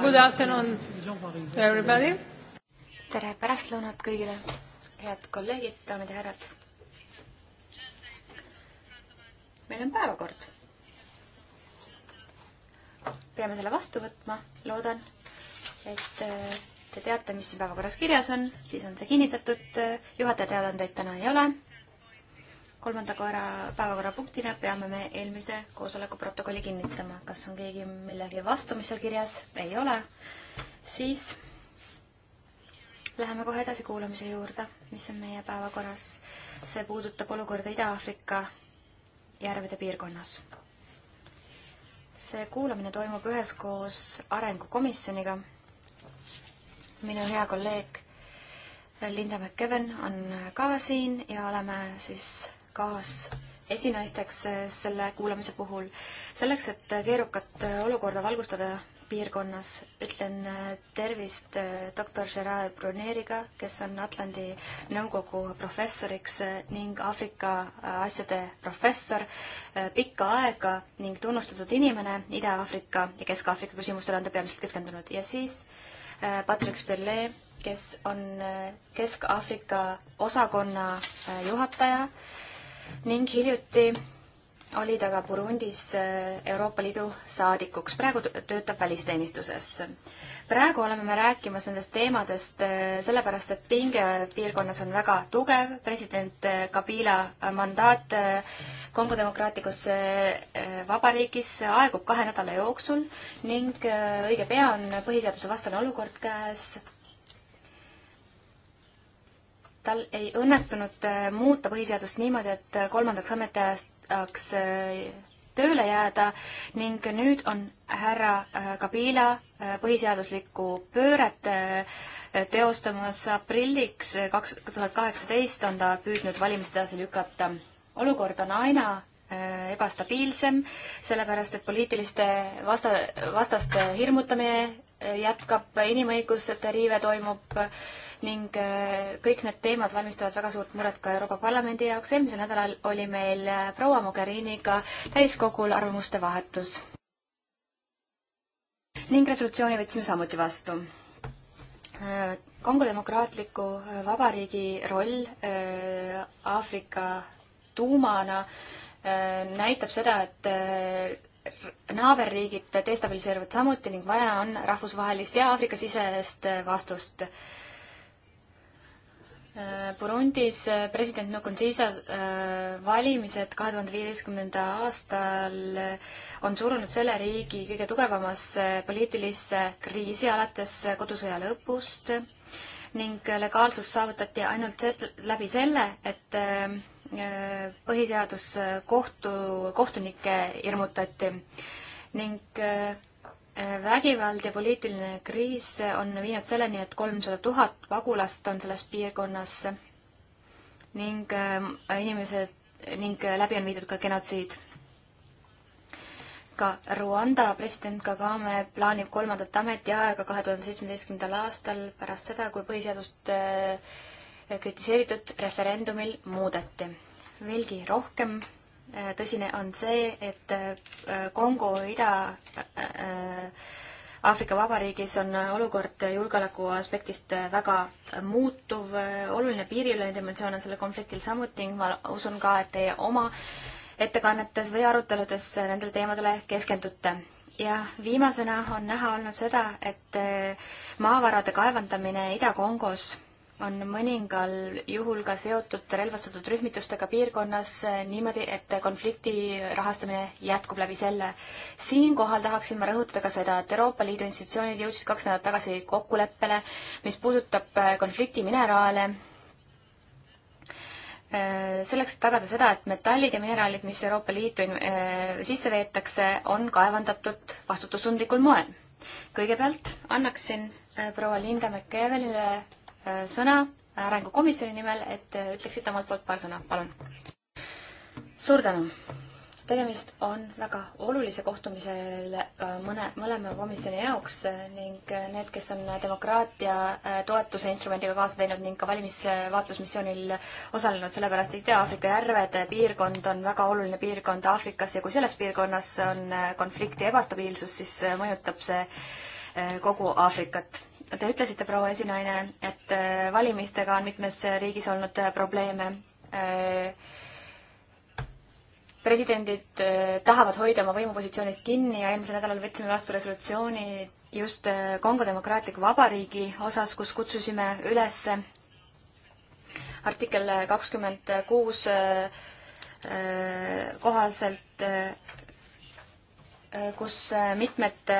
Good afternoon to everybody. tere pärastlõunat kõigile, head kolleegid, daamid ja härrad. meil on päevakord. peame selle vastu võtma, loodan, et äh, te teate, mis siin päevakorras kirjas on, siis on see kinnitatud. juhataja teadaandeid täna ei ole kolmanda korra päevakorrapunktina peame me eelmise koosoleku protokolli kinnitama. kas on keegi millegi vastu, mis seal kirjas? ei ole. siis läheme kohe edasi kuulamise juurde, mis on meie päevakorras. see puudutab olukorda Ida-Aafrika järvede piirkonnas. see kuulamine toimub üheskoos Arengukomisjoniga. minu hea kolleeg Linda McKeven on ka siin ja oleme siis kaasesinaisteks eh, selle kuulamise puhul. selleks, et eh, keerukat eh, olukorda valgustada piirkonnas, ütlen tervist doktor Gerard Bruneriga, kes on Atlandi Nõukogu professoriks ning Aafrika asjade professor pikka aega ning tunnustatud inimene Ida-Aafrika ja Kesk-Aafrika küsimustele on ta peamiselt keskendunud ja siis Patrick Spirle, kes on Kesk-Aafrika osakonna juhataja ning hiljuti oli ta ka Burundis äh, Euroopa Liidu saadikuks, praegu töötab välisteenistuses. praegu oleme me rääkimas nendest teemadest äh, sellepärast, et pinge piirkonnas on väga tugev, president äh, Kabila mandaat Kongo demokraatlikus vabariigis aegub kahe nädala jooksul ning õige pea on põhiseadusevastane olukord käes tal ei õnnestunud äh, muuta põhiseadust niimoodi, et äh, kolmandaks ametiajaks äh, tööle jääda ning nüüd on härra Kabila põhiseaduslikku pööret teostamas aprilliks kaks tuhat kaheksateist on ta püüdnud valimised edasi lükata. olukord on aina ebastabiilsem, sellepärast et poliitiliste vasta, vastaste hirmutamine jätkab, inimõiguste riive toimub ning äh, kõik need teemad valmistavad väga suurt muret ka Euroopa Parlamendi jaoks. eelmisel nädalal oli meil äh, proua Mogheriniga täiskogul arvamuste vahetus. ning resolutsiooni võtsime samuti vastu. Äh, Kongo demokraatliku vabariigi roll Aafrika tuumana näitab seda, et naaberriigid destabiliseeruvad samuti ning vaja on rahvusvahelist ja Aafrika-sisest vastust. Burundis president Nkurunziza äh, valimised kahe tuhande viieteistkümnenda aastal on surunud selle riigi kõige tugevamasse poliitilisse kriisi alates kodusõja lõpust ning legaalsus saavutati ainult läbi selle, et äh, põhiseaduskohtu, kohtunikke hirmutati ning äh, äh, vägivald ja poliitiline kriis on viinud selleni, et kolmsada tuhat pagulast on selles piirkonnas ning äh, inimesed ning läbi on viidud ka genotsiid ka Rwanda president Kagame plaanib kolmandat ametiaega kahe tuhande seitsmeteistkümnendal aastal pärast seda, kui põhiseadust kritiseeritud referendumil muudeti. veelgi rohkem äh, tõsine on see, et äh, Kongo ida äh, Aafrika Vabariigis on olukord julgeoleku aspektist väga muutuv, oluline piiriülene dimensioon on sellel konfliktil samuti ning ma usun ka, et teie oma ettekannetes või aruteludes nendele teemadele keskendute. ja viimasena on näha olnud seda, et maavarade kaevandamine Ida-Kongos on mõningal juhul ka seotud relvastatud rühmitustega piirkonnas eh, niimoodi, et konflikti rahastamine jätkub läbi selle. siinkohal tahaksin ma rõhutada ka seda, et Euroopa Liidu institutsioonid jõudsid kaks nädalat tagasi kokkuleppele, mis puudutab eh, konflikti mineraale, eh, selleks, et tagada seda, et metallid ja mineraalid, mis Euroopa Liitu sisse veetakse, on kaevandatud vastutustundlikul moel. kõigepealt annaksin proua Linda McEvelile Äh, sõna arengukomisjoni nimel, et äh, ütleksite omalt poolt paar sõna, palun. suur tänu. tegemist on väga olulise kohtumisele äh, mõne, mõlema komisjoni jaoks ning need, kes on demokraatia toetuse instrumendiga kaasa teinud ning ka valimisvaatlusmissioonil osalenud, sellepärast et Ida-Aafrika järvede piirkond on väga oluline piirkond Aafrikas ja kui selles piirkonnas on konflikt ja ebastabiilsus, siis mõjutab see kogu Aafrikat te ütlesite, proua esinaine, et äh, valimistega on mitmes riigis olnud äh, probleeme. Äh, presidendid tahavad hoida oma võimupositsioonist kinni ja eelmisel nädalal võtsime vastu resolutsiooni just Kongo Demokraatliku Vabariigi osas, kus kutsusime üles artikkel kakskümmend kuus kohaselt kus mitmed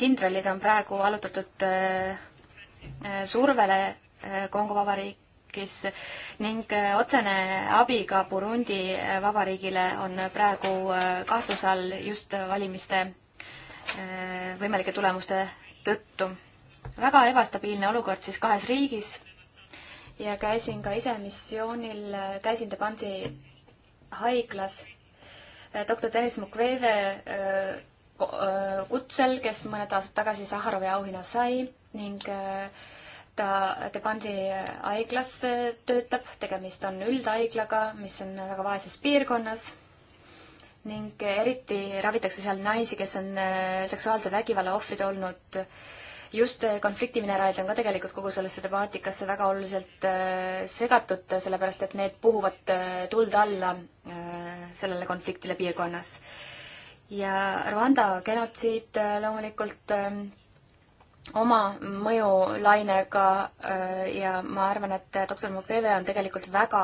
kindralid on praegu allutatud Äh, survele äh, Kongo Vabariigis ning äh, otsene abi ka Burundi Vabariigile on praegu kahtluse all just valimiste võimalike tulemuste tõttu. väga ebastabiilne olukord siis kahes riigis ja käisin ka ise missioonil, käisin Debansi haiglas doktor Tõnis Mukwege kutsel, kes mõned aastad tagasi Sahharovi auhinna sai ning äh, ta, Debandi äh, haiglas äh, töötab, tegemist on üldhaiglaga, mis on väga vaeses piirkonnas ning eriti ravitakse seal naisi, kes on seksuaalse vägivalla ohvrid olnud. just konfliktimineraalid on ka tegelikult kogu sellesse temaatikasse väga oluliselt segatud, sellepärast et need puhuvad tuld alla sellele konfliktile piirkonnas. ja Rwanda genotsiid loomulikult ähm, oma mõjulainega äh, ja ma arvan, et äh, doktor Mukwege on tegelikult väga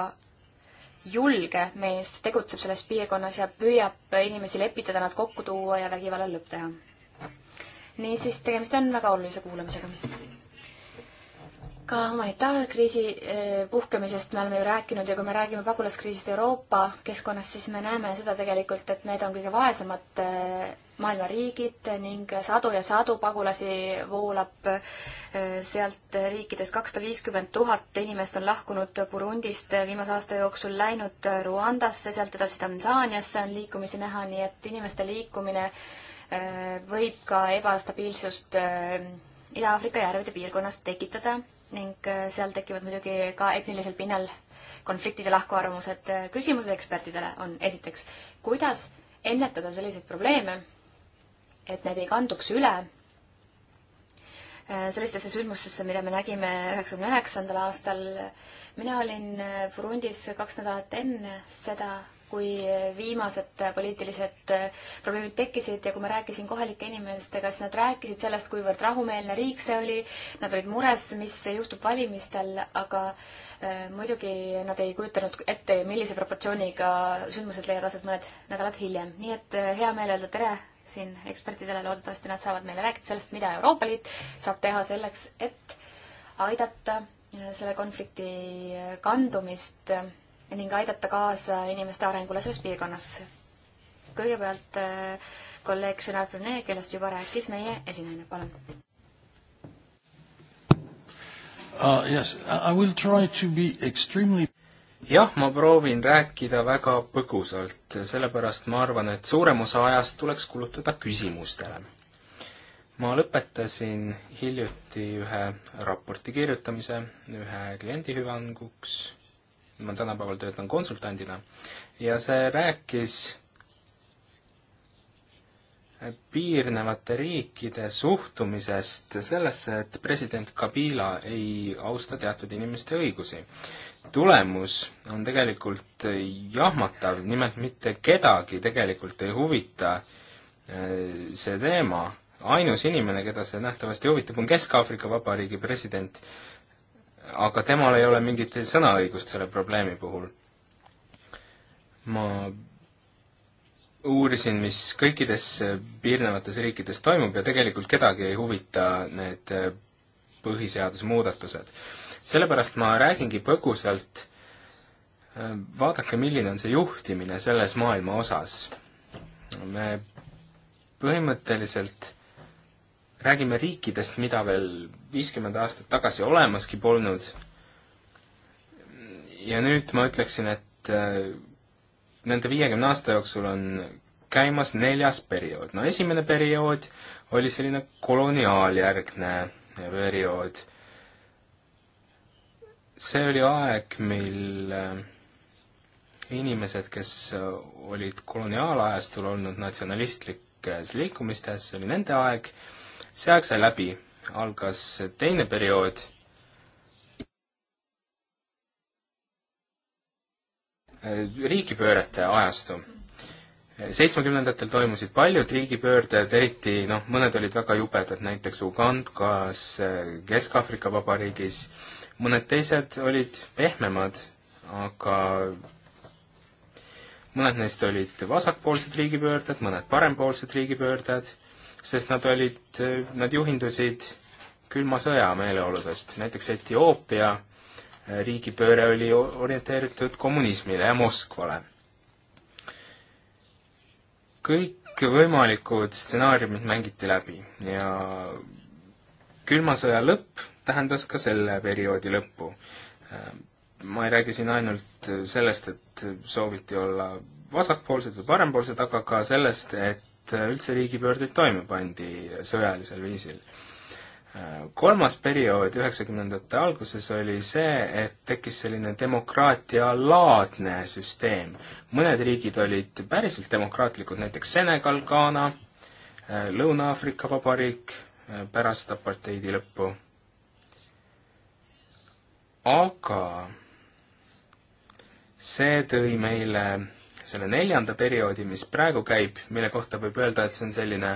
julge mees, tegutseb selles piirkonnas ja püüab inimesi lepitada, nad kokku tuua ja vägivalla lõpp teha. niisiis, tegemist on väga olulise kuulamisega ka humanitaarkriisi eh, puhkemisest me oleme ju rääkinud ja kui me räägime pagulaskriisist Euroopa keskkonnas, siis me näeme seda tegelikult, et need on kõige vaesemad eh, maailma riigid ning sadu ja sadu pagulasi voolab eh, sealt riikidest. kakssada viiskümmend tuhat inimest on lahkunud Burundist viimase aasta jooksul, läinud Ruandasse, sealt edasi Tansaaniasse on liikumisi näha, nii et inimeste liikumine võib ka ebastabiilsust Ida-Aafrika järvede piirkonnas tekitada ning äh, seal tekivad muidugi ka etnilisel pinnal konfliktid ja lahkuarvamused. Äh, küsimused ekspertidele on esiteks, kuidas ennetada selliseid probleeme, et need ei kanduks üle äh, sellistesse sündmustesse, mida me nägime üheksakümne üheksandal aastal. mina olin Burundis kaks nädalat enne seda, kui viimased poliitilised probleemid tekkisid ja kui ma rääkisin kohalike inimestega, siis nad rääkisid sellest, kuivõrd rahumeelne riik see oli. Nad olid mures, mis juhtub valimistel, aga äh, muidugi nad ei kujutanud ette, millise proportsiooniga sündmused leiavad aset mõned nädalad hiljem. nii et äh, hea meel öelda tere siin ekspertidele, loodetavasti nad saavad meile rääkida sellest, mida Euroopa Liit saab teha selleks, et aidata äh, selle konflikti kandumist ning aidata kaasa inimeste arengule selles piirkonnas. kõigepealt äh, kolleeg Gerard Brunet, kellest juba rääkis meie esinaine, palun. Uh, yes, I will try to be extremely jah, ma proovin rääkida väga põgusalt, sellepärast ma arvan, et suurem osa ajast tuleks kulutada küsimustele. ma lõpetasin hiljuti ühe raporti kirjutamise ühe kliendi hüvanguks ma tänapäeval töötan konsultandina, ja see rääkis piirnevate riikide suhtumisest sellesse, et president Kabila ei austa teatud inimeste õigusi. tulemus on tegelikult jahmatav, nimelt mitte kedagi tegelikult ei huvita äh, see teema, ainus inimene, keda see nähtavasti huvitab, on Kesk-Aafrika Vabariigi president aga temal ei ole mingit sõnaõigust selle probleemi puhul. ma uurisin, mis kõikides piirnevates riikides toimub ja tegelikult kedagi ei huvita need äh, põhiseaduse muudatused. sellepärast ma räägingi põgusalt, äh, vaadake, milline on see juhtimine selles maailma osas. me põhimõtteliselt räägime riikidest, mida veel viiskümmend aastat tagasi olemaski polnud. ja nüüd ma ütleksin, et äh, nende viiekümne aasta jooksul on käimas neljas periood. no esimene periood oli selline koloniaaljärgne periood. see oli aeg, mil äh, inimesed, kes äh, olid koloniaalajastul olnud natsionalistlikes liikumistes, see oli nende aeg see aeg sai läbi, algas teine periood, riigipöörete ajastu. seitsmekümnendatel toimusid paljud riigipöörded, eriti noh, mõned olid väga jubedad, näiteks Ugandas, äh, Kesk-Aafrika Vabariigis, mõned teised olid pehmemad, aga mõned neist olid vasakpoolsed riigipöörded, mõned parempoolsed riigipöörded sest nad olid, nad juhindusid külma sõja meeleoludest, näiteks Etioopia eh, riigipööre oli orienteeritud kommunismile ja Moskvale. kõikvõimalikud stsenaariumid mängiti läbi ja külma sõja lõpp tähendas ka selle perioodi lõppu. Eh, ma ei räägi siin ainult sellest, et sooviti olla vasakpoolsed või parempoolsed, aga ka sellest, et et üldse riigipöördeid toime pandi sõjalisel viisil. kolmas periood üheksakümnendate alguses oli see, et tekkis selline demokraatialaadne süsteem. mõned riigid olid päriselt demokraatlikud, näiteks Senegal, Ghana, Lõuna-Aafrika Vabariik pärast aparteidi lõppu. aga see tõi meile selle neljanda perioodi, mis praegu käib, mille kohta võib öelda, et see on selline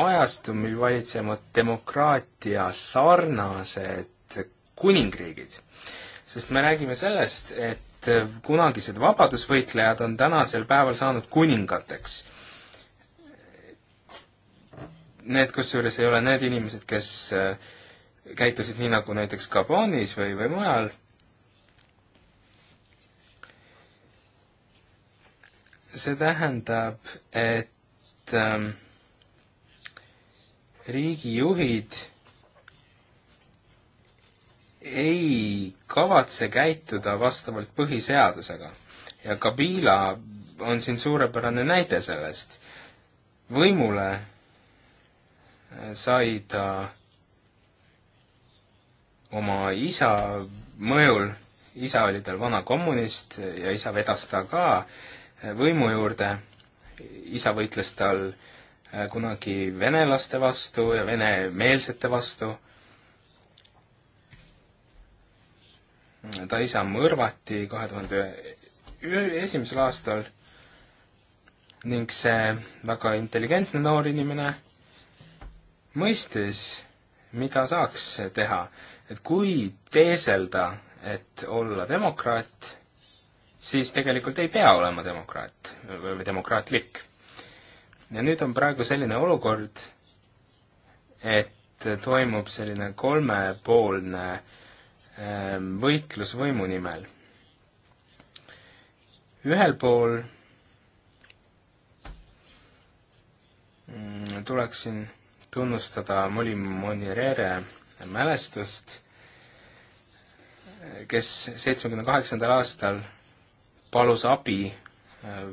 ajastu, mil valitsevad demokraatia sarnased kuningriigid. sest me räägime sellest, et kunagised vabadusvõitlejad on tänasel päeval saanud kuningateks. Need, kusjuures ei ole need inimesed, kes äh, käitusid nii, nagu näiteks Gabonis või, või mujal, see tähendab, et ähm, riigijuhid ei kavatse käituda vastavalt põhiseadusega ja Kabila on siin suurepärane näide sellest. võimule äh, sai ta oma isa mõjul, isa oli tal vana kommunist ja isa vedas ta ka, võimu juurde, isa võitles tal äh, kunagi venelaste vastu ja venemeelsete vastu. ta isa mõrvati kahe tuhande esimesel aastal ning see väga intelligentne noor inimene mõistis, mida saaks teha, et kui teeselda, et olla demokraat siis tegelikult ei pea olema demokraat või demokraatlik. ja nüüd on praegu selline olukord, et toimub selline kolmepoolne ähm, võitlus võimu nimel. ühel pool mm, tuleksin tunnustada Molly Monirere mälestust, kes seitsmekümne kaheksandal aastal palus abi äh,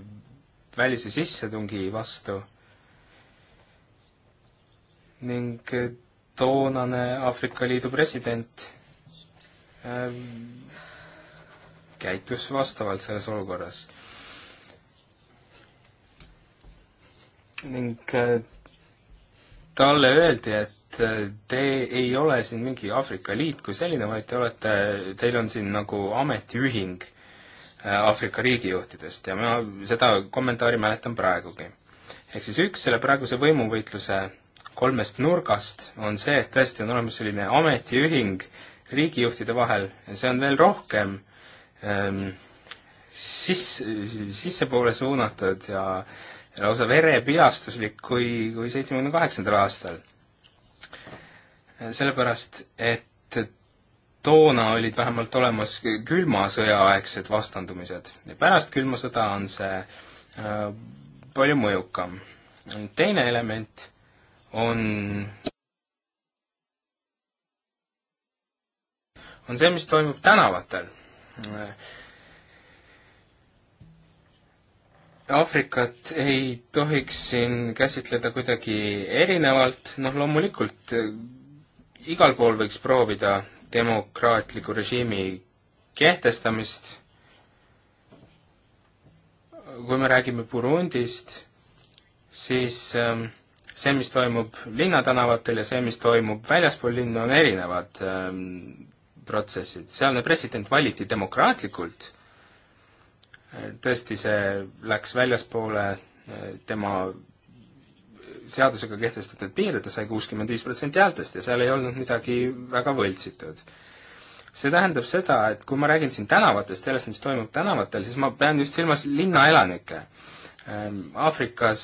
välise sissetungi vastu ning äh, toonane Aafrika Liidu president ähm, käitus vastavalt selles olukorras. ning äh, talle öeldi, et äh, te ei ole siin mingi Aafrika Liit kui selline, vaid te olete, teil on siin nagu ametiühing Äh, Aafrika riigijuhtidest ja ma seda kommentaari mäletan praegugi. ehk siis üks selle praeguse võimuvõitluse kolmest nurgast on see, et tõesti on olemas selline ametiühing riigijuhtide vahel ja see on veel rohkem ähm, sis-, sissepoole suunatud ja, ja lausa verepilastuslik kui, kui seitsmekümne kaheksandal aastal. sellepärast, et toona olid vähemalt olemas külma sõja aegsed vastandumised ja pärast külma sõda on see äh, palju mõjukam. teine element on on see, mis toimub tänavatel. Aafrikat ei tohiks siin käsitleda kuidagi erinevalt, noh loomulikult igal pool võiks proovida demokraatliku režiimi kehtestamist. kui me räägime Burundist, siis ähm, see, mis toimub linnatänavatel ja see, mis toimub väljaspool linna, on erinevad ähm, protsessid. sealne president valiti demokraatlikult, äh, tõesti, see läks väljaspoole äh, tema seadusega kehtestatud piire, ta sai kuuskümmend viis protsenti häältest ja seal ei olnud midagi väga võltsitud. see tähendab seda, et kui ma räägin siin tänavatest, sellest, mis toimub tänavatel, siis ma pean just silmas linnaelanikke. Ehm, Aafrikas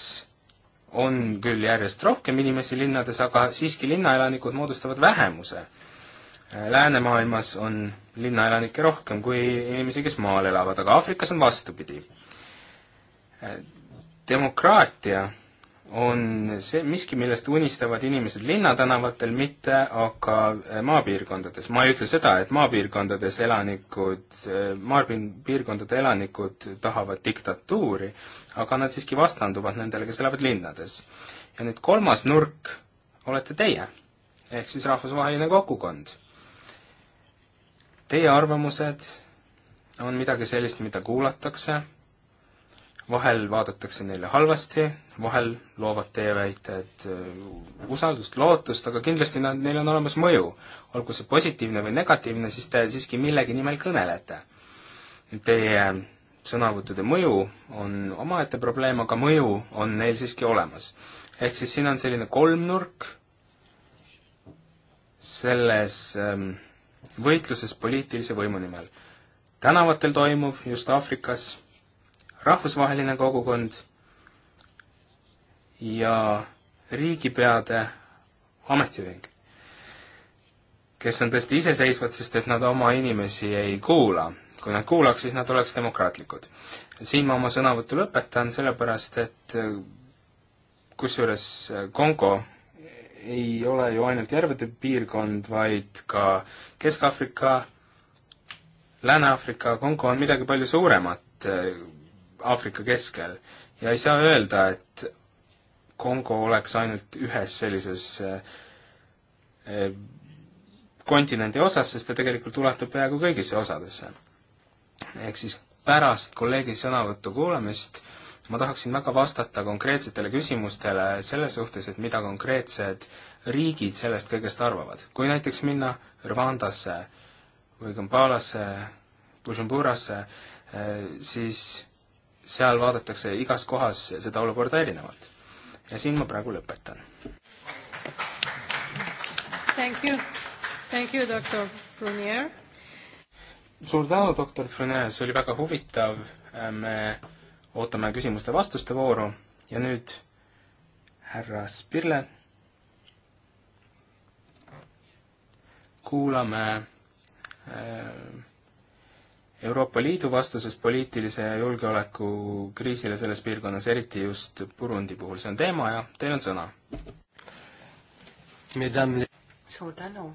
on küll järjest rohkem inimesi linnades, aga siiski linnaelanikud moodustavad vähemuse. Ehm, läänemaailmas on linnaelanikke rohkem kui inimesi, kes maal elavad, aga Aafrikas on vastupidi. Ehm, demokraatia on see miski, millest unistavad inimesed linnatänavatel, mitte aga äh, maapiirkondades. ma ei ütle seda, et maapiirkondades elanikud, äh, maapiirkondade elanikud tahavad diktatuuri, aga nad siiski vastanduvad nendele, kes elavad linnades. ja nüüd kolmas nurk olete teie, ehk siis rahvusvaheline kogukond. Teie arvamused on midagi sellist, mida kuulatakse, vahel vaadatakse neile halvasti, vahel loovad teie väited äh, usaldust, lootust, aga kindlasti nad, neil on olemas mõju. olgu see positiivne või negatiivne, siis te siiski millegi nimel kõnelete. Teie sõnavõttude mõju on omaette probleem, aga mõju on neil siiski olemas. ehk siis siin on selline kolmnurk selles ähm, võitluses poliitilise võimu nimel. tänavatel toimuv just Aafrikas, rahvusvaheline kogukond ja riigipeade ametiühing, kes on tõesti iseseisvad, sest et nad oma inimesi ei kuula. kui nad kuulaks, siis nad oleks demokraatlikud. siin ma oma sõnavõttu lõpetan, sellepärast et äh, kusjuures äh, Kongo ei ole ju ainult järvede piirkond, vaid ka Kesk-Aafrika, Lääne-Aafrika, Kongo on midagi palju suuremat äh, Aafrika keskel ja ei saa öelda, et Kongo oleks ainult ühes sellises eh, eh, kontinendi osas, sest ta tegelikult ulatub peaaegu kõigisse osadesse. ehk siis pärast kolleegi sõnavõttu kuulamist ma tahaksin väga vastata konkreetsetele küsimustele selle suhtes, et mida konkreetsed riigid sellest kõigest arvavad. kui näiteks minna Rwandasse või Kampalasse, Bujumburasse, eh, siis seal vaadatakse igas kohas seda olukorda erinevalt ja siin ma praegu lõpetan. Thank you, thank you, doktor Brunier. suur tänu, doktor Brunier, see oli väga huvitav, me ootame küsimuste-vastuste vooru ja nüüd härra Spirle. kuulame äh, Euroopa Liidu vastusest poliitilise ja julgeoleku kriisile selles piirkonnas, eriti just Burundi puhul, see on teema ja teil on sõna. suur tänu,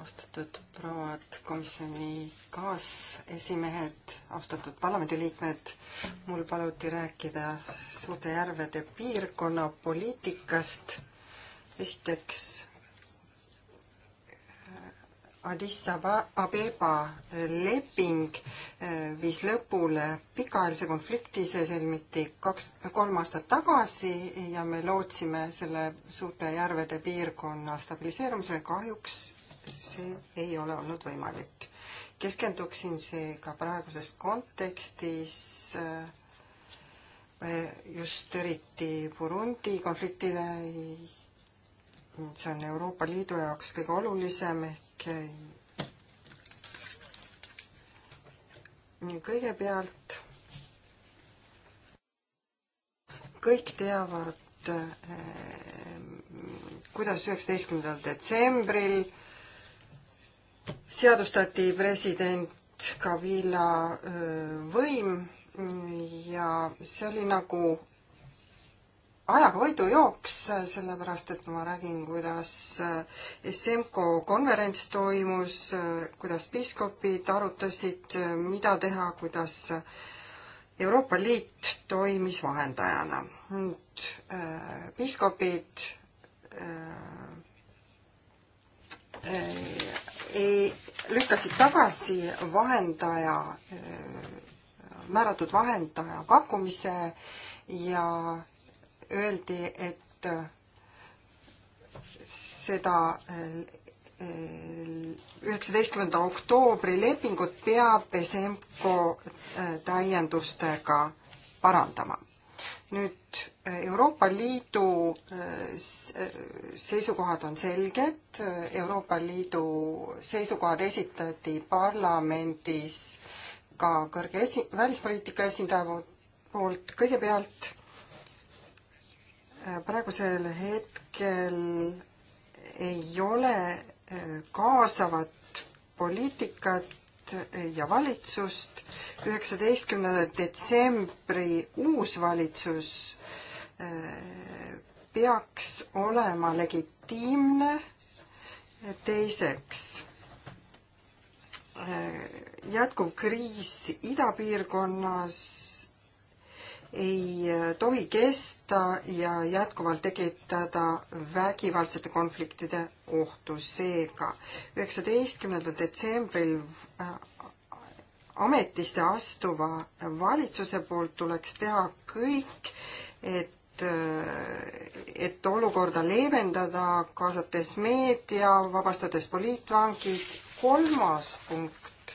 austatud prouad, komisjoni kaasesimehed, austatud parlamendiliikmed, mul paluti rääkida Suurte järvede piirkonna poliitikast, esiteks Addis Abeba leping eh, viis lõpule pikaajalise konflikti, see sõlmiti kaks, kolm aastat tagasi ja me lootsime selle suurte järvede piirkonna stabiliseerumisele, kahjuks see ei ole olnud võimalik. keskenduksin seega praeguses kontekstis eh, just eriti Burundi konfliktile, see on Euroopa Liidu jaoks kõige olulisem ehk okei okay.. kõigepealt kõik teavad, eh, kuidas üheksateistkümnendal detsembril seadustati president Kavila eh, võim ja see oli nagu ajaga võidujooks, sellepärast et ma räägin, kuidas eh, Semko konverents toimus, eh, kuidas piiskopid arutasid, eh, mida teha, kuidas Euroopa Liit toimis vahendajana. nüüd piiskopid ei, lükkasid tagasi vahendaja, määratud vahendaja pakkumise ja öeldi, et äh, seda äh, üheksateistkümnenda oktoobri lepingut peab Semco äh, täiendustega parandama. nüüd Euroopa Liidu seisukohad on selged, Euroopa Liidu seisukohad esitati parlamendis ka kõrge esi-, välispoliitika esindaja poolt kõigepealt praegusel hetkel ei ole äh, kaasavat poliitikat äh, ja valitsust. üheksateistkümnenda detsembri uus valitsus äh, peaks olema legitiimne. teiseks, jätkuv kriis idapiirkonnas ei äh, tohi kesta ja jätkuvalt tekitada vägivaldsete konfliktide ohtu. seega üheksateistkümnendal detsembril äh, ametisse astuva valitsuse poolt tuleks teha kõik, et äh, et olukorda leevendada, kaasates meedia, vabastades poliitvangid. kolmas punkt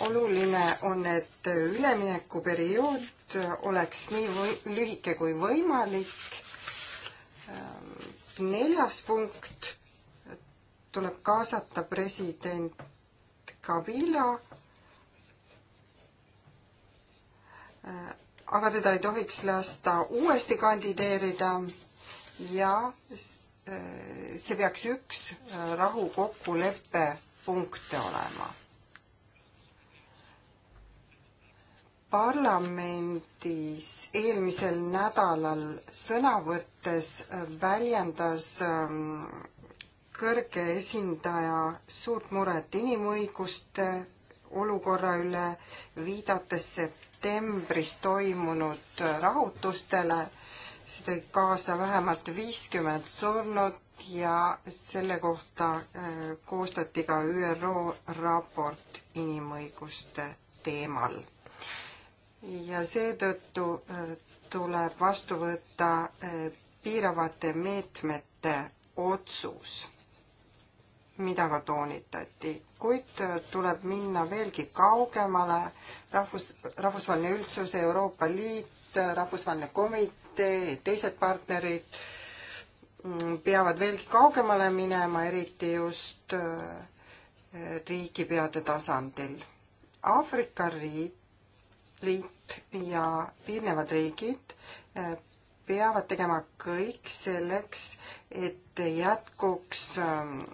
oluline on, et üleminekuperiood oleks nii või, lühike kui võimalik. Ähm, neljas punkt, tuleb kaasata president Kabila. Äh, aga teda ei tohiks lasta uuesti kandideerida ja äh, see peaks üks äh, rahukokkuleppe punkte olema parlamendis eelmisel nädalal sõna võttes väljendas ähm, kõrge esindaja suurt muret inimõiguste olukorra üle, viidates septembris toimunud rahutustele. see tõi kaasa vähemalt viiskümmend surnut ja selle kohta äh, koostati ka ÜRO raport inimõiguste teemal ja seetõttu äh, tuleb vastu võtta äh, piiravate meetmete otsus, mida ka toonitati, kuid äh, tuleb minna veelgi kaugemale. rahvus, rahvusvaheline üldsus, Euroopa Liit, rahvusvaheline komitee, teised partnerid mm, peavad veelgi kaugemale minema, eriti just riigipeade tasandil. Aafrika riik liit ja piirnevad riigid eh, peavad tegema kõik selleks, et jätkuks ähm,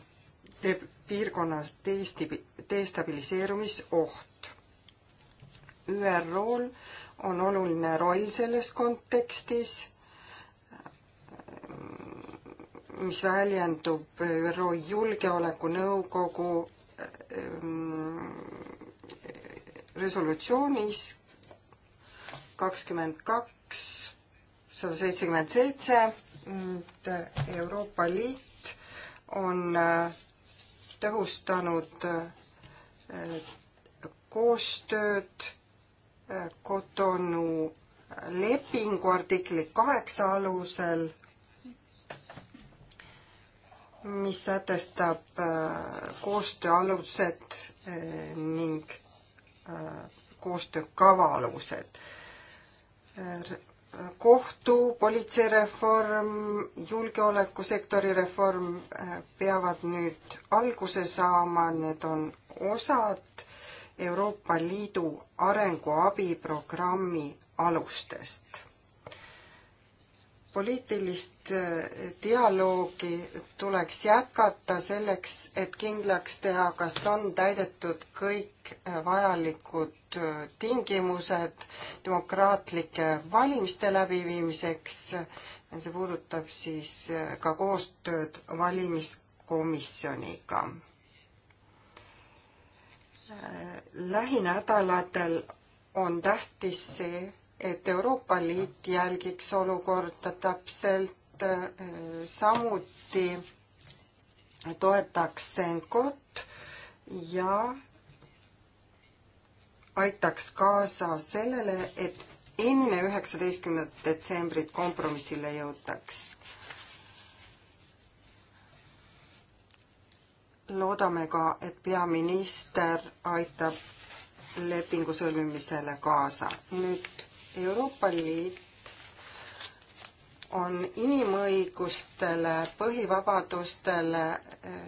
piirkonnas desti-, destabiliseerumisoht. ÜRO-l on oluline roll selles kontekstis, äh, mis väljendub ÜRO Julgeolekunõukogu äh, ähm, resolutsioonis kakskümmend kaks, sada seitsekümmend seitse, äh, Euroopa Liit on äh, tõhustanud äh, koostööd Kotonu lepingu artikli kaheksa alusel, mis sätestab koostöö alused ning koostöökava alused Äh, kohtu, politseireform, julgeolekusektori reform äh, peavad nüüd alguse saama, need on osad Euroopa Liidu arenguabiprogrammi alustest poliitilist eh, dialoogi tuleks jätkata selleks, et kindlaks teha, kas on täidetud kõik eh, vajalikud eh, tingimused demokraatlike valimiste läbiviimiseks. see puudutab siis ka koostööd valimiskomisjoniga. lähinädalatel on tähtis see, et Euroopa Liit jälgiks olukorda täpselt, äh, samuti toetaks Senkot ja aitaks kaasa sellele, et enne üheksateistkümnendat detsembrit kompromissile jõutaks. loodame ka, et peaminister aitab lepingu sõlmimisele kaasa. nüüd Euroopa Liit on inimõigustele, põhivabadustele eh,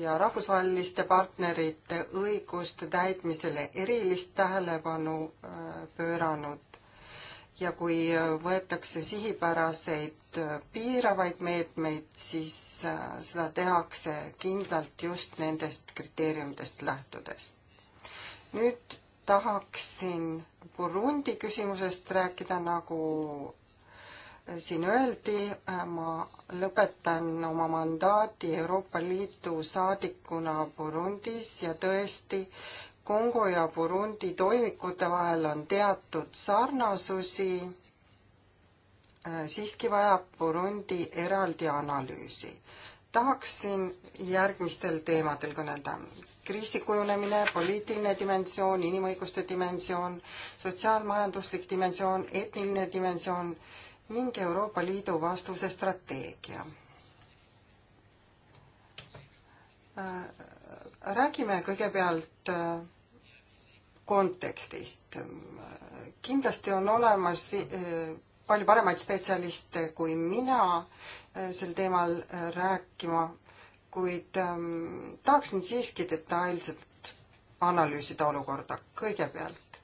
ja rahvusvaheliste partnerite õiguste täitmisele erilist tähelepanu eh, pööranud. ja kui eh, võetakse sihipäraseid piiravaid meetmeid, siis seda tehakse kindlalt just nendest kriteeriumidest lähtudes. nüüd tahaksin Burundi küsimusest rääkida, nagu siin öeldi, ma lõpetan oma mandaati Euroopa Liidu saadikuna Burundis ja tõesti, Kongo ja Burundi toimikute vahel on teatud sarnasusi, siiski vajab Burundi eraldi analüüsi. tahaksin järgmistel teemadel kõnelda kriisi kujunemine, poliitiline dimensioon, inimõiguste dimensioon, sotsiaalmajanduslik dimensioon, etniline dimensioon ning Euroopa Liidu vastuse strateegia. Äh, räägime kõigepealt äh, kontekstist. kindlasti on olemas äh, palju paremaid spetsialiste kui mina sel teemal rääkima kuid ähm, tahaksin siiski detailselt analüüsida olukorda. kõigepealt,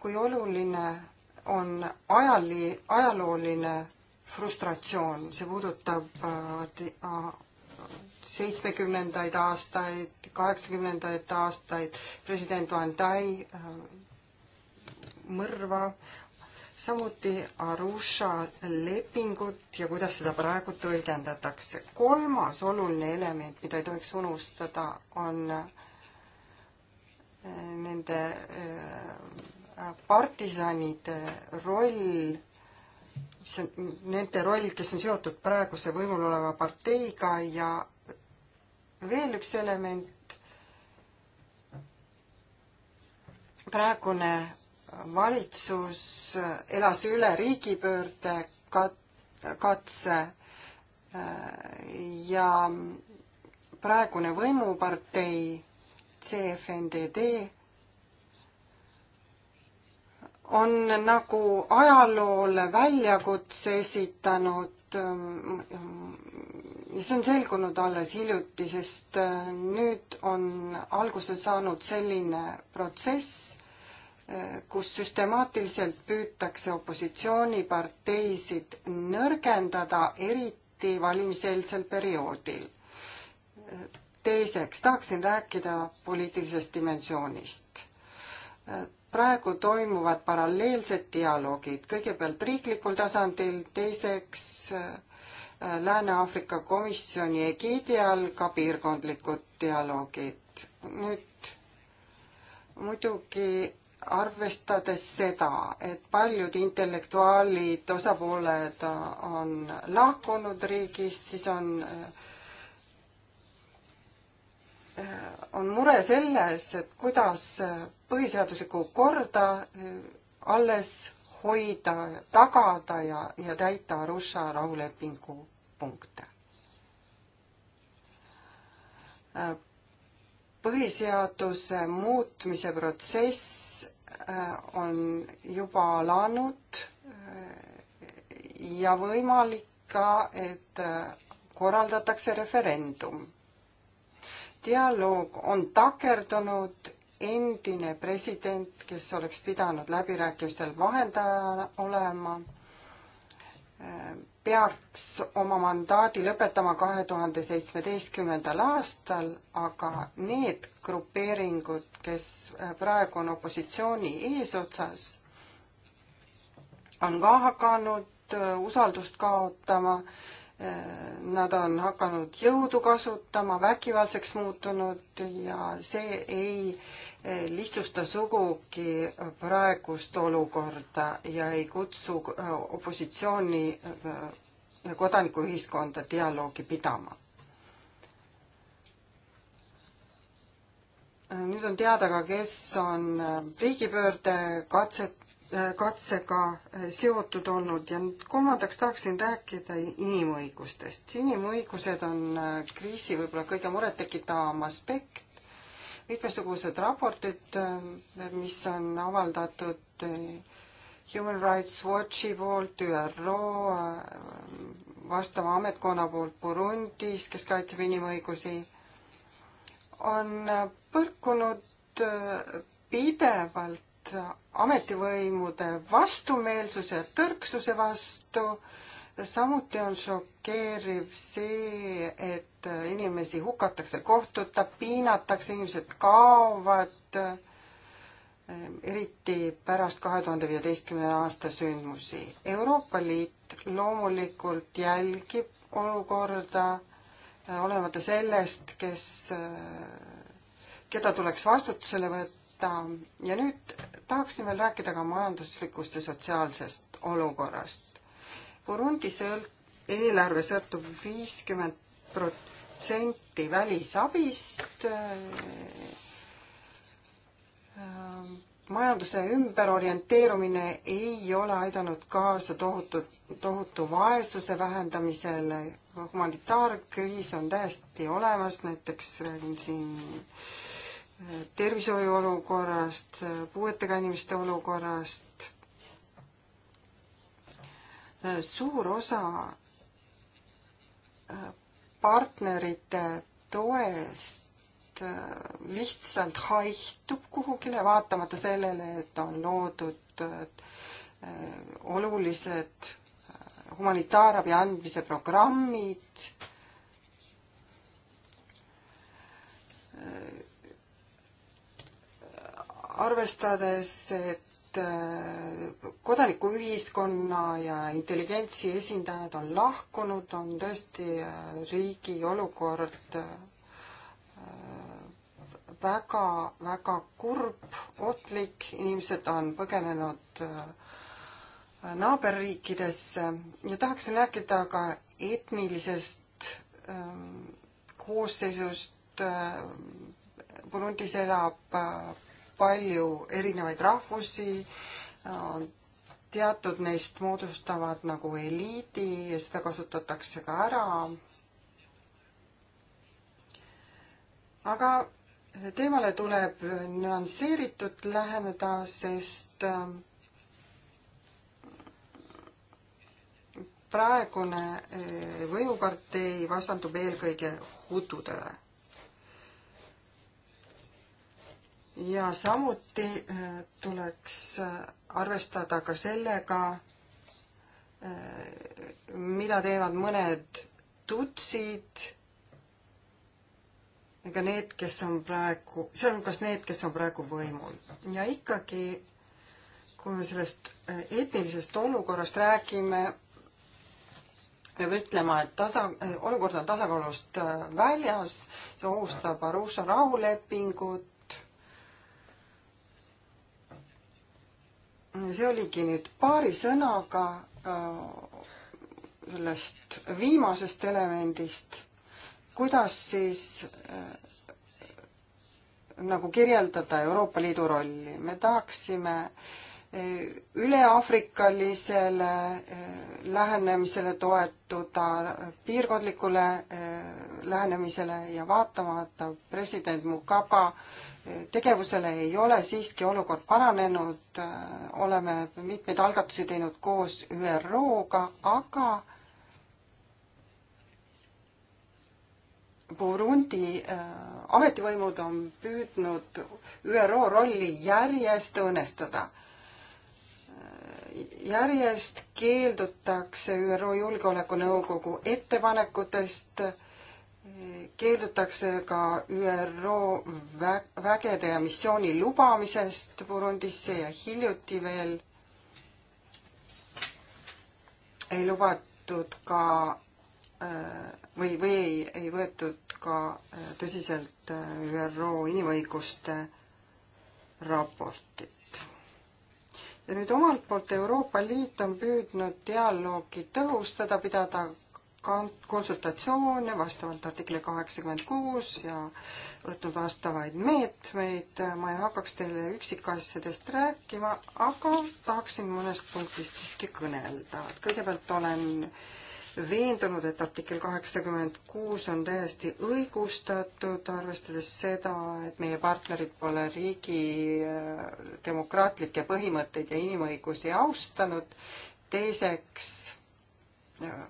kui oluline on ajali, ajalooline frustratsioon, see puudutab äh, seitsmekümnendaid äh, aastaid, kaheksakümnendaid aastaid, president Van Dai äh, mõrva äh,, samuti Arusha lepingut ja kuidas seda praegu tõlgendatakse. kolmas oluline element, mida ei tohiks unustada, on eh, nende eh, partisanide roll, mis on nende roll, kes on seotud praeguse võimul oleva parteiga ja veel üks element, praegune valitsus elas üle riigipöörde kat-, katse äh, ja praegune võimupartei CFNDD on nagu ajaloole väljakutse esitanud ja see on selgunud alles hiljuti, sest äh, nüüd on alguse saanud selline protsess, kus süstemaatiliselt püütakse opositsiooniparteisid nõrgendada, eriti valimiseelsel perioodil. teiseks tahaksin rääkida poliitilisest dimensioonist. praegu toimuvad paralleelsed dialoogid, kõigepealt riiklikul tasandil, teiseks äh, Lääne-Aafrika komisjoni egiidi all ka piirkondlikud dialoogid. nüüd muidugi arvestades seda, et paljud intellektuaalid, osapooled on lahkunud riigist, siis on, on mure selles, et kuidas põhiseaduslikku korda alles hoida, tagada ja, ja täita Arusha rahulepingu punkte põhiseaduse muutmise protsess äh, on juba alanud äh, ja võimalik ka, et äh, korraldatakse referendum. dialoog on takerdunud, endine president, kes oleks pidanud läbirääkimistel vahendaja olema peaks oma mandaadi lõpetama kahe tuhande seitsmeteistkümnendal aastal, aga need grupeeringud, kes äh, praegu on opositsiooni eesotsas, on ka hakanud äh, usaldust kaotama, äh, nad on hakanud jõudu kasutama, vägivaldseks muutunud ja see ei lihtsusta sugugi praegust olukorda ja ei kutsu äh, opositsiooni äh, ja kodanikuühiskonda dialoogi pidama. Äh, nüüd on teada ka, kes on riigipöörde katset, katsega seotud olnud ja nüüd kolmandaks tahaksin rääkida inimõigustest. inimõigused on kriisi võib-olla kõige murettekitavam aspekt mitmesugused raportid, eh, mis on avaldatud eh, Human Rights Watchi poolt, ÜRO eh, vastava ametkonna poolt Burundis, kes kaitseb inimõigusi, on põrkunud pidevalt ametivõimude vastumeelsuse ja tõrksuse vastu äh, samuti on šokeeriv see, et inimesi hukatakse kohtuta, piinatakse, inimesed kaovad, eriti pärast kahe tuhande viieteistkümnenda aasta sündmusi. Euroopa Liit loomulikult jälgib olukorda, olenemata sellest, kes, keda tuleks vastutusele võtta ja nüüd tahaksin veel rääkida ka majanduslikust ja sotsiaalsest olukorrast Burundi sõlt-, eelarve sõltub viiskümmend protsenti välisabist, äh, äh, majanduse ümberorienteerumine ei ole aidanud kaasa tohutu, tohutu vaesuse vähendamisele, humanitaarkriis on täiesti olemas, näiteks räägin siin äh, tervishoiu olukorrast, puuetega inimeste olukorrast suur osa äh, partnerite toest äh, lihtsalt haihtub kuhugile, vaatamata sellele, et on loodud äh, olulised humanitaarabi andmise programmid. arvestades, et Äh, kodanikuühiskonna ja intelligentsi esindajad on lahkunud, on tõesti äh, riigi olukord äh, väga, väga kurb, ohtlik, inimesed on põgenenud naaberriikidesse ja tahaksin rääkida ka etnilisest ähm, koosseisust Burundis elab palju erinevaid rahvusi, teatud neist moodustavad nagu eliidi ja seda kasutatakse ka ära. aga teemale tuleb nüansseeritud läheneda, sest äh, praegune äh, võimupartei vastandub eelkõige hutudele ja samuti äh, tuleks äh, arvestada ka sellega, äh, mida teevad mõned tutsid, ega need, kes on praegu, see on kas need, kes on praegu võimul ja ikkagi, kui me sellest etnilisest olukorrast räägime, peab ütlema, et tasa, olukord on tasakaalust väljas, see ohustab Arusha rahulepingut, see oligi nüüd paari sõnaga äh, sellest viimasest elemendist, kuidas siis äh, nagu kirjeldada Euroopa Liidu rolli. me tahaksime äh, üleaafrikalisele eh, lähenemisele toetuda, piirkondlikule eh, lähenemisele ja vaatamata president Mugaba eh, tegevusele ei ole siiski olukord paranenud, oleme mitmeid algatusi teinud koos ÜRO-ga, aga Burundi ametivõimud on püüdnud ÜRO rolli järjest õõnestada järjest keeldutakse ÜRO Julgeolekunõukogu ettepanekutest, keeldutakse ka ÜRO vägede ja missiooni lubamisest Burundisse ja hiljuti veel ei lubatud ka äh, või, või ei, ei võetud ka äh, tõsiselt äh, ÜRO inimõiguste raportit nüüd omalt poolt Euroopa Liit on püüdnud dialoogi tõhustada, pidada konsultatsioone vastavalt artikli kaheksakümmend kuus ja võtnud vastavaid meetmeid. ma ei hakkaks teile üksikasjadest rääkima, aga tahaksin mõnest punktist siiski kõnelda. kõigepealt olen äh, veendunud, et artikkel kaheksakümmend kuus on täiesti õigustatud, arvestades seda, et meie partnerid pole riigi äh, demokraatlikke põhimõtteid ja inimõigusi austanud. teiseks äh,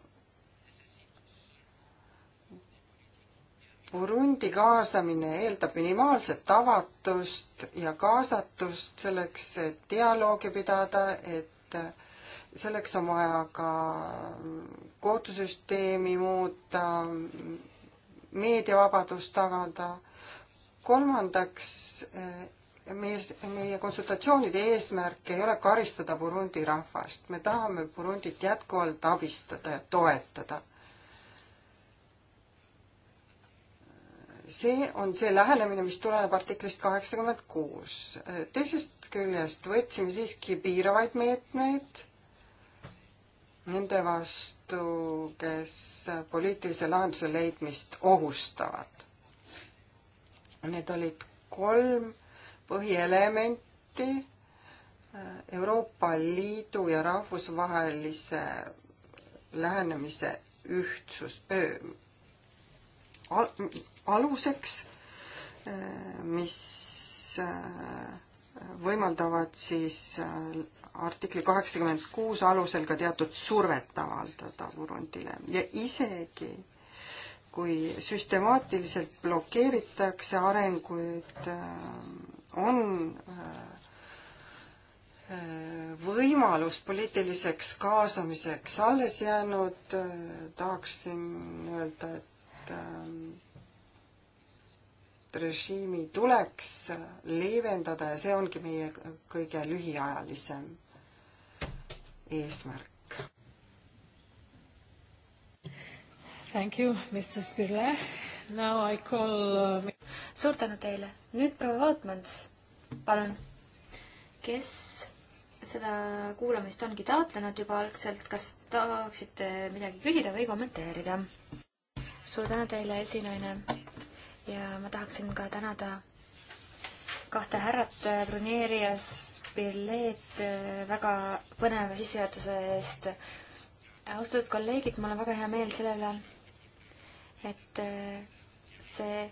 Burundi kaasamine eeldab minimaalset avatust ja kaasatust selleks, et dialoogi pidada, et äh, selleks on vaja ka kohtusüsteemi muuta, meediavabadust tagada. kolmandaks, eh, meie, meie konsultatsioonide eesmärk ei ole karistada Burundi rahvast, me tahame Burundit jätkuvalt abistada ja toetada. see on see lähenemine, mis tuleneb artiklist kaheksakümmend kuus. teisest küljest võtsime siiski piiravaid meetmeid nende vastu, kes poliitilise lahenduse leidmist ohustavad. Need olid kolm põhielementi äh, Euroopa Liidu ja rahvusvahelise lähenemise ühtsus al, aluseks, äh, mis äh, võimaldavad siis artikli kaheksakümmend kuus alusel ka teatud survet avaldada Burundile ja isegi kui süstemaatiliselt blokeeritakse arenguid, äh, on äh, äh, võimalus poliitiliseks kaasamiseks alles jäänud, tahaksin öelda, et režiimi tuleks leevendada ja see ongi meie kõige lühiajalisem eesmärk. Thank you, Mr Spirle. Now I call uh.... suur tänu teile. nüüd proua Vautmans, palun. kes seda kuulamist ongi taotlenud juba algselt, kas tahaksite midagi küsida või kommenteerida? suur tänu teile, esinaine ja ma tahaksin ka tänada kahte härrat, äh, Brunieri ja Spillet äh, väga põneva sissejuhatuse eest. austatud kolleegid, mul on väga hea meel selle üle, et äh, see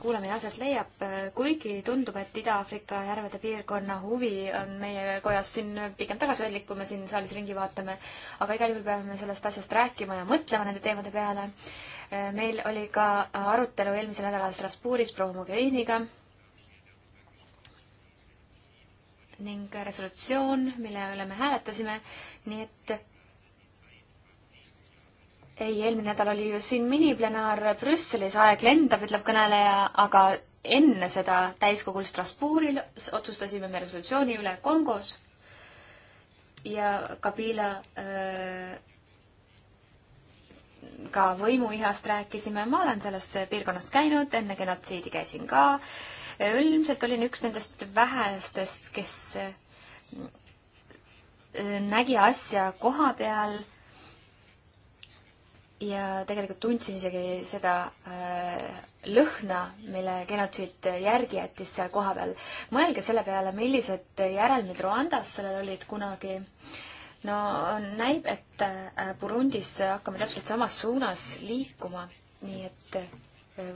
kuulamine aset leiab, kuigi tundub, et Ida-Aafrika järvede piirkonna huvi on meie kojas siin pigem tagasihoidlik, kui me siin saalis ringi vaatame. aga igal juhul peame sellest asjast rääkima ja mõtlema nende teemade peale meil oli ka arutelu eelmisel nädalal Strasbourgis proua Mogheriniga ning resolutsioon, mille üle me hääletasime, nii et ei, eelmine nädal oli ju siin miniplenaar Brüsselis, aeg lendab, ütleb kõneleja, aga enne seda täiskogul Strasbourgil otsustasime me resolutsiooni üle Kongos ja Kabila öö, äh, ka võimuihast rääkisime, ma olen selles piirkonnas käinud, enne genotsiidi käisin ka. ilmselt olin üks nendest vähestest, kes äh, nägi asja koha peal ja tegelikult tundsin isegi seda äh, lõhna, mille genotsiid järgi jättis seal kohapeal. mõelge selle peale, millised järelmid Rwandas sellel olid kunagi äh, no näib, et äh, Burundis hakkame täpselt samas suunas liikuma, nii et äh,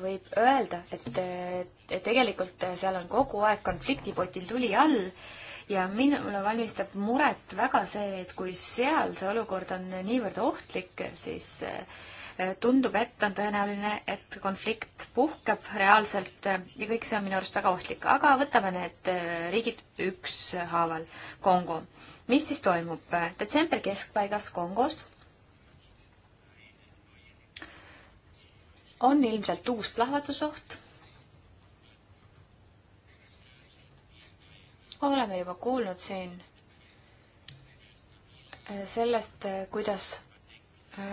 võib öelda, et, äh, et tegelikult seal on kogu aeg konfliktipotil tuli all ja minule valmistab muret väga see, et kui seal see olukord on niivõrd ohtlik, siis tundub, et on tõenäoline, et konflikt puhkeb reaalselt ja kõik see on minu arust väga ohtlik, aga võtame need riigid ükshaaval. Kongo, mis siis toimub? detsembri keskpaigas Kongos on ilmselt uus plahvatusoht. oleme juba kuulnud siin äh, sellest, äh, kuidas äh,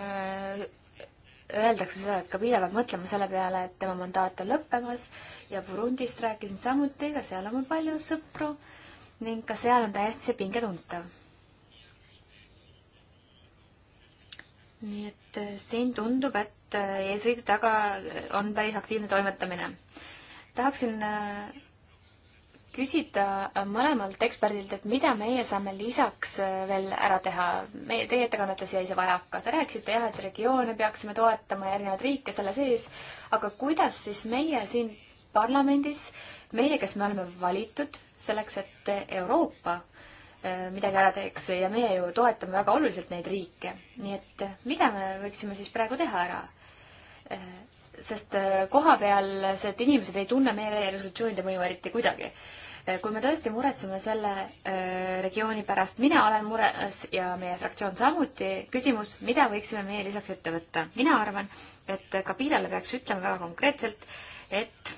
öeldakse seda, et Kabila peab mõtlema selle peale, et tema mandaat on lõppemas ja Burundist rääkisin samuti, ka seal on mul palju sõpru ning ka seal on täiesti see pinge tuntav. nii et äh, siin tundub, et äh, eesriidu taga äh, on päris aktiivne toimetamine. tahaksin küsida mõlemalt eksperdilt, et mida meie saame lisaks veel ära teha. meie, teie ettekannetes jäi see vajaka. sa rääkisid jah, et regioone peaksime toetama ja erinevaid riike selle sees, aga kuidas siis meie siin parlamendis, meie, kes me oleme valitud selleks, et Euroopa äh, midagi ära teeks ja meie ju toetame väga oluliselt neid riike. nii et äh, mida me võiksime siis praegu teha ära? Äh, sest koha peal see, et inimesed ei tunne meie resolutsioonide mõju eriti kuidagi. kui me tõesti muretseme selle regiooni pärast, mina olen mures ja meie fraktsioon samuti, küsimus, mida võiksime meie lisaks ette võtta? mina arvan, et Kabilale peaks ütlema väga konkreetselt, et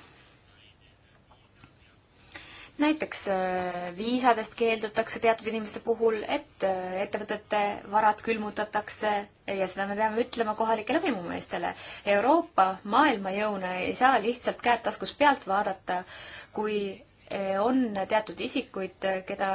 näiteks äh, viisadest keeldutakse teatud inimeste puhul, et äh, ettevõtete varad külmutatakse ja seda me peame ütlema kohalikele võimumeestele. Euroopa maailmajõune ei saa lihtsalt käed taskus pealt vaadata, kui äh, on teatud isikuid, keda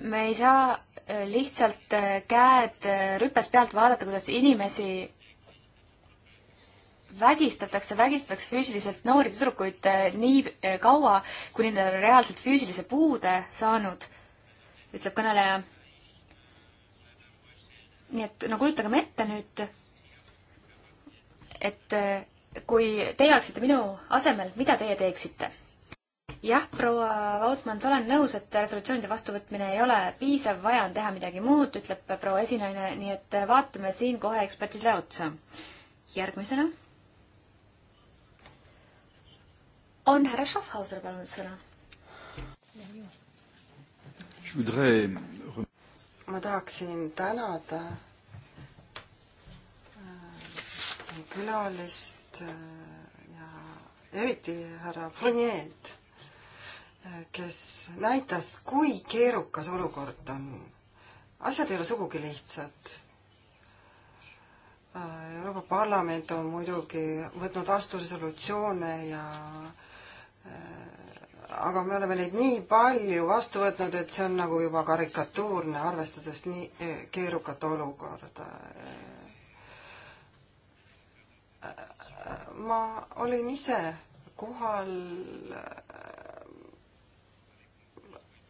me ei saa äh, lihtsalt äh, käed äh, rüpes pealt vaadata, kuidas inimesi vägistatakse, vägistatakse füüsiliselt noori tüdrukuid nii kaua, kuni nad on reaalselt füüsilise puude saanud, ütleb kõneleja. nii et no kujutagem ette nüüd, et kui teie oleksite minu asemel, mida teie teeksite? jah, proua Vautmans, olen nõus, et resolutsioonide vastuvõtmine ei ole piisav, vaja on teha midagi muud, ütleb proua esinaine, nii et vaatame siin kohe ekspertidele otsa. järgmisena on härra Schaffhauser palunud sõna. ma tahaksin tänada äh, külalist äh, ja eriti härra Frunjeelt kes näitas, kui keerukas olukord on. asjad ei ole sugugi lihtsad. Euroopa Parlament on muidugi võtnud vastu resolutsioone ja äh, aga me oleme neid nii palju vastu võtnud, et see on nagu juba karikatuurne, arvestades nii äh, keerukat olukorda. Äh, ma olin ise kohal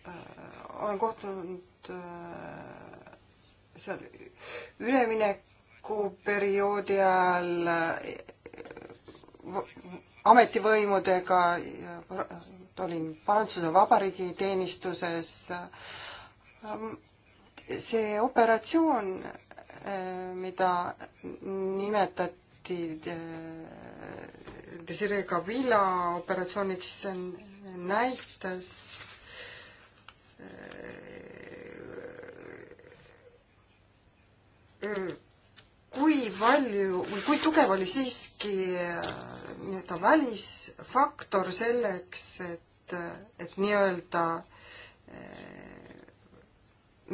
Äh, olen kohtunud äh, seal üleminekuperioodi ajal äh, ametivõimudega, olin Prantsuse Vabariigi teenistuses. Ähm, see operatsioon, mida nimetati Desiree Kavila operatsiooniks, näitas Äh, äh, kui palju või kui tugev oli siiski äh, nii-öelda välisfaktor selleks, et, et nii-öelda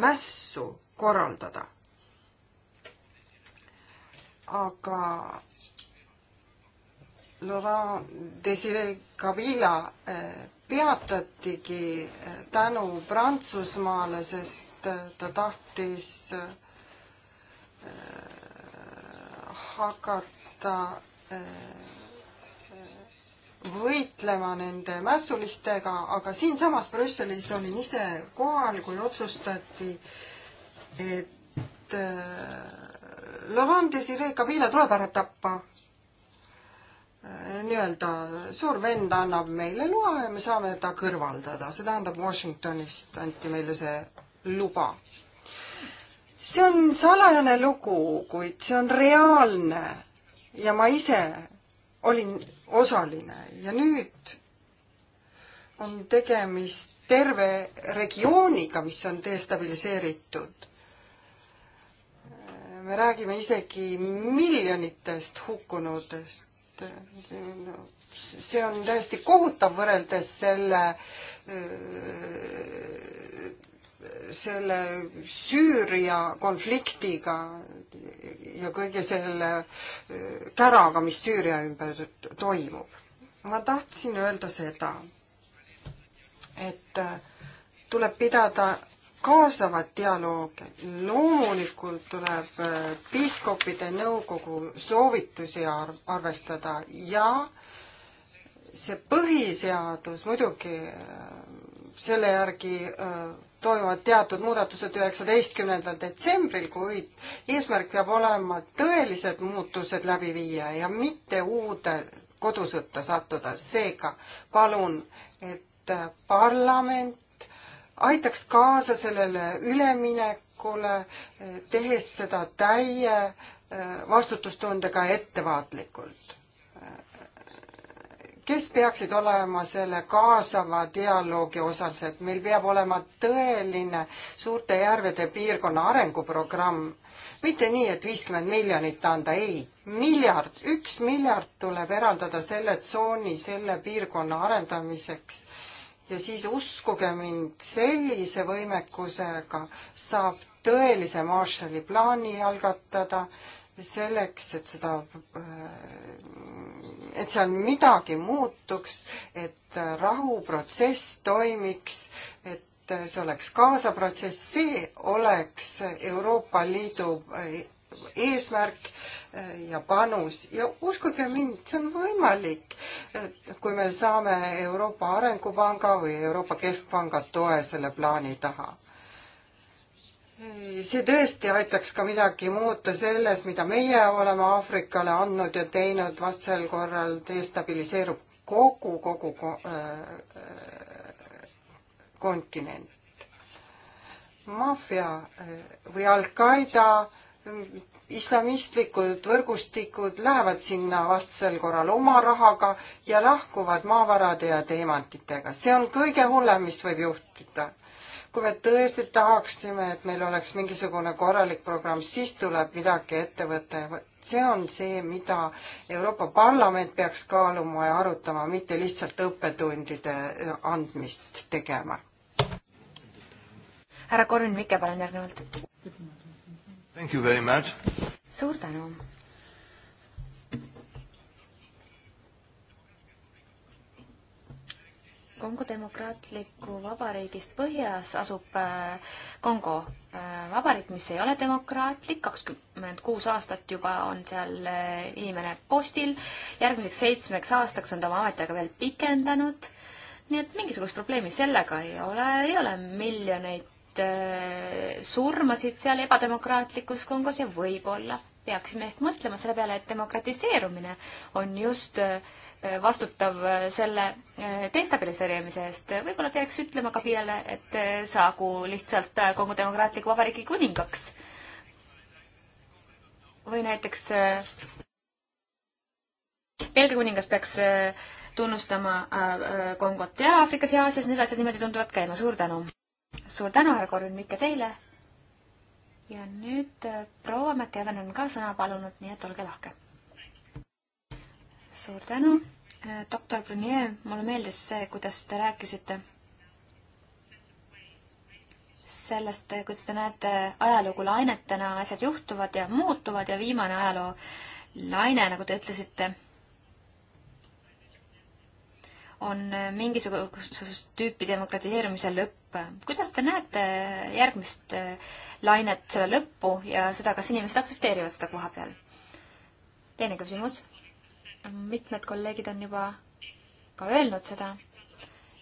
mässu korraldada. aga Laurent Desiree Kabila eh, peatatigi eh, tänu Prantsusmaale, sest eh, ta tahtis hakata võitlema nende mässulistega, aga siinsamas Brüsselis olin ise kohal, kui otsustati, et Laurent Desiree Kabila tuleb ära tappa nii-öelda suur vend annab meile loa ja me saame ta kõrvaldada, see tähendab Washingtonist anti meile see luba. see on salajane lugu, kuid see on reaalne ja ma ise olin osaline ja nüüd on tegemist terve regiooniga, mis on destabiliseeritud me räägime isegi miljonitest hukkunutest see on täiesti kohutav võrreldes selle, selle Süüria konfliktiga ja kõige selle käraga, mis Süüria ümber toimub. ma tahtsin öelda seda, et tuleb pidada kaasavat dialoogi. loomulikult tuleb äh, piiskopide nõukogu soovitusi arvestada ja see põhiseadus muidugi äh, selle järgi äh, toimuvad teatud muudatused üheksateistkümnendal detsembril, kuid eesmärk peab olema tõelised muutused läbi viia ja mitte uude kodusõtta sattuda. seega palun, et parlament aitaks kaasa sellele üleminekule, tehes seda täie eh, vastutustundega ja ettevaatlikult. Eh, kes peaksid olema selle kaasava dialoogi osalised, meil peab olema tõeline suurte järvede piirkonna arenguprogramm, mitte nii, et viiskümmend miljonit anda, ei, miljard, üks miljard tuleb eraldada selle tsooni, selle piirkonna arendamiseks ja siis uskuge mind, sellise võimekusega saab tõelise Marshalli plaani algatada selleks, et seda, äh, et seal midagi muutuks, et rahuprotsess toimiks, et see oleks kaasaprotsess, see oleks Euroopa Liidu eesmärk eh, ja panus ja uskuge mind, see on võimalik, eh, kui me saame Euroopa Arengupanga või Euroopa Keskpanga toe selle plaani taha. Eh, see tõesti aitaks ka midagi muuta selles, mida meie oleme Aafrikale andnud ja teinud, vastasel korral destabiliseerub kogu, kogu äh, kontinent. maffia või Al-Qaeda äh, islamistlikud võrgustikud lähevad sinna vastasel korral oma rahaga ja lahkuvad maavarade ja teemantidega. see on kõige hullem, mis võib juhtuda. kui me tõesti tahaksime, et meil oleks mingisugune korralik programm, siis tuleb midagi ette võtta ja see on see, mida Euroopa Parlament peaks kaaluma ja arutama, mitte lihtsalt õppetundide äh, andmist tegema. härra Korvin Mikke, palun järgnevalt suur tänu. Kongo demokraatliku vabariigist põhjas asub äh, Kongo äh, vabariik, mis ei ole demokraatlik, kakskümmend kuus aastat juba on seal äh, inimene postil, järgmiseks seitsmeks aastaks on ta oma ametiaega veel pikendanud, nii et mingisugust probleemi sellega ei ole, ei ole miljoneid Äh, surmasid seal ebademokraatlikus Kongos ja võib-olla peaksime ehk mõtlema selle peale, et demokratiseerumine on just äh, vastutav äh, selle destabiliseerimise eest. võib-olla peaks ütlema ka peale, et saagu lihtsalt Kongo Demokraatliku Vabariigi kuningaks. või näiteks Belgia kuningas peaks tunnustama Kongot ja Aafrikas ja Aasias, need asjad niimoodi tunduvad käima. suur tänu! suur tänu, härra Korvin Mikke, teile. ja nüüd äh, proua McEwen on ka sõna palunud, nii et olge lahke. suur tänu, äh, doktor Brunier, mulle meeldis see, kuidas te rääkisite sellest, kuidas te näete ajalugu lainetena, asjad juhtuvad ja muutuvad ja viimane ajaloo laine, nagu te ütlesite on mingisugust tüüpi demokratiseerumise lõpp. kuidas te näete järgmist äh, lainet, selle lõppu ja seda, kas inimesed aktsepteerivad seda koha peal? teine küsimus. mitmed kolleegid on juba ka öelnud seda,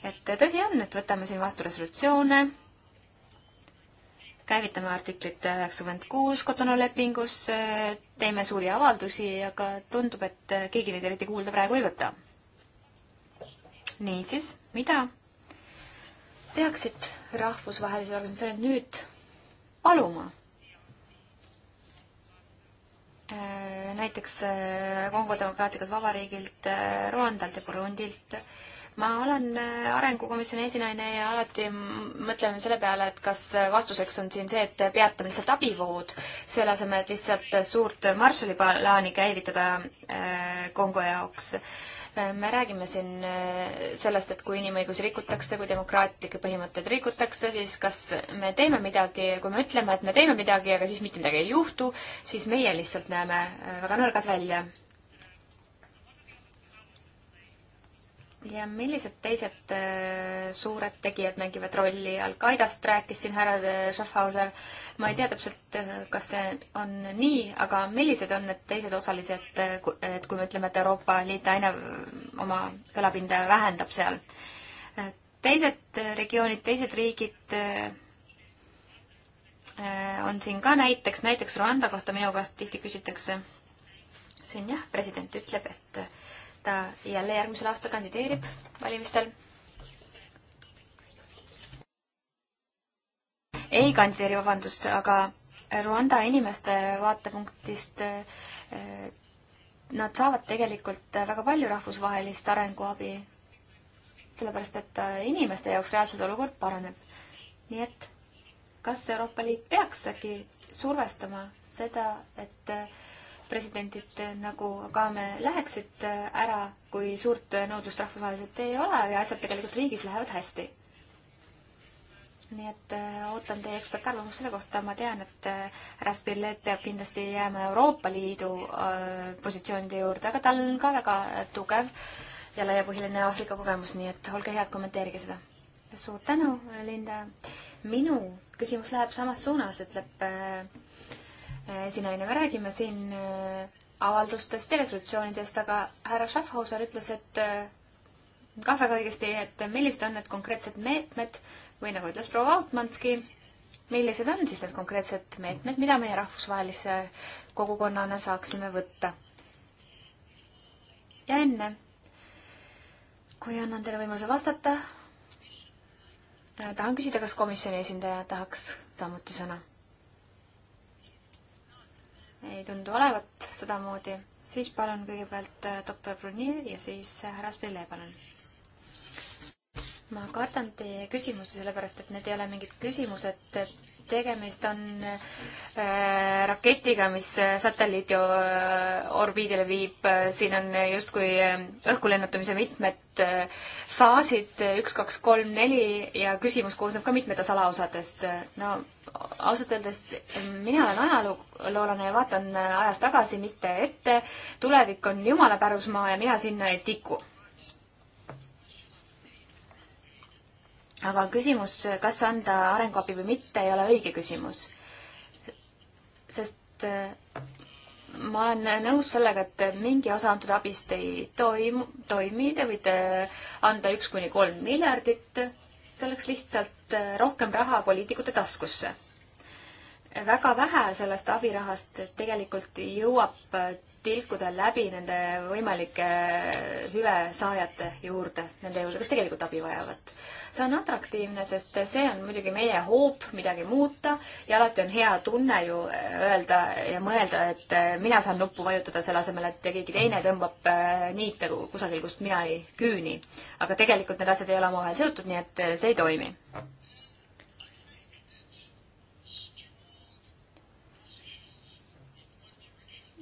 et tõsi on, et võtame siin vastu resolutsioone, käivitame artiklit üheksakümmend kuus Kotonou lepingus, äh, teeme suuri avaldusi, aga tundub, et keegi neid eriti kuulda praegu ei võta niisiis, mida peaksid rahvusvahelised organisatsioonid nüüd paluma? Äh, näiteks äh, Kongo Demokraatlikult Vabariigilt, äh, Rwandalt ja Burundilt. ma olen arengukomisjoni esinaine ja alati mõtleme selle peale, et kas vastuseks on siin see, et peatame lihtsalt abivood, selle asemel, et lihtsalt suurt Marshalli plaani käivitada Kongo jaoks me räägime siin äh, sellest, et kui inimõigusi rikutakse, kui demokraatlikke põhimõtteid rikutakse, siis kas me teeme midagi, kui me ütleme, et me teeme midagi, aga siis mitte midagi ei juhtu, siis meie lihtsalt näeme äh, väga nõrgad välja. ja millised teised äh, suured tegijad mängivad rolli? Al-Qaedast rääkis siin härra äh, Schaffhauser. ma ei tea täpselt, äh, kas see on nii, aga millised on need teised osalised, et kui me ütleme, et Euroopa Liit aina oma kõlapinda vähendab seal? teised regioonid, teised riigid on siin ka näiteks, näiteks Rwanda kohta minu käest tihti küsitakse. siin jah, president ütleb, et ta jälle järgmisel aastal kandideerib valimistel. ei kandideeri, vabandust, aga Rwanda inimeste vaatepunktist eh, nad saavad tegelikult väga palju rahvusvahelist arenguabi, sellepärast et inimeste jaoks reaalses olukord paraneb. nii et kas Euroopa Liit peaks äkki survestama seda, et äh, presidentid nagu ka me läheksid äh, ära, kui suurt äh, nõudlust rahvusvaheliselt ei ole ja asjad tegelikult riigis lähevad hästi. nii et äh, ootan teie ekspertarvamust selle kohta, ma tean, et härra Spirlet peab kindlasti jääma Euroopa Liidu positsioonide juurde, aga tal on ka väga tugev ja laiapõhjaline Aafrika kogemus, nii et olge head, kommenteerige seda. suur tänu, Linda. minu küsimus läheb samas suunas, ütleb äh, esinaine, äh, me räägime siin äh, avaldustest ja resolutsioonidest, aga härra Schaffhauser ütles, et äh, ka väga õigesti, et millised on need konkreetsed meetmed või nagu ütles proua Altmanski, millised on siis need konkreetsed meetmed, mida meie rahvusvahelise kogukonnana saaksime võtta? ja enne, kui annan teile võimaluse vastata, tahan küsida, kas komisjoni esindaja tahaks samuti sõna ei tundu olevat sedamoodi, siis palun kõigepealt äh, doktor Brunier ja siis äh, härra Spille, palun. ma kardan teie küsimusi, sellepärast et need ei ole mingid küsimused, tegemist on äh, raketiga, mis äh, satelliidi orbiidile viib, siin on justkui õhku lennutamise mitmed äh, faasid, üks, kaks, kolm, neli ja küsimus koosneb ka mitmetes alaosadest. no ausalt öeldes mina olen ajaloolane ja vaatan ajas tagasi, mitte ette. tulevik on jumala pärusmaa ja mina sinna ei tiku. aga küsimus, kas anda arenguabi või mitte, ei ole õige küsimus. sest eh, ma olen nõus sellega, et mingi osa antud abist ei toimu, toimi, te võite anda üks kuni kolm miljardit see oleks lihtsalt äh, rohkem raha poliitikute taskusse. väga vähe sellest abirahast tegelikult jõuab äh, tihkuda läbi nende võimalike eh, hüve saajate juurde, nende juurde, kes tegelikult abi vajavad. see on atraktiivne, sest see on muidugi meie hoop midagi muuta ja alati on hea tunne ju eh, öelda ja mõelda, et eh, mina saan nuppu vajutada selle asemel, et keegi teine tõmbab niite kusagil, kust mina ei küüni. aga tegelikult need asjad ei ole omavahel seotud, nii et see ei toimi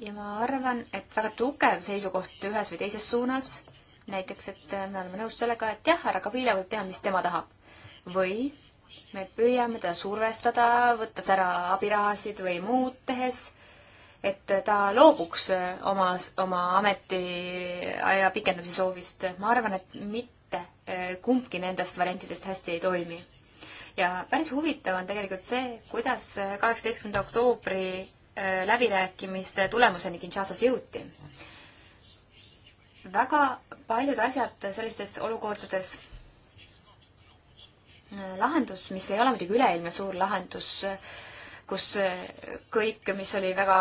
ja ma arvan, et väga tugev seisukoht ühes või teises suunas, näiteks et me oleme nõus sellega, et jah, härra Kabila võib teha, mis tema tahab. või me püüame teda survestada, võttes ära abirahasid või muud tehes, et ta loobuks oma, oma ametiaja pikendamise soovist. ma arvan, et mitte eh, kumbki nendest variantidest hästi ei toimi. ja päris huvitav on tegelikult see, kuidas kaheksateistkümnenda oktoobri Äh, läbirääkimiste tulemuseni Kinshasas jõuti. väga paljud asjad sellistes olukordades äh, lahendus, mis ei ole muidugi üleilmne suur lahendus, kus äh, kõik, mis oli väga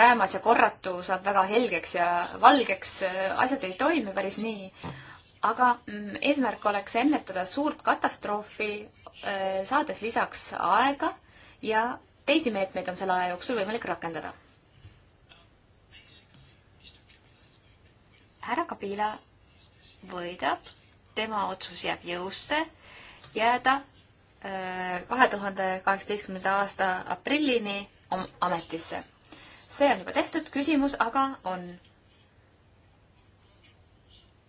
räämas ja korratu, saab väga helgeks ja valgeks, asjad ei toimi päris nii. aga mm, eesmärk oleks ennetada suurt katastroofi, saades lisaks aega ja teisi meetmeid on selle aja jooksul võimalik rakendada. härra Kabila võidab, tema otsus jääb jõusse jääda äh, kahe tuhande kaheksateistkümnenda aasta aprillini ametisse. see on juba tehtud, küsimus aga on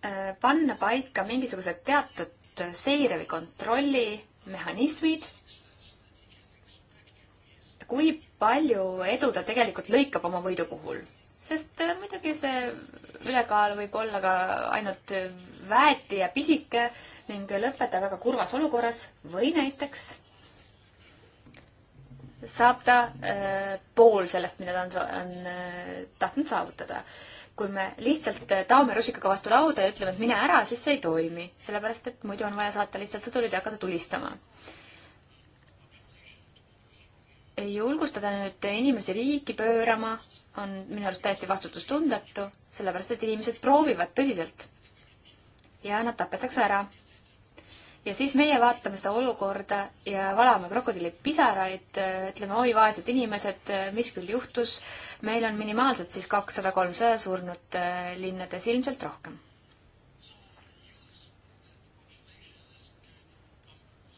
äh, panna paika mingisugused teatud seire või kontrolli mehhanismid kui palju edu ta tegelikult lõikab oma võidu puhul. sest äh, muidugi see ülekaal võib olla ka ainult väeti ja pisike ning lõpeta väga kurvas olukorras või näiteks saab ta äh, pool sellest, mida ta on, on äh, tahtnud saavutada kui me lihtsalt äh, taome rusikaga vastu lauda ja ütleme, et mine ära, siis see ei toimi. sellepärast, et muidu on vaja saata lihtsalt sõdurid ja hakata tulistama. julgustada nüüd inimesi riiki pöörama on minu arust täiesti vastutustundetu, sellepärast et inimesed proovivad tõsiselt. ja nad tapetakse ära. ja siis meie vaatame seda olukorda ja valame krokodillipisaraid, ütleme, oi vaesed inimesed, mis küll juhtus, meil on minimaalselt siis kakssada, kolmsada surnut linnades, ilmselt rohkem.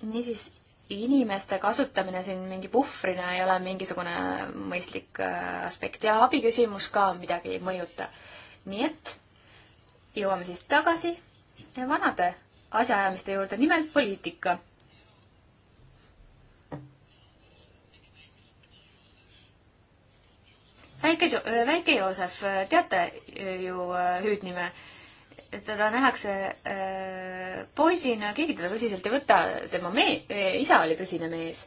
niisiis inimeste kasutamine siin mingi puhvrina ei ole mingisugune mõistlik äh, aspekt ja abiküsimus ka midagi ei mõjuta. nii et jõuame siis tagasi vanade asjaajamiste juurde, nimelt poliitika. väike, äh, väike Joosef, äh, teate ju hüüdnime teda nähakse äh, poisina, keegi teda tõsiselt ei võta, tema mee-, äh, isa oli tõsine mees.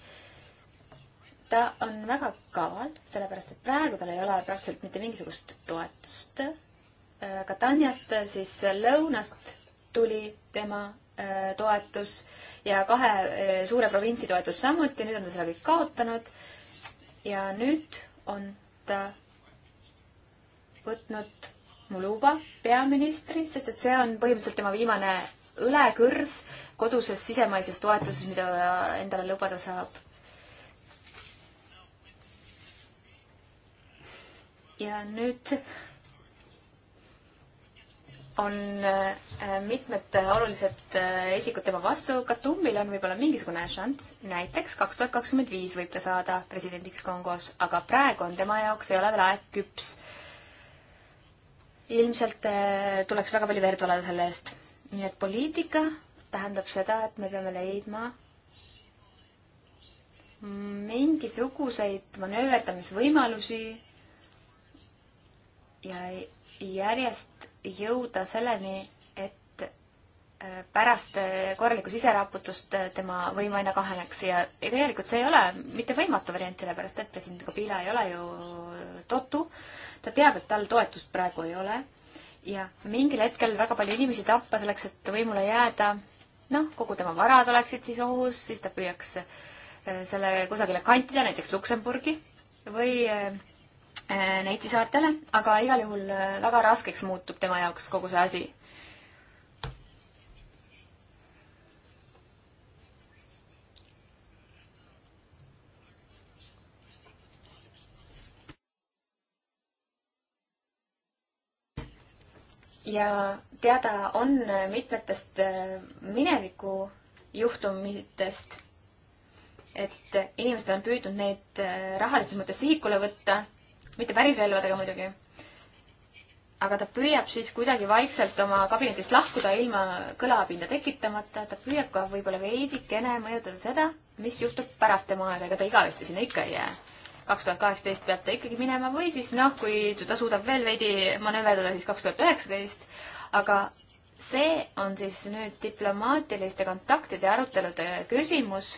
ta on väga kaval, sellepärast et praegu tal ei ole praktiliselt mitte mingisugust toetust äh,. Katanjast, äh, siis lõunast tuli tema äh, toetus ja kahe äh, suure provintsi toetus samuti, nüüd on ta selle kõik kaotanud. ja nüüd on ta võtnud Muluba peaministri, sest et see on põhimõtteliselt tema viimane õlekõrs koduses sisemaises toetuses, mida ta endale lubada saab. ja nüüd on äh, mitmed olulised äh, isikud tema vastu. Katumbil on võib-olla mingisugune šanss, näiteks kaks tuhat kakskümmend viis võib ta saada presidendiks Kongos, aga praegu on tema jaoks ei ole veel aeg küps ilmselt äh, tuleks väga palju verd valada selle eest. nii et poliitika tähendab seda, et me peame leidma mingisuguseid manööverdamisvõimalusi ja järjest jõuda selleni, et äh, pärast äh, korralikku siseraputust tema võim aina kahaneks ja tegelikult see ei ole mitte võimatu variant, sellepärast et president Kabila ei ole ju totu äh, ta teab, et tal toetust praegu ei ole ja mingil hetkel väga palju inimesi tappa selleks, et võimule jääda, noh, kogu tema varad oleksid siis ohus, siis ta püüaks äh, selle kusagile kantida, näiteks Luksemburgi või äh, äh, Neitsi saartele, aga igal juhul väga raskeks muutub tema jaoks kogu see asi ja teada on mitmetest äh, mineviku juhtumitest, et inimesed on püüdnud neid äh, rahalises mõttes sihikule võtta, mitte päris relvadega muidugi, aga ta püüab siis kuidagi vaikselt oma kabinetist lahkuda ilma kõlapinda tekitamata, ta püüab ka võib-olla veidikene mõjutada seda, mis juhtub pärast tema aega, ega ta igavesti sinna ikka ei jää kaks tuhat kaheksateist peab ta ikkagi minema või siis noh, kui ta suudab veel veidi manööverdada, siis kaks tuhat üheksateist. aga see on siis nüüd diplomaatiliste kontaktide ja arutelude küsimus.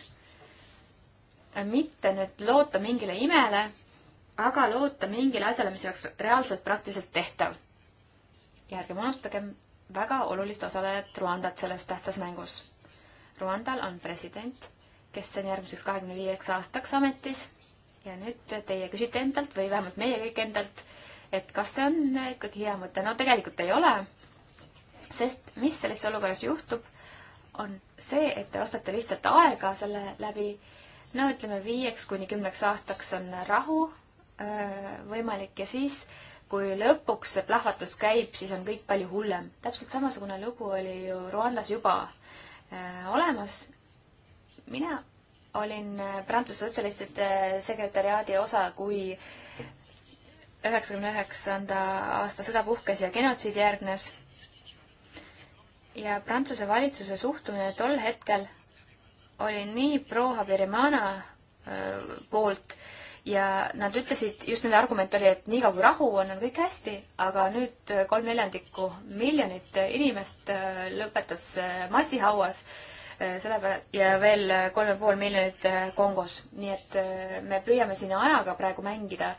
mitte nüüd loota mingile imele, aga loota mingile asjale, mis oleks reaalselt praktiliselt tehtav. ja ärgem unustagem väga olulist osalejat Rwandat selles tähtsas mängus. Rwandal on president, kes on järgmiseks kahekümne viieks aastaks ametis ja nüüd teie küsite endalt või vähemalt meie kõik endalt, et kas see on ikkagi hea mõte. no tegelikult ei ole, sest mis selles olukorras juhtub, on see, et te ostate lihtsalt aega selle läbi. no ütleme, viieks kuni kümneks aastaks on rahu äh, võimalik ja siis kui lõpuks see plahvatus käib, siis on kõik palju hullem. täpselt samasugune lugu oli ju Rwandas juba äh, olemas. mina olin äh, Prantsuse sotsialistide äh, sekretäriaadi osa, kui üheksakümne üheksanda aasta sõda puhkes ja genotsiid järgnes. ja Prantsuse valitsuse suhtumine tol hetkel oli nii pro-Haberimana äh, poolt ja nad ütlesid, just nende argument oli, et niikaua kui rahu on, on kõik hästi, aga nüüd kolm neljandikku miljonit inimest lõpetas massihauas äh, Eh, selle pä- ja veel eh, kolm ja pool miljonit eh, Kongos. nii et me püüame siin ajaga praegu mängida,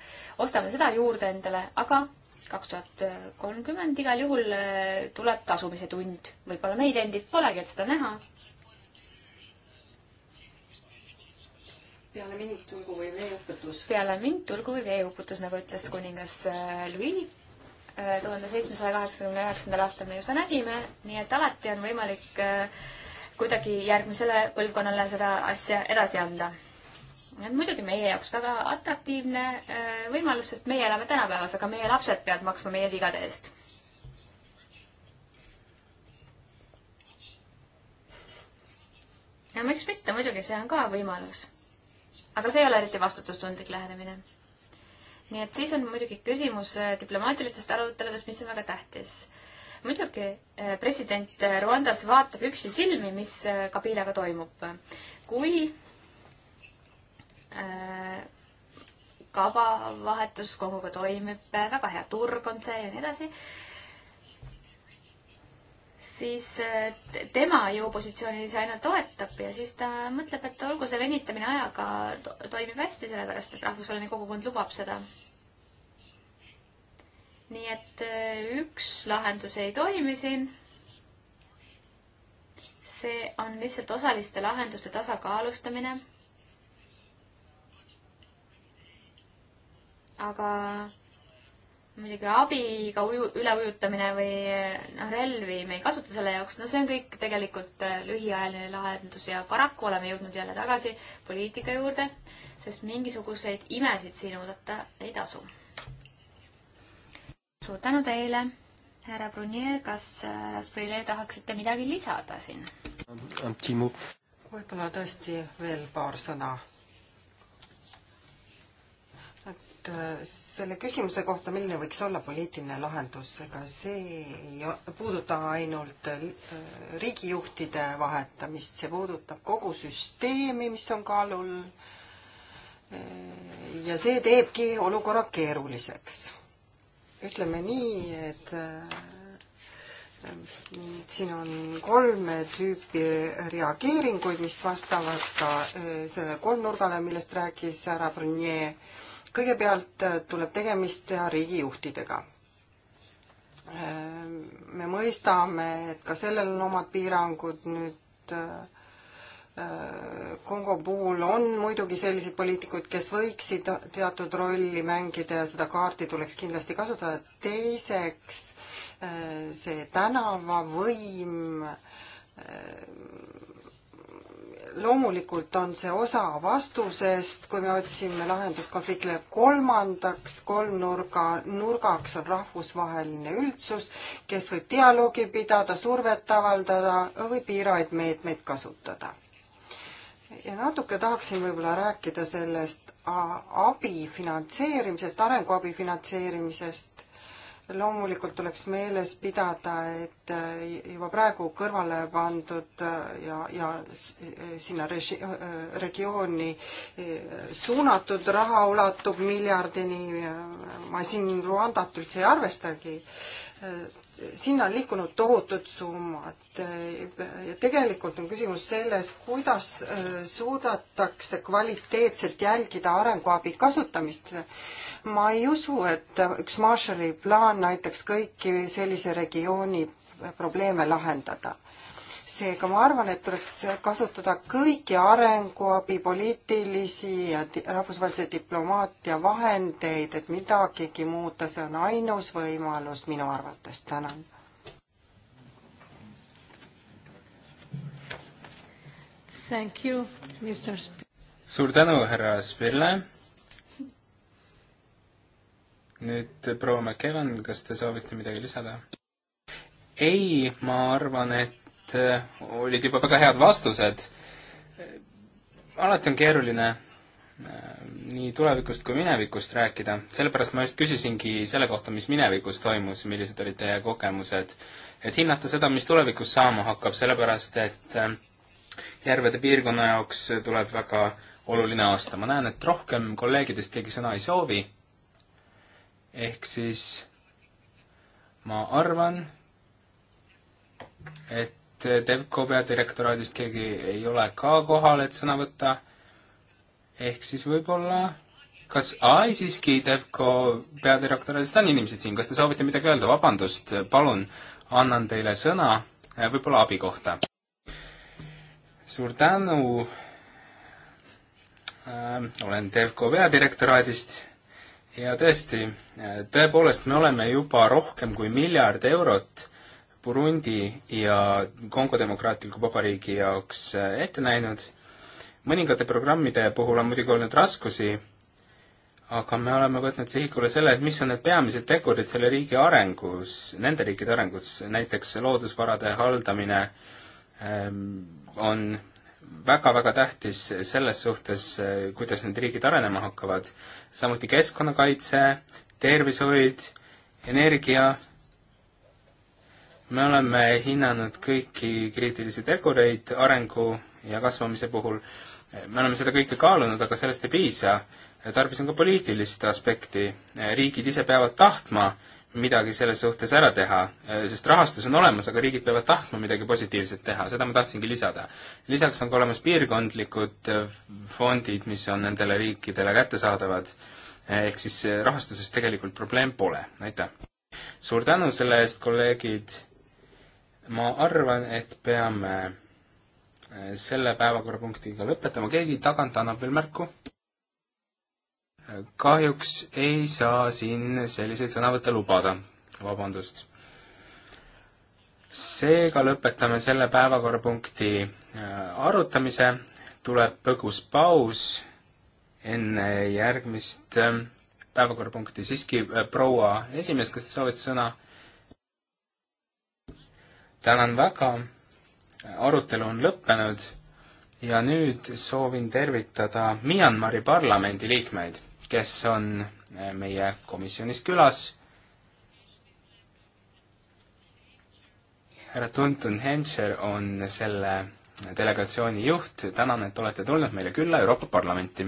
ostame seda juurde endale, aga kaks tuhat kolmkümmend igal juhul tuleb tasumise tund. võib-olla meid endid polegi, et seda näha. peale mind tulgu või veeuputus. peale mind tulgu või veeuputus, nagu ütles kuningas Louis tuhande seitsmesaja kaheksakümne üheksandal aastal me ju seda nägime, nii et alati on võimalik kuidagi järgmisele põlvkonnale seda asja edasi anda. muidugi meie jaoks väga atraktiivne äh, võimalus, sest meie elame tänapäevas, aga meie lapsed peavad maksma meie vigade eest. ja miks mitte, muidugi see on ka võimalus. aga see ei ole eriti vastutustundlik lähenemine. nii et siis on muiduigi küsimus äh, diplomaatilistest aruteludest, mis on väga tähtis muidugi eh, president eh, Rwandas vaatab üksi silmi, mis eh, Kabilaga toimub. kui kaubavahetus koguga toimib, väga hea turg on see ja nii edasi, siis tema jõupositsiooni see aina toetab ja siis ta mõtleb, et olgu see venitamine ajaga to toimib hästi, sellepärast et rahvusvaheline kogukond lubab seda nii et äh, üks lahendus ei toimi siin. see on lihtsalt osaliste lahenduste tasakaalustamine. aga muidugi abiga uju, üleujutamine või äh, noh, relvi me ei kasuta selle jaoks, no see on kõik tegelikult äh, lühiajaline lahendus ja paraku oleme jõudnud jälle tagasi poliitika juurde, sest mingisuguseid imesid siin oodata ei tasu suur tänu teile, härra Brunier, kas härra äh, Spreile tahaksite midagi lisada siin? võib-olla tõesti veel paar sõna. et äh, selle küsimuse kohta, milline võiks olla poliitiline lahendus, ega see ei puuduta ainult äh, riigijuhtide vahetamist, see puudutab kogu süsteemi, mis on kaalul ja see teebki olukorra keeruliseks ütleme nii, et äh, siin on kolme tüüpi reageeringuid, mis vastavad ka äh, sellele kolmnurgale, millest rääkis härra Brunier. kõigepealt äh, tuleb tegemist teha riigijuhtidega. me mõistame, et ka sellel on omad piirangud nüüd äh, Äh, Kongo puhul on muidugi selliseid poliitikuid, kes võiksid teatud rolli mängida ja seda kaarti tuleks kindlasti kasutada. teiseks, äh, see tänavavõim, äh, loomulikult on see osa vastusest, kui me otsime lahendust konfliktile. kolmandaks kolmnurga, nurgaks on rahvusvaheline üldsus, kes võib dialoogi pidada, survet avaldada või piiravaid meetmeid kasutada ja natuke tahaksin võib-olla rääkida sellest abi finantseerimisest, arenguabi finantseerimisest. loomulikult tuleks meeles pidada, et eh, juba praegu kõrvale pandud eh, ja, ja eh, sinna regi-, regiooni suunatud raha ulatub miljardini. ma siin Rwandat üldse ei arvestagi sinna on liikunud tohutud summad ja tegelikult on küsimus selles, kuidas äh, suudetakse kvaliteetselt jälgida arenguabi kasutamist. ma ei usu, et üks Marshalli plaan aitaks kõiki sellise regiooni probleeme lahendada seega ma arvan, et tuleks kasutada kõiki arenguabi, poliitilisi ja rahvusvahelise diplomaatia vahendeid, et midagigi muuta, see on ainus võimalus minu arvates, tänan. suur tänu, härra Spirle. nüüd proua McEvan, kas te soovite midagi lisada? ei, ma arvan, et et äh, olid juba väga head vastused. alati on keeruline äh, nii tulevikust kui minevikust rääkida, sellepärast ma just küsisingi selle kohta, mis minevikus toimus, millised olid teie kogemused, et hinnata seda, mis tulevikus saama hakkab, sellepärast et äh, järvede piirkonna jaoks tuleb väga oluline aasta. ma näen, et rohkem kolleegidest keegi sõna ei soovi. ehk siis ma arvan, et Devco peadirektoraadist keegi ei ole ka kohal, et sõna võtta. ehk siis võib-olla, kas, ai siiski, Devco peadirektoraadist on inimesed siin, kas te soovite midagi öelda, vabandust, palun, annan teile sõna võib-olla abi kohta. suur tänu äh,, olen Devco peadirektoraadist ja tõesti, tõepoolest, me oleme juba rohkem kui miljard eurot Burundi ja Kongo Demokraatliku Vabariigi jaoks äh, ette näinud. mõningate programmide puhul on muidugi olnud raskusi, aga me oleme võtnud sihikule selle, et mis on need peamised tegurid selle riigi arengus, nende riikide arengus, näiteks loodusvarade haldamine ähm, on väga-väga tähtis selles suhtes, äh, kuidas need riigid arenema hakkavad, samuti keskkonnakaitse, tervishoid, energia me oleme hinnanud kõiki kriitilisi tegureid arengu ja kasvamise puhul. me oleme seda kõike kaalunud, aga sellest ei piisa. tarvis on ka poliitilist aspekti. riigid ise peavad tahtma midagi selles suhtes ära teha, sest rahastus on olemas, aga riigid peavad tahtma midagi positiivset teha, seda ma tahtsingi lisada. lisaks on ka olemas piirkondlikud fondid, mis on nendele riikidele kättesaadavad, ehk siis rahastuses tegelikult probleem pole, aitäh! suur tänu selle eest, kolleegid! ma arvan, et peame eh, selle päevakorrapunktiga lõpetama, keegi tagant annab veel märku? kahjuks ei saa siin selliseid sõnavõtte lubada, vabandust. seega lõpetame selle päevakorrapunkti eh, arutamise, tuleb põgus paus enne järgmist eh, päevakorrapunkti, siiski proua esimees, kas te soovite sõna? tänan väga, arutelu on lõppenud ja nüüd soovin tervitada Myanmari parlamendi liikmeid, kes on eh, meie komisjonis külas. härra Tuntun Henscher on selle delegatsiooni juht, tänan, et olete tulnud meile külla Euroopa Parlamenti.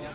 Yeah.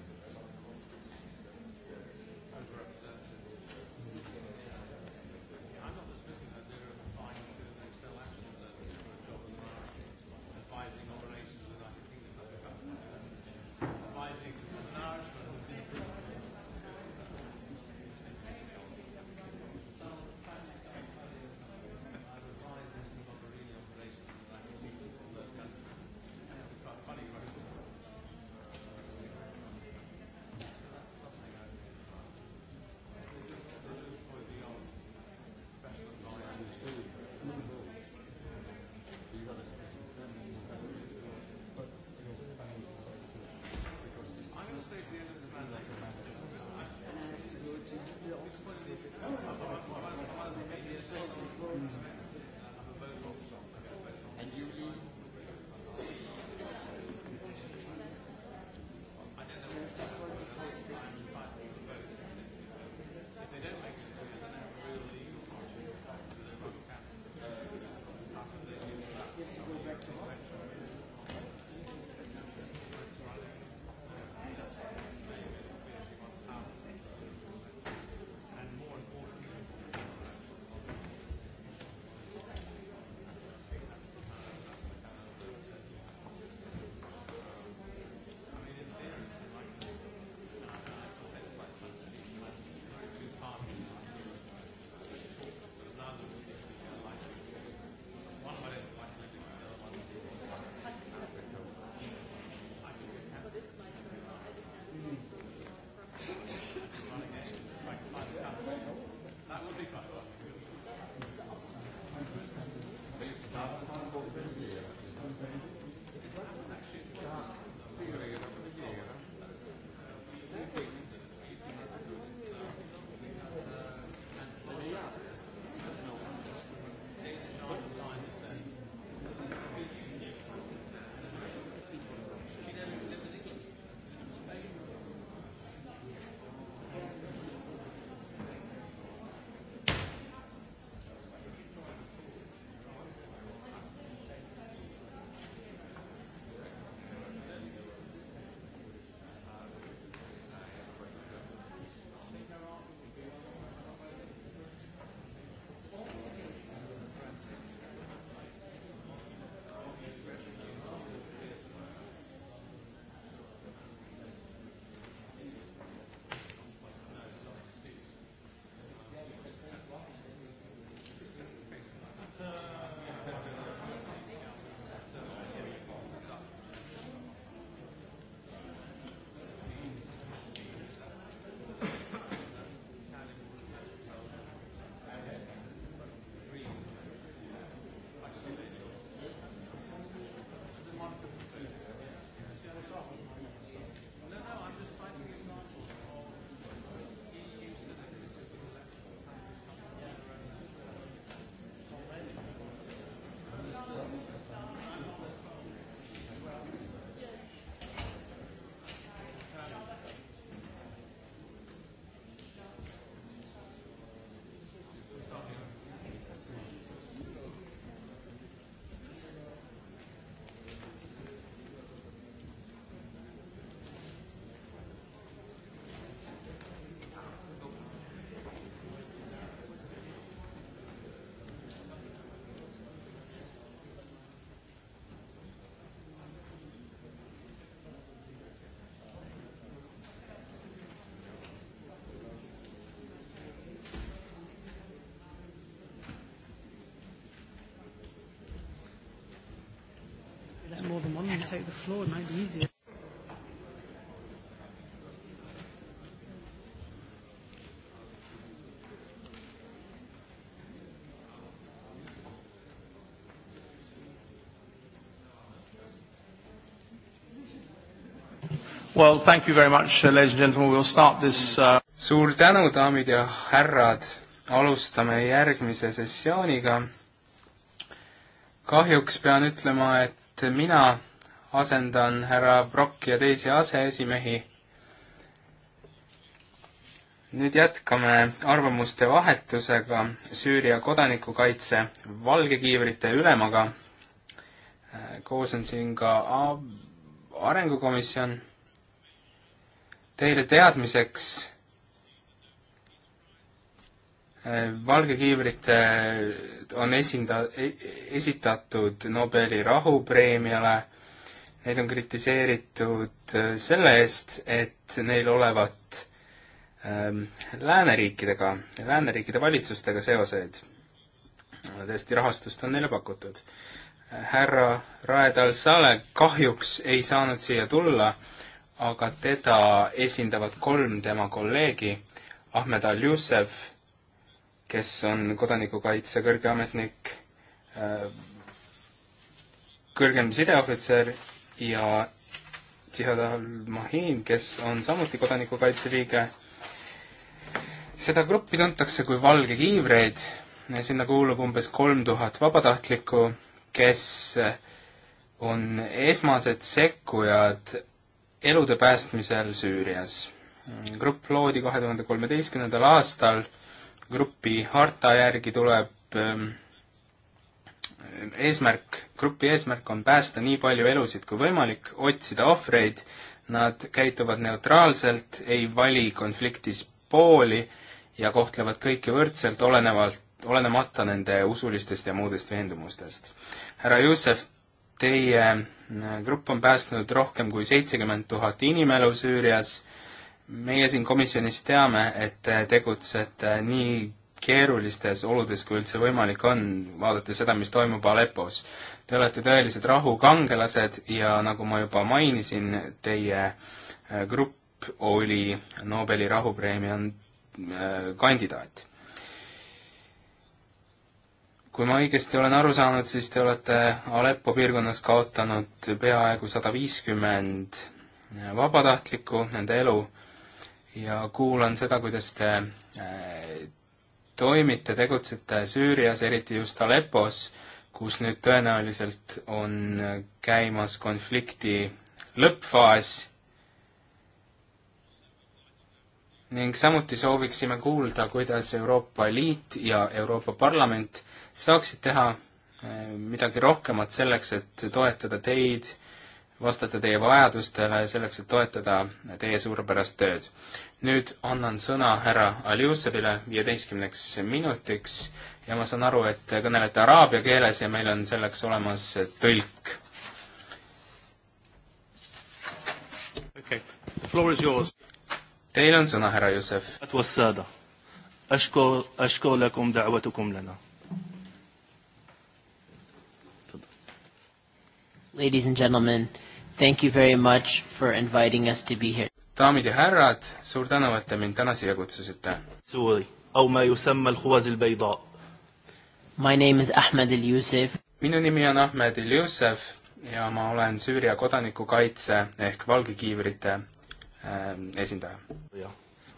take the floor. It might be easier. Well, thank you very much, uh, ladies and gentlemen. We'll start this uh... suur tänu, daamid ja härrad. alustame järgmise sessiooniga. kahjuks pean ütlema, et mina asendan härra Brocki ja teisi aseesimehi. nüüd jätkame arvamuste vahetusega Süüria kodanikukaitse valgekiivrite ülemaga. koos on siin ka arengukomisjon. Teile teadmiseks valgekiivrite on esinda-, e-, e-, esitatud Nobeli rahupreemiale Neid on kritiseeritud äh, selle eest, et neil olevat ähm, lääneriikidega, lääneriikide valitsustega seoseid. tõesti, rahastust on neile pakutud. härra Raed Al-Saleh kahjuks ei saanud siia tulla, aga teda esindavad kolm tema kolleegi, Ahmed Al-Jussef, kes on kodanikukaitse kõrge ametnik äh,, kõrgem sideohvitser ja Jihad al-Mahin, kes on samuti kodanikukaitse liige. seda gruppi tuntakse kui Valge kiivreid, sinna kuulub umbes kolm tuhat vabatahtlikku, kes on esmased sekkujad elude päästmisel Süürias. grupp loodi kahe tuhande kolmeteistkümnendal aastal, grupi harta järgi tuleb ähm, eesmärk, grupi eesmärk on päästa nii palju elusid kui võimalik, otsida ohvreid, nad käituvad neutraalselt, ei vali konfliktis pooli ja kohtlevad kõiki võrdselt, olenevalt, olenemata nende usulistest ja muudest veendumustest. härra Jussef, teie äh, grupp on päästnud rohkem kui seitsekümmend tuhat inimelu Süürias, meie siin komisjonis teame, et te tegutsete nii keerulistes oludes, kui üldse võimalik on, vaadates seda, mis toimub Aleppos. Te olete tõelised rahukangelased ja nagu ma juba mainisin, teie äh, grupp oli Nobeli rahupreemia äh, kandidaat. kui ma õigesti olen aru saanud, siis te olete Aleppo piirkonnas kaotanud peaaegu sada viiskümmend äh, vabatahtlikku, nende elu, ja kuulan seda, kuidas te toimite, tegutsete Süürias, eriti just Aleppos, kus nüüd tõenäoliselt on käimas konflikti lõppfaas ning samuti sooviksime kuulda, kuidas Euroopa Liit ja Euroopa Parlament saaksid teha eh, midagi rohkemat selleks, et toetada teid, vastata teie vajadustele, selleks, et toetada teie suurepärast tööd nüüd annan sõna härra Aliusevile viieteistkümneks minutiks ja ma saan aru, et te kõnelete araabia keeles ja meil on selleks olemas tõlk. okei okay., floor is yours. Teil on sõna, härra Jussef. أشكو أشكو لكم دعوتكم لنا. Ladies and gentlemen, thank you very much for inviting us to be here daamid ja härrad, suur tänu, et te mind täna siia kutsusite. suuri, au ma ju sammal huvasil beida. My name is Ahmed El Yusuf. minu nimi on Ahmed El Yusuf ja ma olen Süüria kodanikukaitse ehk valgekiivrite äh, esindaja.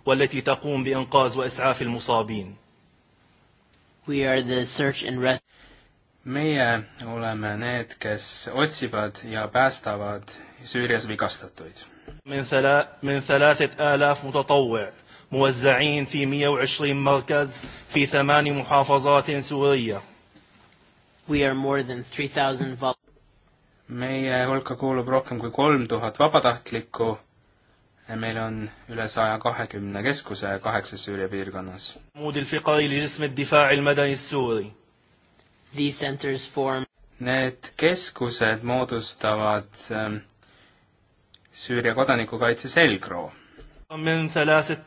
والتي تقوم بإنقاذ وإسعاف المصابين. We are the search and rest meie oleme need, kes otsivad ja päästavad Süürias vigastatuid من, ثلا من ثلاثة آلاف متطوع موزعين في 120 مركز في ثمان محافظات سورية. We are more than 3000 meie hulka kuulub rohkem kui kolm tuhat vabatahtlikku. meil on üle saja kahekümne keskuse kaheksas Süüria piirkonnas. Need keskused moodustavad ähm, Süüria kodanikukaitse selgroo. من ثلاثة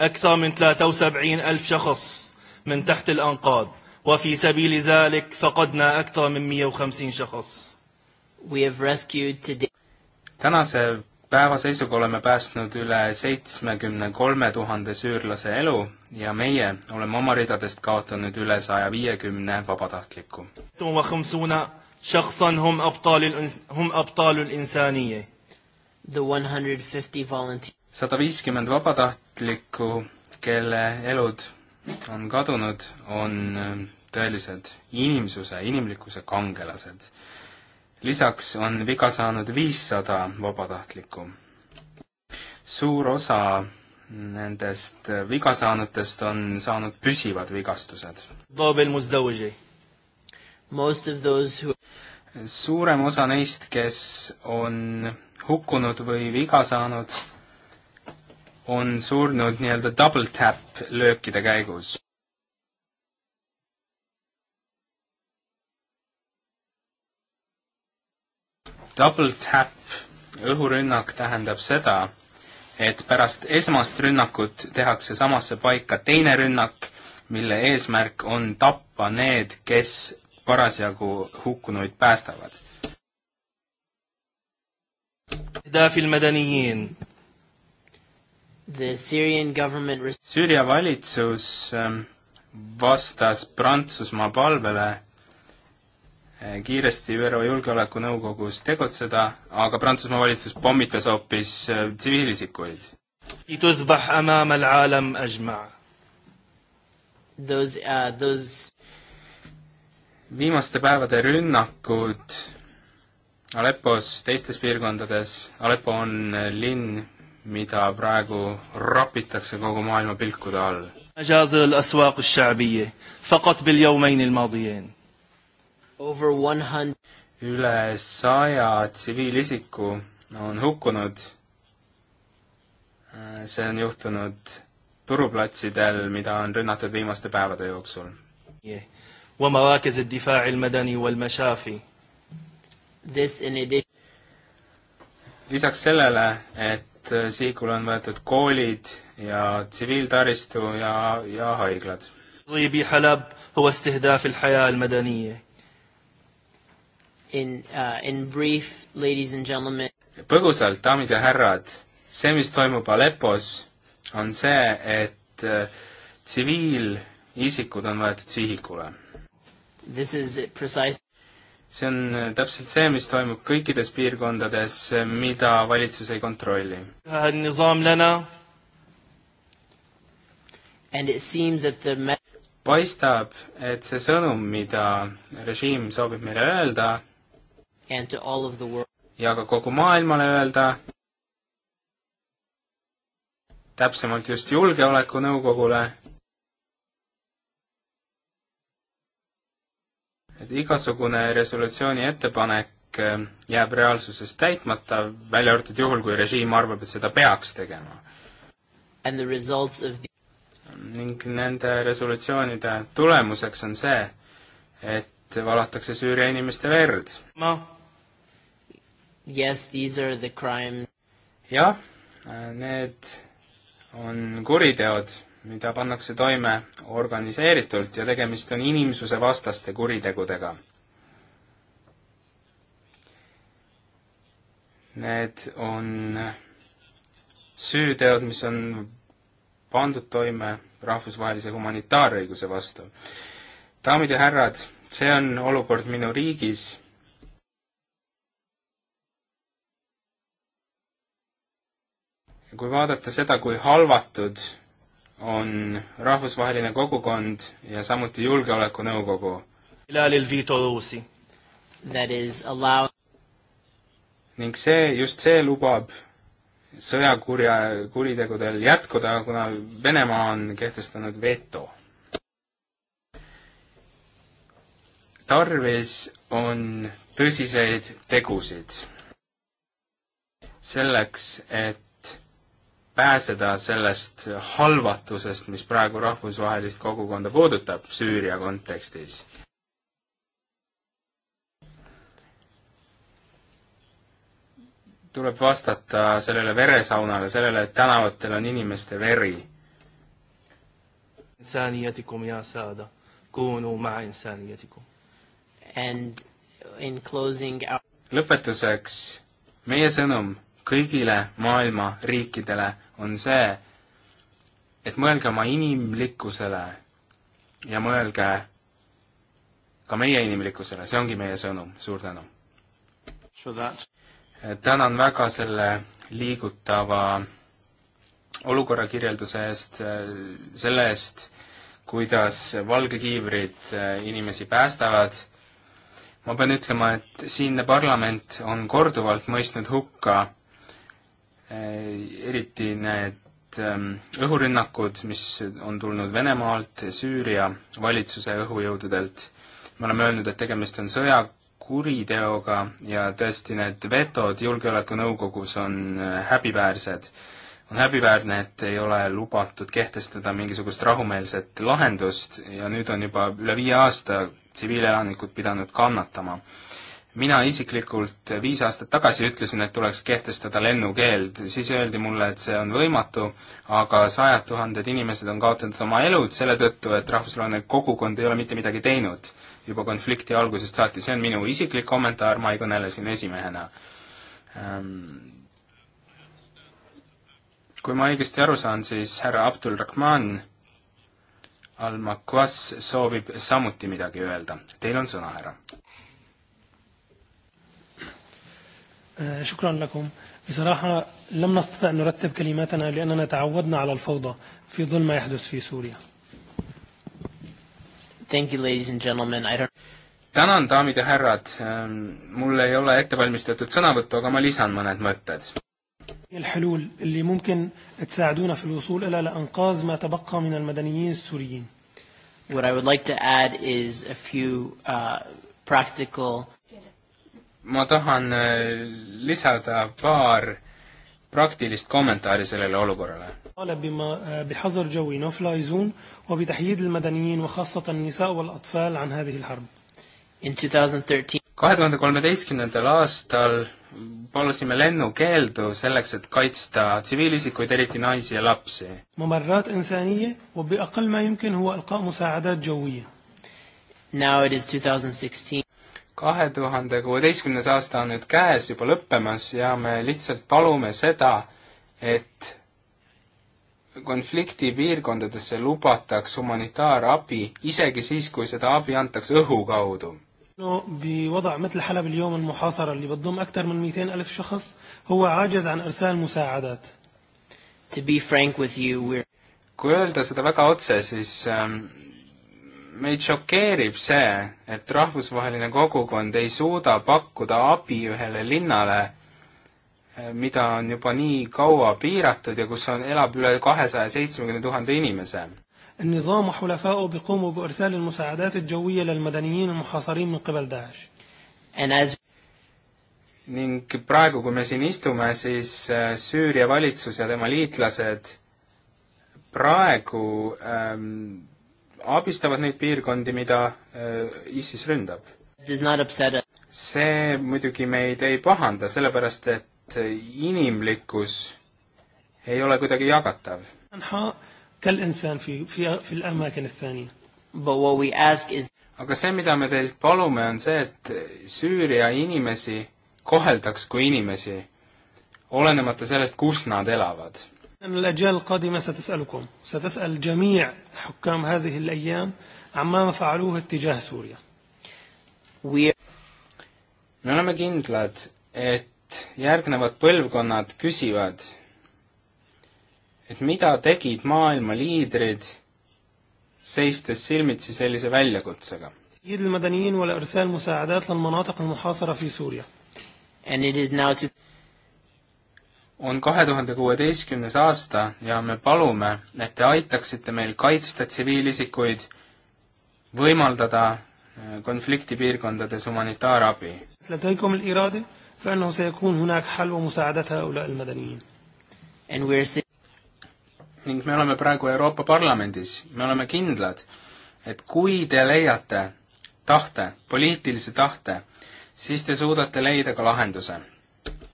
أكثر من 73 ألف شخص من تحت الأنقاض وفي سبيل ذلك فقدنا أكثر من 150 شخص. We have rescued today. tänase päeva seisuga oleme päästnud üle seitsmekümne kolme tuhande süürlase elu ja meie oleme oma ridadest kaotanud üle saja viiekümne vabatahtliku. شخصا هم أبطال هم أبطال الإنسانية sada viiskümmend vabatahtlikku, kelle elud on kadunud, on ähm, tõelised inimsuse, inimlikkuse kangelased. lisaks on viga saanud viissada vabatahtlikku. suur osa nendest viga saanutest on saanud püsivad vigastused. Who... suurem osa neist, kes on hukkunud või viga saanud, on surnud nii-öelda double tap löökide käigus. Double tap õhurünnak tähendab seda, et pärast esmast rünnakut tehakse samasse paika teine rünnak, mille eesmärk on tappa need, kes parasjagu hukkunuid päästavad Süüria valitsus ähm, vastas Prantsusmaa palvele äh, kiiresti ÜRO Julgeolekunõukogus tegutseda, aga Prantsusmaa valitsus pommitas hoopis äh, tsiviilisikuid. Those, uh, those... viimaste päevade rünnakud Aleppos, teistes piirkondades, Aleppo on linn, mida praegu rapitakse kogu maailma pilkude all. üle saja tsiviilisiku on hukkunud. Äh, see on juhtunud turuplatsidel, mida on rünnatud viimaste päevade jooksul. ومراكز الدفاع المدني والمشافي This in addition lisaks sellele, et äh, sihikule on võetud koolid ja tsiviiltaristu ja, ja haiglad. In, uh, in brief, ladies and gentlemen. põgusalt, daamid ja härrad, see, mis toimub Aleppos, on see, et äh, tsiviilisikud on võetud sihikule. This is precise see on äh, täpselt see, mis toimub kõikides piirkondades, äh, mida valitsus ei kontrolli. paistab, et see sõnum, mida režiim soovib meile öelda ja ka kogu maailmale öelda, täpsemalt just Julgeolekunõukogule, et igasugune resolutsiooni ettepanek äh, jääb reaalsuses täitmata, välja arvatud juhul, kui režiim arvab, et seda peaks tegema. The... ning nende resolutsioonide tulemuseks on see, et valatakse Süüria inimeste verd. Yes, jah, äh, need on kuriteod mida pannakse toime organiseeritult ja tegemist on inimsuse vastaste kuritegudega. Need on süüteod, mis on pandud toime rahvusvahelise humanitaarõiguse vastu. daamid ja härrad, see on olukord minu riigis kui vaadata seda, kui halvatud on rahvusvaheline kogukond ja samuti Julgeolekunõukogu. ning see, just see lubab sõjakurja, kuritegudel jätkuda, kuna Venemaa on kehtestanud veto. tarvis on tõsiseid tegusid selleks, et pääseda sellest halvatusest, mis praegu rahvusvahelist kogukonda puudutab Süüria kontekstis. tuleb vastata sellele veresaunale, sellele, et tänavatel on inimeste veri. lõpetuseks meie sõnum kõigile maailma riikidele, on see, et mõelge oma inimlikkusele ja mõelge ka meie inimlikkusele, see ongi meie sõnum, suur tänu! tänan väga selle liigutava olukorrakirjelduse eest, selle eest, kuidas valgekiivrid äh, inimesi päästavad ma pean ütlema, et siinne parlament on korduvalt mõistnud hukka Eh, eriti need ehm, õhurünnakud, mis on tulnud Venemaalt, Süüria valitsuse õhujõududelt. me oleme öelnud, et tegemist on sõjakuriteoga ja tõesti need vetod Julgeolekunõukogus on eh, häbiväärsed. on häbiväärne, et ei ole lubatud kehtestada mingisugust rahumeelset lahendust ja nüüd on juba üle viie aasta tsiviilelanikud pidanud kannatama mina isiklikult viis aastat tagasi ütlesin, et tuleks kehtestada lennukeeld, siis öeldi mulle, et see on võimatu, aga sajad tuhanded inimesed on kaotanud oma elud selle tõttu, et rahvusvaheline kogukond ei ole mitte midagi teinud juba konflikti algusest saati, see on minu isiklik kommentaar, ma ei kõnele siin esimehena. Ehm, kui ma õigesti aru saan, siis härra Abdul Rahman Al-Makwas soovib samuti midagi öelda. Teil on sõna, härra. شكرا لكم بصراحة لم نستطع أن نرتب كلماتنا لأننا تعودنا على الفوضى في ظل ما يحدث في سوريا Thank you, ladies and gentlemen. I don't... tänan, daamid ja härrad. Ähm, mul ei ole ettevalmistatud sõnavõttu, aga ma lisan mõned mõtted. الحلول اللي ممكن تساعدونا في الوصول إلى لإنقاذ ما تبقى من المدنيين السوريين. What I would like to add is a few uh, practical ma tahan äh, lisada paar praktilist kommentaari sellele olukorrale. بحظر جوي no fly zone وبتحييد المدنيين وخاصة النساء والأطفال عن هذه الحرب. In 2013 kahe tuhande kolmeteistkümnendal aastal palusime lennukeeldu selleks, et kaitsta tsiviilisikuid, eriti naisi ja lapsi. Now it is 2016 kahe tuhande kuueteistkümnes aasta on nüüd käes, juba lõppemas ja me lihtsalt palume seda, et konfliktipiirkondadesse lubataks humanitaarabi, isegi siis, kui seda abi antakse õhu kaudu. no بوضع مثل حلب اليوم المحاصرة اللي بتضم أكثر من 200 ألف شخص هو عاجز عن إرسال مساعدات. To be frank with you, we're kui öelda seda väga otse, siis ähm, meid šokeerib see, et rahvusvaheline kogukond ei suuda pakkuda abi ühele linnale, eh, mida on juba nii kaua piiratud ja kus on, elab üle kahesaja seitsmekümne tuhande inimese. النظام وحلفائه بيقوموا بإرسال المساعدات الجوية للمدنيين المحاصرين من قبل داعش. As... ning praegu, kui me siin istume, siis eh, Süüria valitsus ja tema liitlased praegu ähm, abistavad neid piirkondi, mida äh, ISIS ründab. see muidugi meid ei pahanda, sellepärast et inimlikkus ei ole kuidagi jagatav. aga see, mida me teilt palume, on see, et Süüria inimesi koheldaks kui inimesi, olenemata sellest, kus nad elavad الأجيال القادمة ستسألكم ستسأل جميع حكام هذه الأيام عما فعلوه اتجاه سوريا me oleme kindlad, et järgnevad põlvkonnad küsivad, et mida tegid maailma liidrid, seistes silmitsi sellise väljakutsega. المدنيين والإرسال مساعدات للمناطق المحاصرة في سوريا. And it is now to on kahe tuhande kuueteistkümnes aasta ja me palume, et te aitaksite meil kaitsta tsiviilisikuid, võimaldada äh, konfliktipiirkondades humanitaarabi. ning me oleme praegu Euroopa Parlamendis, me oleme kindlad, et kui te leiate tahte, poliitilise tahte, siis te suudate leida ka lahenduse.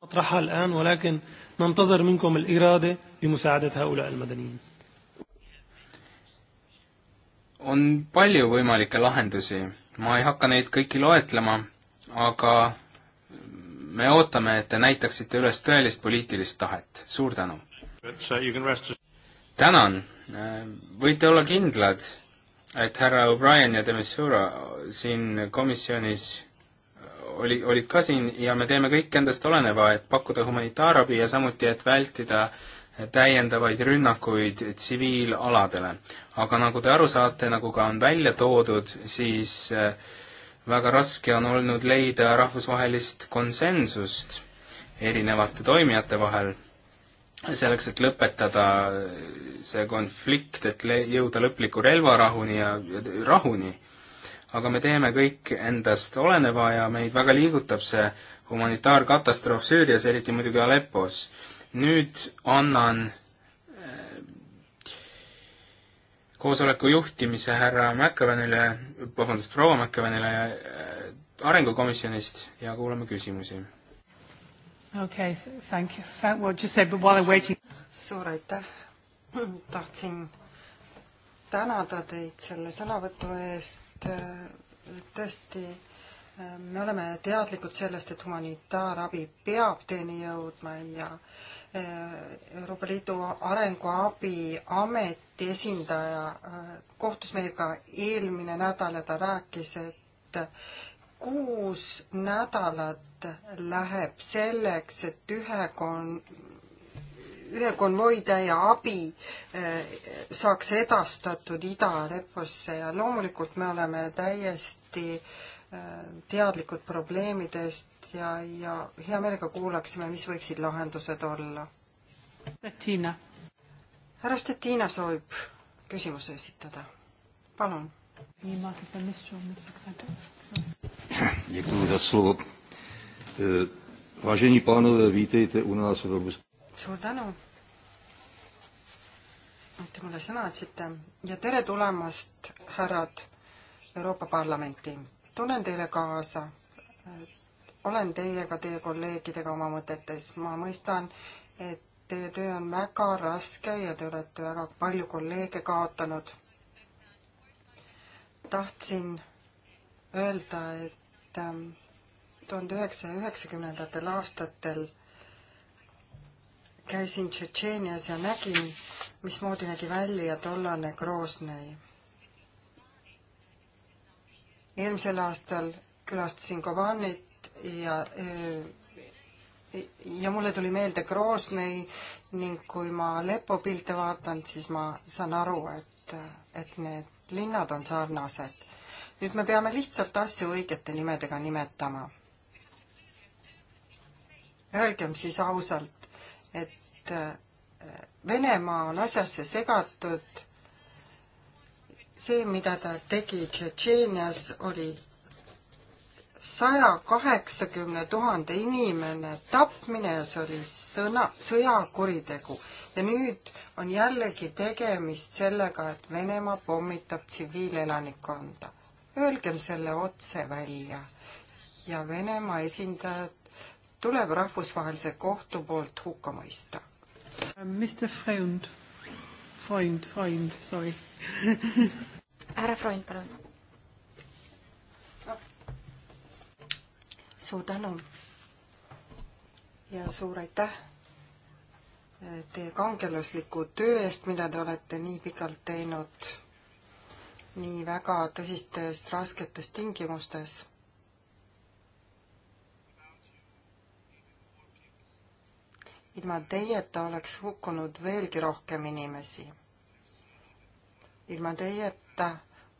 أطرحها الآن ولكن ننتظر منكم الإرادة بمساعدة هؤلاء المدنيين on palju võimalikke lahendusi, ma ei hakka neid kõiki loetlema, aga me ootame, et te näitaksite üles tõelist poliitilist tahet, suur tänu! tänan, võite olla kindlad, et härra O'Brien ja Demisura siin komisjonis oli, olid ka siin ja me teeme kõik endast oleneva, et pakkuda humanitaarabi ja samuti, et vältida täiendavaid rünnakuid tsiviilaladele. aga nagu te aru saate, nagu ka on välja toodud, siis äh, väga raske on olnud leida rahvusvahelist konsensust erinevate toimijate vahel, selleks, et lõpetada äh, see konflikt, et jõuda lõpliku relvarahuni ja, ja rahuni aga me teeme kõik endast oleneva ja meid väga liigutab see humanitaarkatastroof Süürias, eriti muidugi Aleppos. nüüd annan äh, koosoleku juhtimise härra Mäkkevenile, vabandust, proua Mäkkevenile äh, arengukomisjonist ja kuulame küsimusi. okei okay,, thank you, thank you, just say while I am waiting. suur aitäh, tahtsin tänada teid selle sõnavõtu eest Äh, tõesti äh, me oleme teadlikud sellest, et humanitaarabi peab teieni jõudma ja äh, Euroopa Liidu Arenguabi Ameti esindaja kohtus meiega eelmine nädal ja ta rääkis, et kuus nädalat läheb selleks, et ühe kon-, ühe konvoitäie abi eh, saaks edastatud idareposse ja loomulikult me oleme täiesti eh, teadlikud probleemidest ja, ja hea meelega kuulaksime, mis võiksid lahendused olla. Stettina. härra Stettina soovib küsimuse esitada, palun. Děkuji za slovo. Vážení pánové, vítejte u nás v Evropské suur tänu, et te mulle sõna andsite ja tere tulemast, härrad, Euroopa Parlamenti. tunnen teile kaasa. olen teiega, teie kolleegidega oma mõtetes. ma mõistan, et teie töö on väga raske ja te olete väga palju kolleege kaotanud. tahtsin öelda, et ähm, tuhande üheksasaja üheksakümnendatel aastatel käisin Tšetšeenias ja nägin, mismoodi nägi välja tollane Groznõi. eelmisel aastal külastasin Kovanit ja ja mulle tuli meelde Groznõi ning kui ma Aleppo pilte vaatan, siis ma saan aru, et, et need linnad on sarnased. nüüd me peame lihtsalt asju õigete nimedega nimetama. Öelgem siis ausalt, et äh, Venemaa on asjasse segatud. see, mida ta tegi Tšetšeenias, oli saja kaheksakümne tuhande inimene tapmine ja see oli sõna, sõjakuritegu. ja nüüd on jällegi tegemist sellega, et Venemaa pommitab tsiviilelanikkonda. Öelgem selle otse välja ja Venemaa esindajad tuleb rahvusvahelise kohtu poolt hukka mõista. Mr Freund, Freund, Freund, sorry härra Freund, palun. suur tänu ja suur aitäh eh, teie kangelusliku töö eest, mida te olete nii pikalt teinud, nii väga tõsistes rasketes tingimustes ilma teieta oleks hukkunud veelgi rohkem inimesi. ilma teieta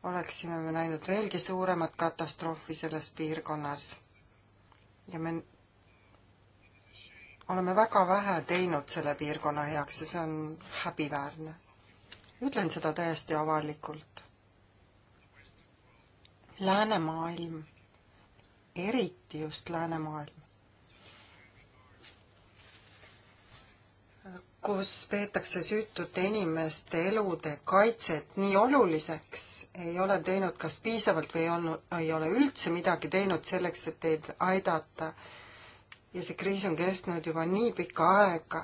oleksime me näinud veelgi suuremat katastroofi selles piirkonnas. ja me oleme väga vähe teinud selle piirkonna heaks ja see on häbiväärne. ütlen seda täiesti avalikult. läänemaailm, eriti just läänemaailm, kus peetakse süütute inimeste elude kaitset nii oluliseks, ei ole teinud kas piisavalt või on, ei ole üldse midagi teinud selleks, et teid aidata. ja see kriis on kestnud juba nii pikka aega.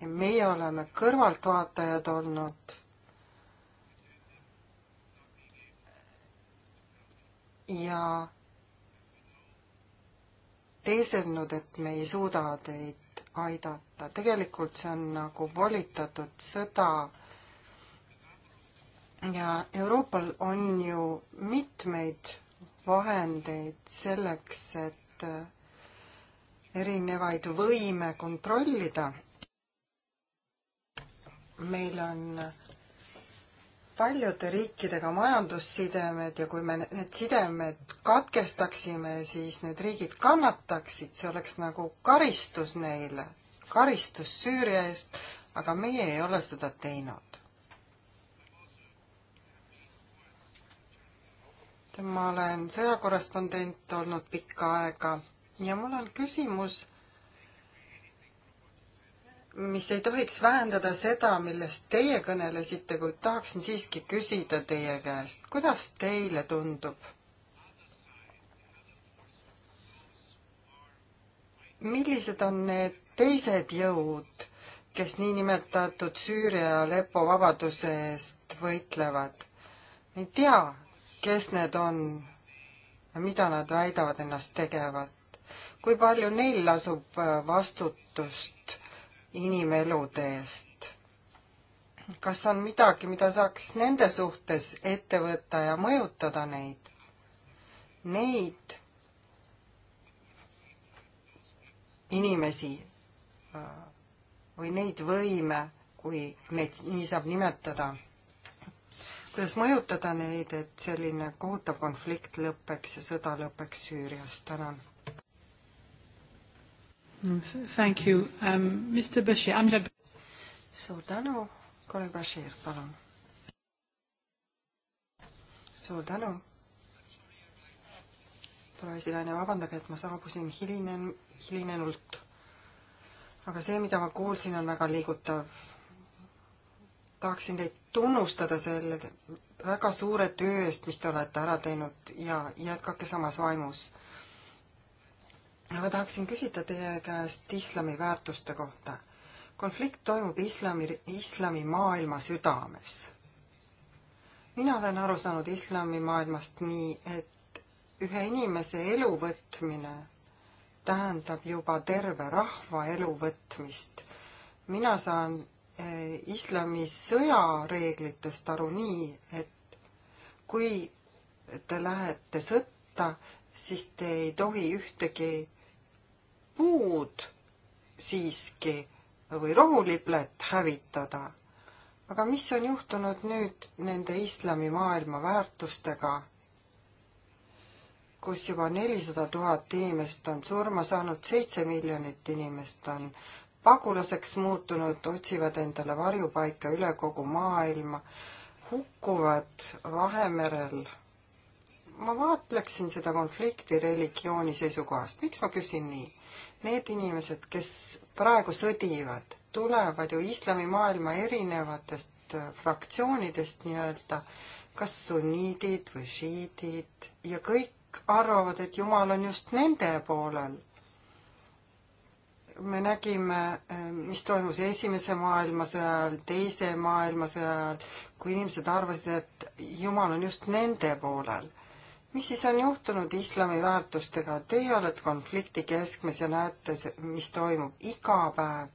ja meie oleme kõrvaltvaatajad olnud. ja teeselnud, et me ei suuda teid Liidut aidata. tegelikult see on nagu volitatud sõda. ja Euroopal on ju mitmeid vahendeid selleks, et erinevaid võime kontrollida. meil on äh, paljude riikidega majandussidemed ja kui me need sidemed katkestaksime, siis need riigid kannataksid, see oleks nagu karistus neile, karistus Süüria eest, aga meie ei ole seda teinud. ma olen sõjakorrespondent olnud pikka aega ja mul on küsimus mis ei tohiks vähendada seda, millest teie kõnelesite, kuid tahaksin siiski küsida teie käest, kuidas teile tundub? millised on need teised jõud, kes niinimetatud Süüria lepo vabaduse eest võitlevad? ei tea, kes need on ja mida nad väidavad ennast tegevat. kui palju neil lasub äh, vastutust inimelude eest. kas on midagi, mida saaks nende suhtes ette võtta ja mõjutada neid? Neid inimesi äh, või neid võime, kui neid nii saab nimetada, kuidas mõjutada neid, et selline kohutav konflikt lõpeks ja sõda lõpeks Süürias, tänan Thank you um,, Mr Bashir, Amjad. suur tänu, kolleeg Bashir, palun. suur tänu. proua esinaine, vabandage, et ma saabusin hilinen, hilinenult. aga see, mida ma kuulsin, on väga liigutav. tahaksin teid tunnustada selle väga suure töö eest, mis te olete ära teinud ja jätkake samas vaimus aga tahaksin küsida teie käest islami väärtuste kohta. konflikt toimub islami, islamimaailma südames. mina olen aru saanud islamimaailmast nii, et ühe inimese elu võtmine tähendab juba terve rahva elu võtmist. mina saan eh, islami sõjareeglitest aru nii, et kui te lähete sõtta, siis te ei tohi ühtegi puud siiski või rohuliblet hävitada. aga mis on juhtunud nüüd nende islamimaailma väärtustega, kus juba nelisada tuhat inimest on surma saanud, seitse miljonit inimest on pagulaseks muutunud, otsivad endale varjupaika üle kogu maailma, hukkuvad Vahemerel ma vaatleksin seda konflikti religiooni seisukohast. miks ma küsin nii? Need inimesed, kes praegu sõdivad, tulevad ju islamimaailma erinevatest äh, fraktsioonidest nii-öelda, kas sunniidid või šiidid ja kõik arvavad, et Jumal on just nende poolel. me nägime, äh, mis toimus Esimese maailmasõja ajal, Teise maailmasõja ajal, kui inimesed arvasid, et Jumal on just nende poolel mis siis on juhtunud islami väärtustega? Teie olete konflikti keskmes ja näete, mis toimub iga päev.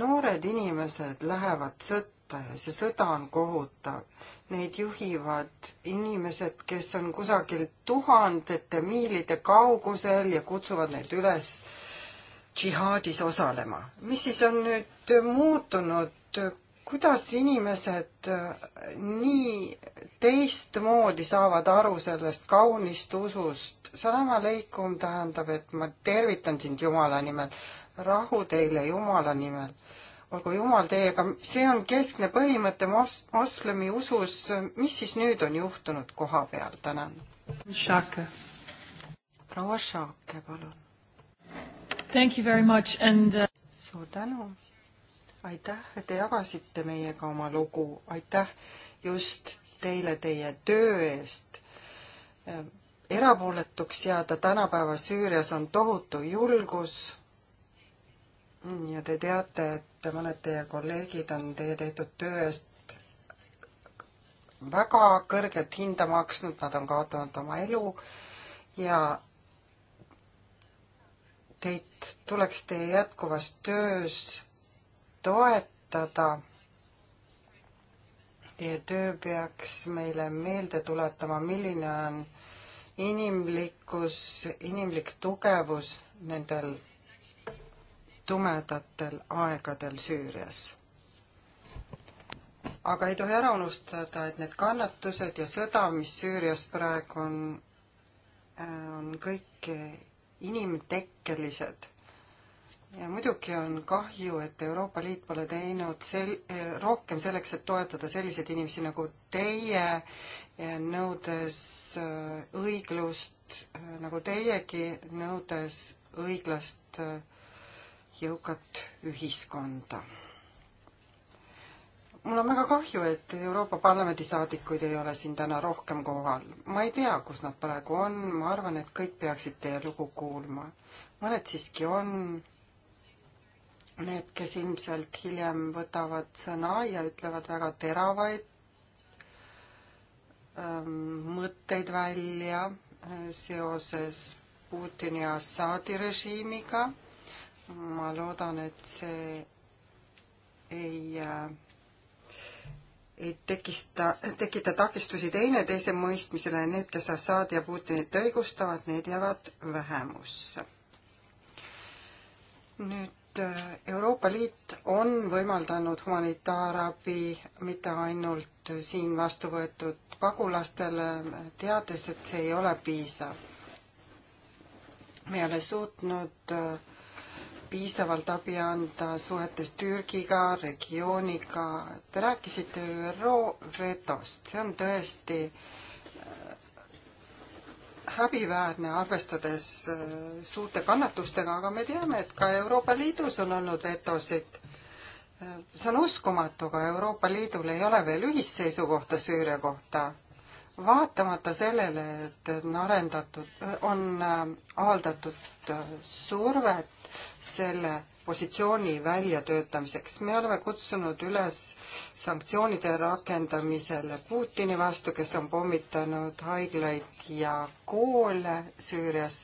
noored inimesed lähevad sõtta ja see sõda on kohutav. Neid juhivad inimesed, kes on kusagil tuhandete miilide kaugusel ja kutsuvad neid üles džihaadis osalema. mis siis on nüüd muutunud kuidas inimesed äh, nii teistmoodi saavad aru sellest kaunist usust? salama leikum tähendab, et ma tervitan sind Jumala nimel, rahu teile Jumala nimel. olgu Jumal teiega, see on keskne põhimõte mos-, moslemi usus. mis siis nüüd on juhtunud koha peal, tänan. proua Šaake, palun. Thank you very much and uh... suur tänu aitäh, et te jagasite meiega oma lugu, aitäh just teile teie töö eest. Ehm, erapooletuks jääda tänapäeva Süürias on tohutu julgus. ja te teate, et mõned teie kolleegid on teie tehtud töö eest väga kõrget hinda maksnud, nad on kaotanud oma elu ja teid tuleks teie jätkuvas töös toetada. Teie töö peaks meile meelde tuletama, milline on inimlikkus, inimlik tugevus nendel tumedatel aegadel Süürias. aga ei tohi ära unustada, et need kannatused ja sõda, mis Süürias praegu on, äh, on kõik inimtekkelised ja muidugi on kahju, et Euroopa Liit pole teinud sel-, rohkem selleks, et toetada selliseid inimesi nagu teie, nõudes äh, õiglust äh, nagu teiegi, nõudes õiglast äh, jõukat ühiskonda. mul on väga kahju, et Euroopa Parlamendi saadikuid ei ole siin täna rohkem kohal. ma ei tea, kus nad praegu on, ma arvan, et kõik peaksid teie lugu kuulma. mõned siiski on, need, kes ilmselt hiljem võtavad sõna ja ütlevad väga teravaid ähm, mõtteid välja äh, seoses Putini ja Assaadi režiimiga. ma loodan, et see ei, äh, ei tekista, tekita takistusi teineteise mõistmisele, need, kes Assaadi ja Putinit õigustavad, need jäävad vähemusse. nüüd Äh, Euroopa Liit on võimaldanud humanitaarabi mitte ainult siin vastu võetud pagulastele, teades, et see ei ole piisav. me ei ole suutnud äh, piisavalt abi anda suhetes Türgiga, regiooniga. Te rääkisite ÜRO vetost, see on tõesti äh, häbiväärne, arvestades äh, suurte kannatustega, aga me teame, et ka Euroopa Liidus on olnud vetosid. see on uskumatu, aga Euroopa Liidul ei ole veel ühisseisukohta Süüria kohta. vaatamata sellele, et on arendatud, on äh, avaldatud äh, survet selle positsiooni väljatöötamiseks. me oleme kutsunud üles sanktsioonide rakendamisele Putini vastu, kes on pommitanud haiglaid ja koole Süürias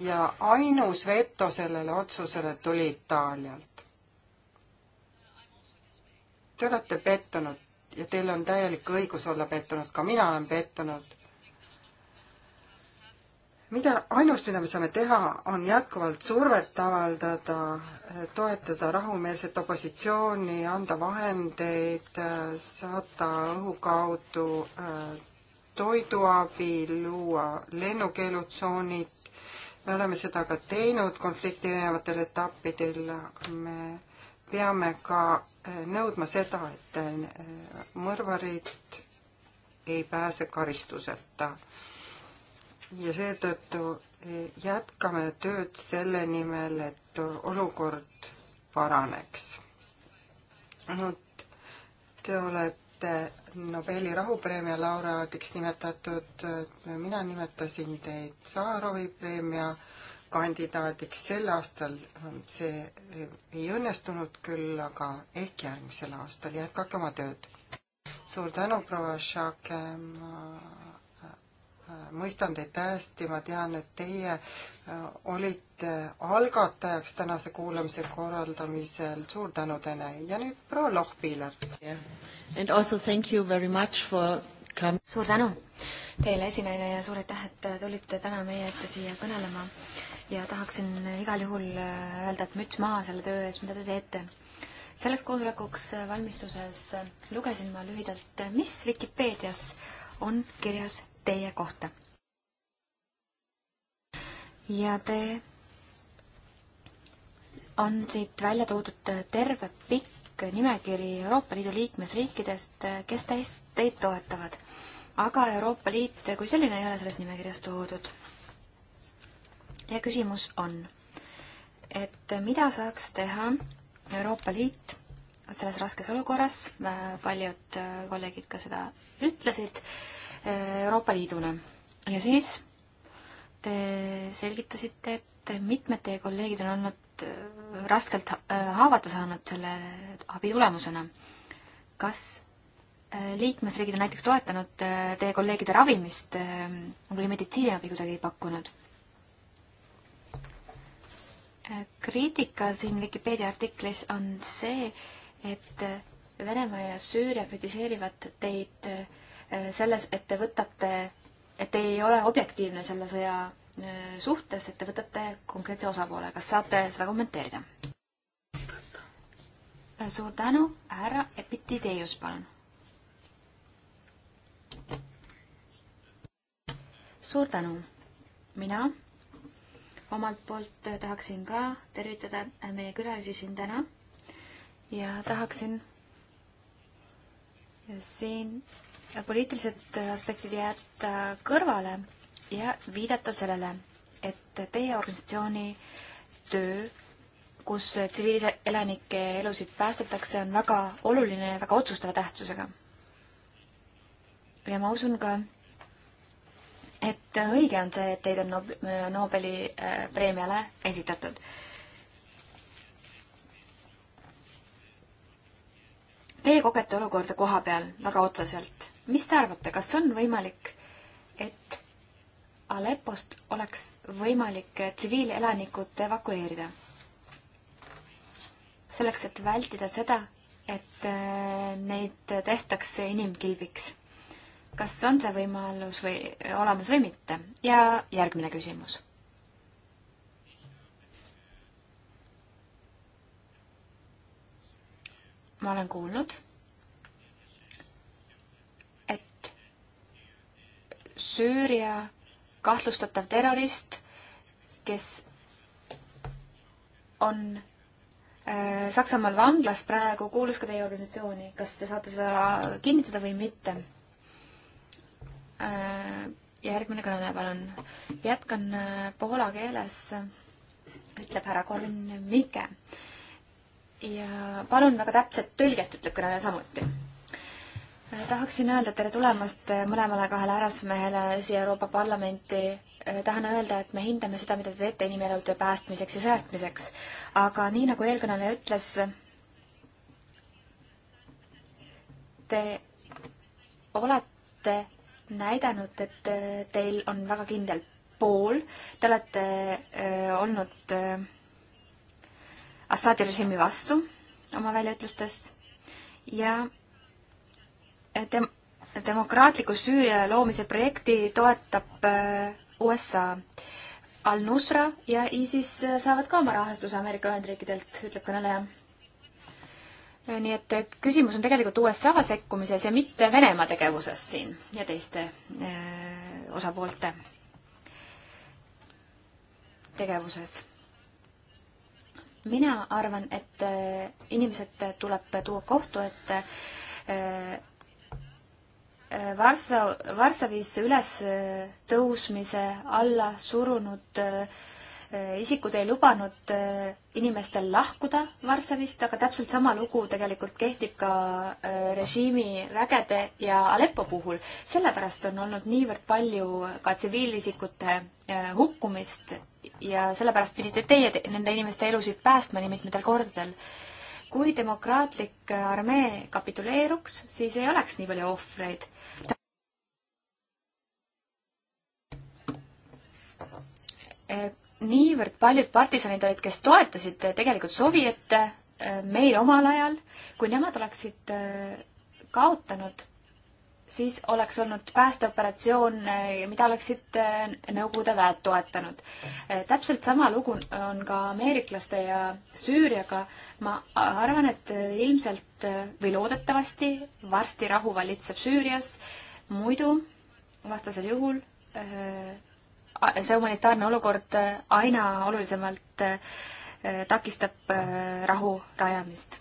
ja ainus veto sellele otsusele tuli Itaalialt. Te olete pettunud ja teil on täielik õigus olla pettunud, ka mina olen pettunud mida, ainus, mida me saame teha, on jätkuvalt survet avaldada, toetada rahumeelset opositsiooni, anda vahendeid, saata õhu kaudu äh, toiduabi, luua lennukeelutsoonid. me oleme seda ka teinud konflikti erinevatel etappidel, aga me peame ka äh, nõudma seda, et äh, mõrvarid ei pääse karistuseta ja seetõttu eh, jätkame tööd selle nimel, et olukord paraneks. nüüd te olete Nobeli rahupreemia laureaadiks nimetatud, mina nimetasin teid Saharovi preemia kandidaadiks, sel aastal see eh, ei õnnestunud küll, aga ehk järgmisel aastal jätkake oma tööd. suur tänu, proua Šake, ma mõistan teid täiesti, ma tean, et teie äh, olite algatajaks tänase kuulamise korraldamisel, suur tänu teile ja nüüd proua Lohpiiler yeah.. And also thank you very much for coming. suur tänu teile, esinaine, ja suur aitäh, et tulite täna meie ette siia kõnelema. ja tahaksin igal juhul äh, öelda, et müts maha selle töö ees, mida te teete selleks koosolekuks äh, valmistuses lugesin ma lühidalt, mis Vikipeedias on kirjas teie kohta. ja te on siit välja toodud terve pikk nimekiri Euroopa Liidu liikmesriikidest, kes teist, teid toetavad. aga Euroopa Liit kui selline ei ole selles nimekirjas toodud. ja küsimus on, et mida saaks teha Euroopa Liit selles raskes olukorras, äh, paljud äh, kolleegid ka seda ütlesid, Euroopa Liidule. ja siis te selgitasite, et mitmed teie kolleegid on olnud äh, raskelt äh, haavata saanud selle abi tulemusena. kas äh, liikmesriigid on näiteks toetanud teie kolleegide ravimist või meditsiiniabi kuidagi pakkunud? kriitika siin Vikipeedia artiklis on see, et Venemaa ja Süüria kritiseerivad teid äh, Äh, selles, et te võtate, et te ei ole objektiivne selle sõja äh, suhtes, et te võtate konkreetse osapoole, kas saate seda kommenteerida? Äh, suur tänu, härra Epitideius, palun. suur tänu. mina omalt poolt tahaksin ka tervitada meie külalisi siin täna ja tahaksin siin poliitilised aspektid jätta äh, kõrvale ja viidata sellele, et teie organisatsiooni töö, kus tsiviilelanike elusid päästetakse, on väga oluline ja väga otsustava tähtsusega. ja ma usun ka, et õige on see, et teid on Nobeli äh, preemiale esitatud. Teie kogete olukorda koha peal väga otseselt mis te arvate, kas on võimalik, et Aleppost oleks võimalik tsiviilelanikud evakueerida? selleks, et vältida seda, et äh, neid tehtakse inimkilbiks. kas on see võimalus või äh, olemas või mitte? ja järgmine küsimus. ma olen kuulnud Süüria kahtlustatav terrorist, kes on äh, Saksamaal vanglas praegu, kuulus ka teie organisatsiooni, kas te saate seda kinnitada või mitte? Äh, järgmine kõneleja, palun. jätkan äh, poola keeles, ütleb härra Korvin Mikke. ja palun väga täpset tõlget, ütleb kõneleja samuti tahaksin öelda tere tulemast mõlemale kahele härrasmehele siia Euroopa Parlamenti. Äh, tahan öelda, et me hindame seda, mida te teete inimelude päästmiseks ja säästmiseks. aga nii, nagu eelkõneleja ütles, te olete näidanud, et äh, teil on väga kindel pool, te olete öö, äh, olnud öö, Assadi režiimi vastu oma väljaütlustes ja dem-, demokraatliku Süüria loomise projekti toetab äh, USA. Al-Nusra ja ISIS saavad ka oma rahastuse Ameerika Ühendriikidelt, ütleb kõneleja. Äh, nii et küsimus on tegelikult USA sekkumises ja mitte Venemaa tegevuses siin ja teiste öö, äh, osapoolte tegevuses mina arvan, et inimesed tuleb tuua kohtu ette Varssa, Varssavis ülestõusmise äh, alla surunud äh, äh, isikud ei lubanud inimestel lahkuda Varssavist, aga täpselt sama lugu tegelikult kehtib ka režiimi vägede ja Aleppo puhul. sellepärast on olnud niivõrd palju ka tsiviilisikute hukkumist ja sellepärast pidite teie nende inimeste elusid päästma nii mitmetel kordadel kui demokraatlik armee kapituleeruks, siis ei oleks nii palju ohvreid. niivõrd paljud partisanid olid, kes toetasid tegelikult sovjette eh, meil omal ajal, kui nemad oleksid eh, kaotanud siis oleks olnud päästeoperatsioon, mida oleksid äh, Nõukogude väed toetanud. Äh, täpselt sama lugu on ka ameeriklaste ja Süüriaga. ma arvan, et äh, ilmselt või loodetavasti varsti rahu valitseb Süürias, muidu vastasel juhul see humanitaarne olukord aina olulisemalt takistab rahu rajamist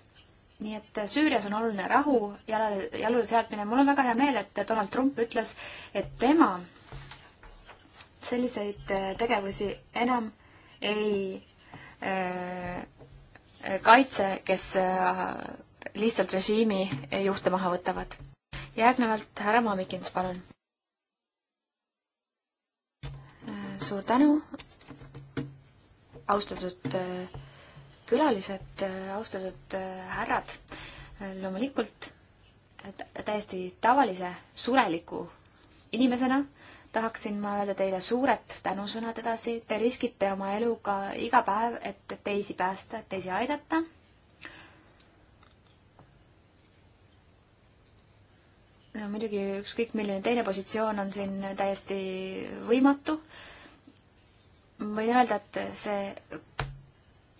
nii et Süürias on oluline rahu jalale, jalule seadmine. mul on väga hea meel, et Donald Trump ütles, et tema selliseid äh, tegevusi enam ei äh, kaitse, kes äh, lihtsalt režiimi juhte maha võtavad. järgnevalt härra Maamikins, palun. Äh, suur tänu, austatud äh, külalised, austatud äh, härrad, äh, loomulikult täiesti tavalise sureliku inimesena tahaksin ma öelda teile suured tänusõnad edasi, te riskite oma eluga iga päev, et teisi päästa, et teisi aidata. no muidugi ükskõik milline teine positsioon on siin täiesti võimatu. võin öelda, et see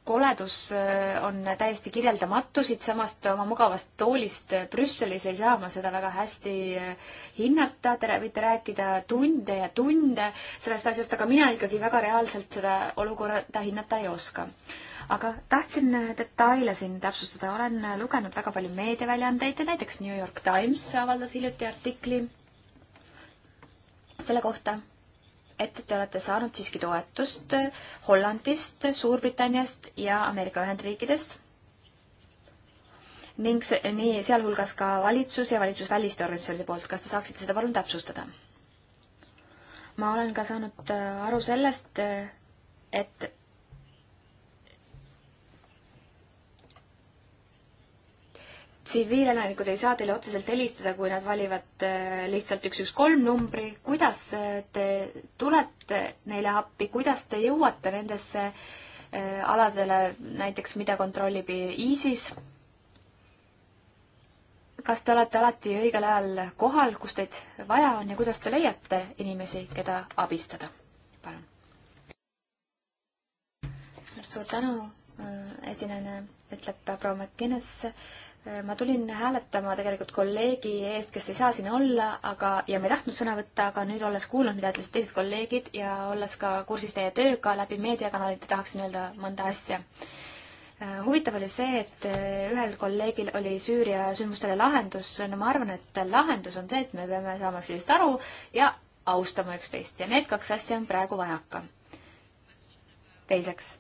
koledus äh, on täiesti kirjeldamatu, siitsamast oma mugavast toolist Brüsselis ei saa ma seda väga hästi äh, hinnata, te võite rääkida tunde ja tunde sellest asjast, aga mina ikkagi väga reaalselt seda olukorda hinnata ei oska. aga tahtsin äh, detaile siin täpsustada, olen lugenud väga palju meediaväljaandeid ja näiteks New York Times avaldas hiljuti artikli selle kohta et te olete saanud siiski toetust Hollandist, Suurbritanniast ja Ameerika Ühendriikidest ning see, nii sealhulgas ka valitsus ja valitsusväliste organisatsioonide poolt. kas te saaksite seda palun täpsustada? ma olen ka saanud äh, aru sellest, äh, et tsiviilelanikud ei saa teile otseselt helistada, kui nad valivad äh, lihtsalt üks, üks, kolm numbri. kuidas äh, te tulete neile appi, kuidas te jõuate nendesse äh, aladele, näiteks mida kontrollib ISIS? kas te olete alati õigel ajal kohal, kus teid vaja on ja kuidas te leiate inimesi, keda abistada? palun. suur tänu, esinejana ütleb proua McGuinness ma tulin hääletama tegelikult kolleegi eest, kes ei saa siin olla, aga, ja ma ei tahtnud sõna võtta, aga nüüd olles kuulnud, mida ütlesid teised kolleegid ja olles ka kursis teie tööga läbi meediakanalite, tahaksin öelda mõnda asja. Äh, huvitav oli see, et äh, ühel kolleegil oli Süüria sündmustele lahendus, no ma arvan, et lahendus on see, et me peame saama üksteisest aru ja austama üksteist ja need kaks asja on praegu vajaka. teiseks,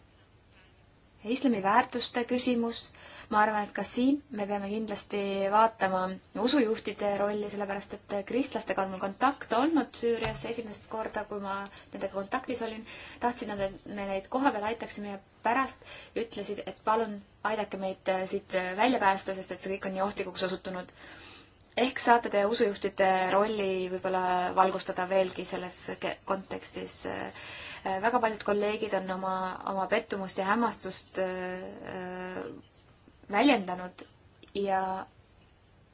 islami väärtuste küsimus ma arvan, et ka siin me peame kindlasti vaatama usujuhtide rolli, sellepärast et kristlastega on mul kontakt olnud Süürias esimest korda, kui ma nendega kontaktis olin. tahtsin, et me neid kohapeal aitaksime ja pärast ütlesid, et palun aidake meid äh, siit äh, välja päästa, sest et see kõik on nii ohtlikuks osutunud. ehk saate te usujuhtide rolli võib-olla valgustada veelgi selles kontekstis äh, väga paljud kolleegid on oma, oma pettumust ja hämmastust öö, öö, väljendanud ja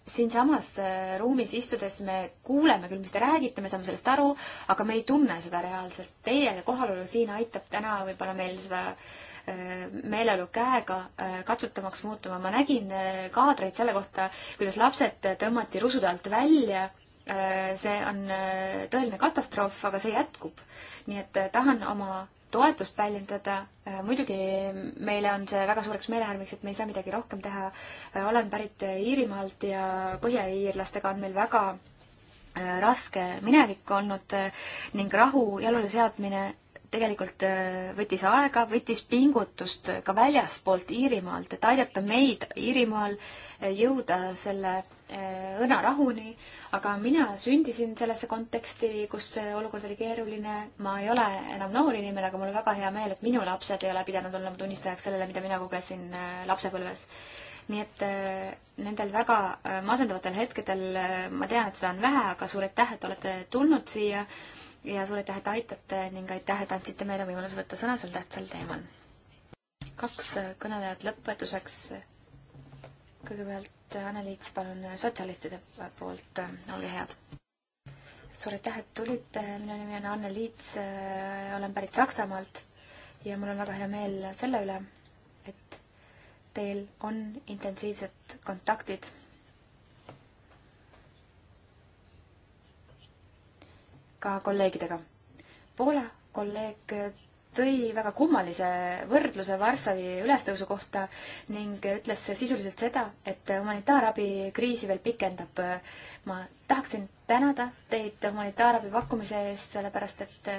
siinsamas äh, ruumis istudes me kuuleme küll, mis te räägite, me saame sellest aru, aga me ei tunne seda reaalselt. Teie kohalolu siin aitab täna võib-olla meil seda äh, meeleolu käega äh, katsutavaks muutuma. ma nägin kaadreid selle kohta, kuidas lapsed tõmmati rusude alt välja. see on tõeline katastroof, aga see jätkub. nii et tahan oma toetust väljendada. Äh, muidugi meile on see väga suureks meelehärmiks, et me ei saa midagi rohkem teha. Äh, olen pärit äh, Iirimaalt ja põhjaiirlastega on meil väga raske minevik olnud ning rahu jalule seadmine tegelikult võttis aega, võttis pingutust ka väljaspoolt Iirimaalt, et aidata meid Iirimaal jõuda selle õnarahuni aga mina sündisin sellesse konteksti, kus see olukord oli keeruline. ma ei ole enam noor inimene, aga mul on väga hea meel, et minu lapsed ei ole pidanud olema tunnistajaks sellele, mida mina kogesin äh, lapsepõlves. nii et äh, nendel väga äh, masendavatel hetkedel, ma tean, et seda on vähe, aga suur aitäh, et olete tulnud siia ja suur aitäh, et aitate ning aitäh, et andsite meile võimaluse võtta sõna sel tähtsal teemal. kaks kõnelejat lõpetuseks kõigepealt äh, Anneliits, palun äh, sotsialistide poolt, äh, olge head. suur aitäh, et tulite, minu nimi on Anneliits, olen pärit Saksamaalt ja mul on väga hea meel selle üle, et teil on intensiivsed kontaktid ka kolleegidega. Poola kolleeg tõi väga kummalise võrdluse Varssavi ülestõusu kohta ning ütles sisuliselt seda, et humanitaarabi kriisi veel pikendab. ma tahaksin tänada teid humanitaarabi pakkumise eest, sellepärast et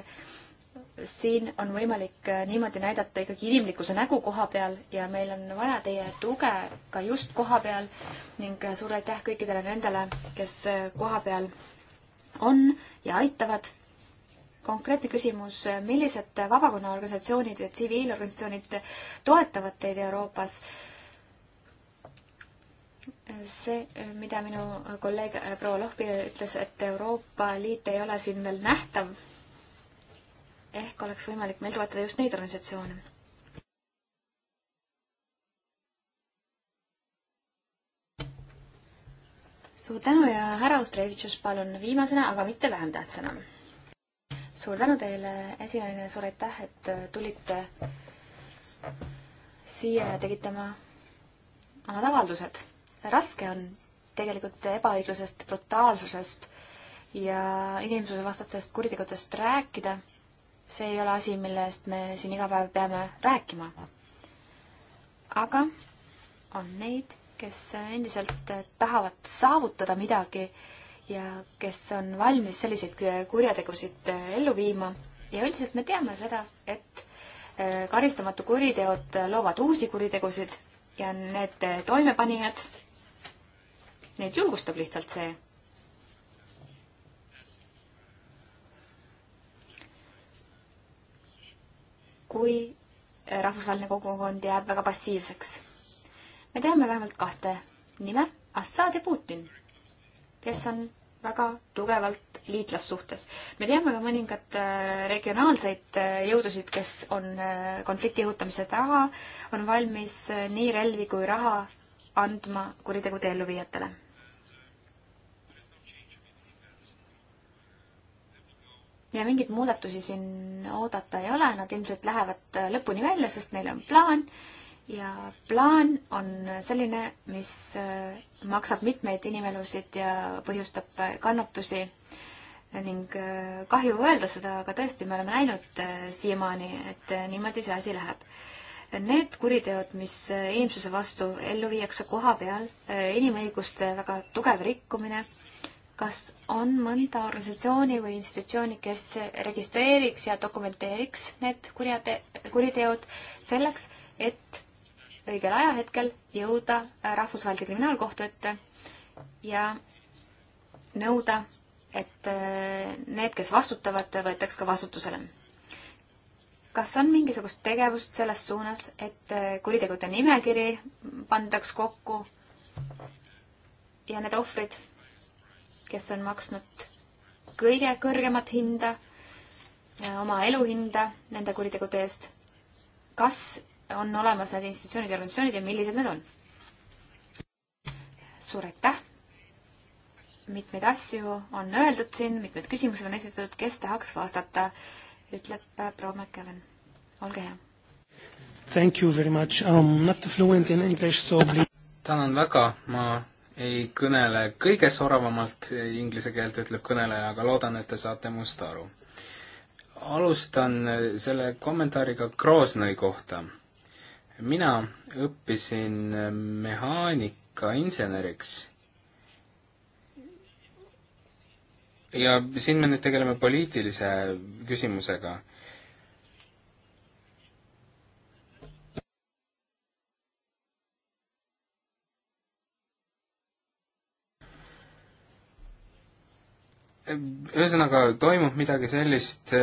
siin on võimalik niimoodi näidata ikkagi inimlikkuse nägu koha peal ja meil on vaja teie tuge ka just koha peal ning suur aitäh kõikidele nendele, kes koha peal on ja aitavad konkreetne küsimus, millised vabakonnaorganisatsioonid ja tsiviilorganisatsioonid toetavad teid Euroopas? see, mida minu kolleeg äh, proua Lohpil ütles, et Euroopa Liit ei ole siin veel nähtav, ehk oleks võimalik meil toetada just neid organisatsioone suur tänu ja härra Ostrevitšus, palun viimasena, aga mitte vähem tähtsana suur tänu teile, esinaine, suur aitäh, et äh, tulite siia ja tegite oma, omad avaldused. raske on tegelikult ebaõiglusest, brutaalsusest ja inimsuse vastastest kuritegudest rääkida, see ei ole asi, mille eest me siin iga päev peame rääkima. aga on neid, kes endiselt äh, tahavad saavutada midagi ja kes on valmis selliseid kurjategusid äh, ellu viima ja üldiselt me teame seda, et äh, karistamatu kuriteod loovad uusi kuritegusid ja need äh, toimepanijad, neid julgustab lihtsalt see. kui rahvusvaheline kogukond jääb väga passiivseks. me teame vähemalt kahte nime, Assad ja Putin, kes on väga tugevalt liitlassuhtes. me teame ka mõningat äh, regionaalseid äh, jõudusid, kes on äh, konflikti õhutamise taha, on valmis nii relvi kui raha andma kuritegude elluviijatele. ja mingeid muudatusi siin oodata ei ole, nad ilmselt lähevad lõpuni välja, sest neil on plaan ja plaan on selline, mis äh, maksab mitmeid inimelusid ja põhjustab äh, kannatusi ning äh, kahju öelda seda, aga tõesti, me oleme näinud siiamaani, et niimoodi see asi läheb. Need kuriteod, mis inimsuse vastu ellu viiakse koha peal, inimõiguste väga tugev rikkumine, kas on mõnda organisatsiooni või institutsiooni, kes registreeriks ja dokumenteeriks need kurjate, kuriteod selleks, et õigel ajahetkel jõuda äh, Rahvusvahelise Kriminaalkohtu ette ja nõuda, et äh, need, kes vastutavad, võetaks ka vastutusele. kas on mingisugust tegevust selles suunas, et äh, kuritegude nimekiri pandaks kokku ja need ohvrid, kes on maksnud kõige kõrgemat hinda, oma eluhinda nende kuritegude eest, kas on olemas need institutsioonid ja organisatsioonid ja millised need on. suur aitäh! mitmeid asju on öeldud siin, mitmed küsimused on esitatud, kes tahaks vastata, ütleb proua McEwen. olge hea. Thank you very much. I am um, not fluent in english, so please. tänan väga, ma ei kõnele kõige soravamalt inglise keelt, ütleb kõneleja, aga loodan, et te saate must aru. alustan selle kommentaariga Kroosnõi kohta mina õppisin mehaanikainseneriks. ja siin me nüüd tegeleme poliitilise küsimusega. ühesõnaga, toimub midagi sellist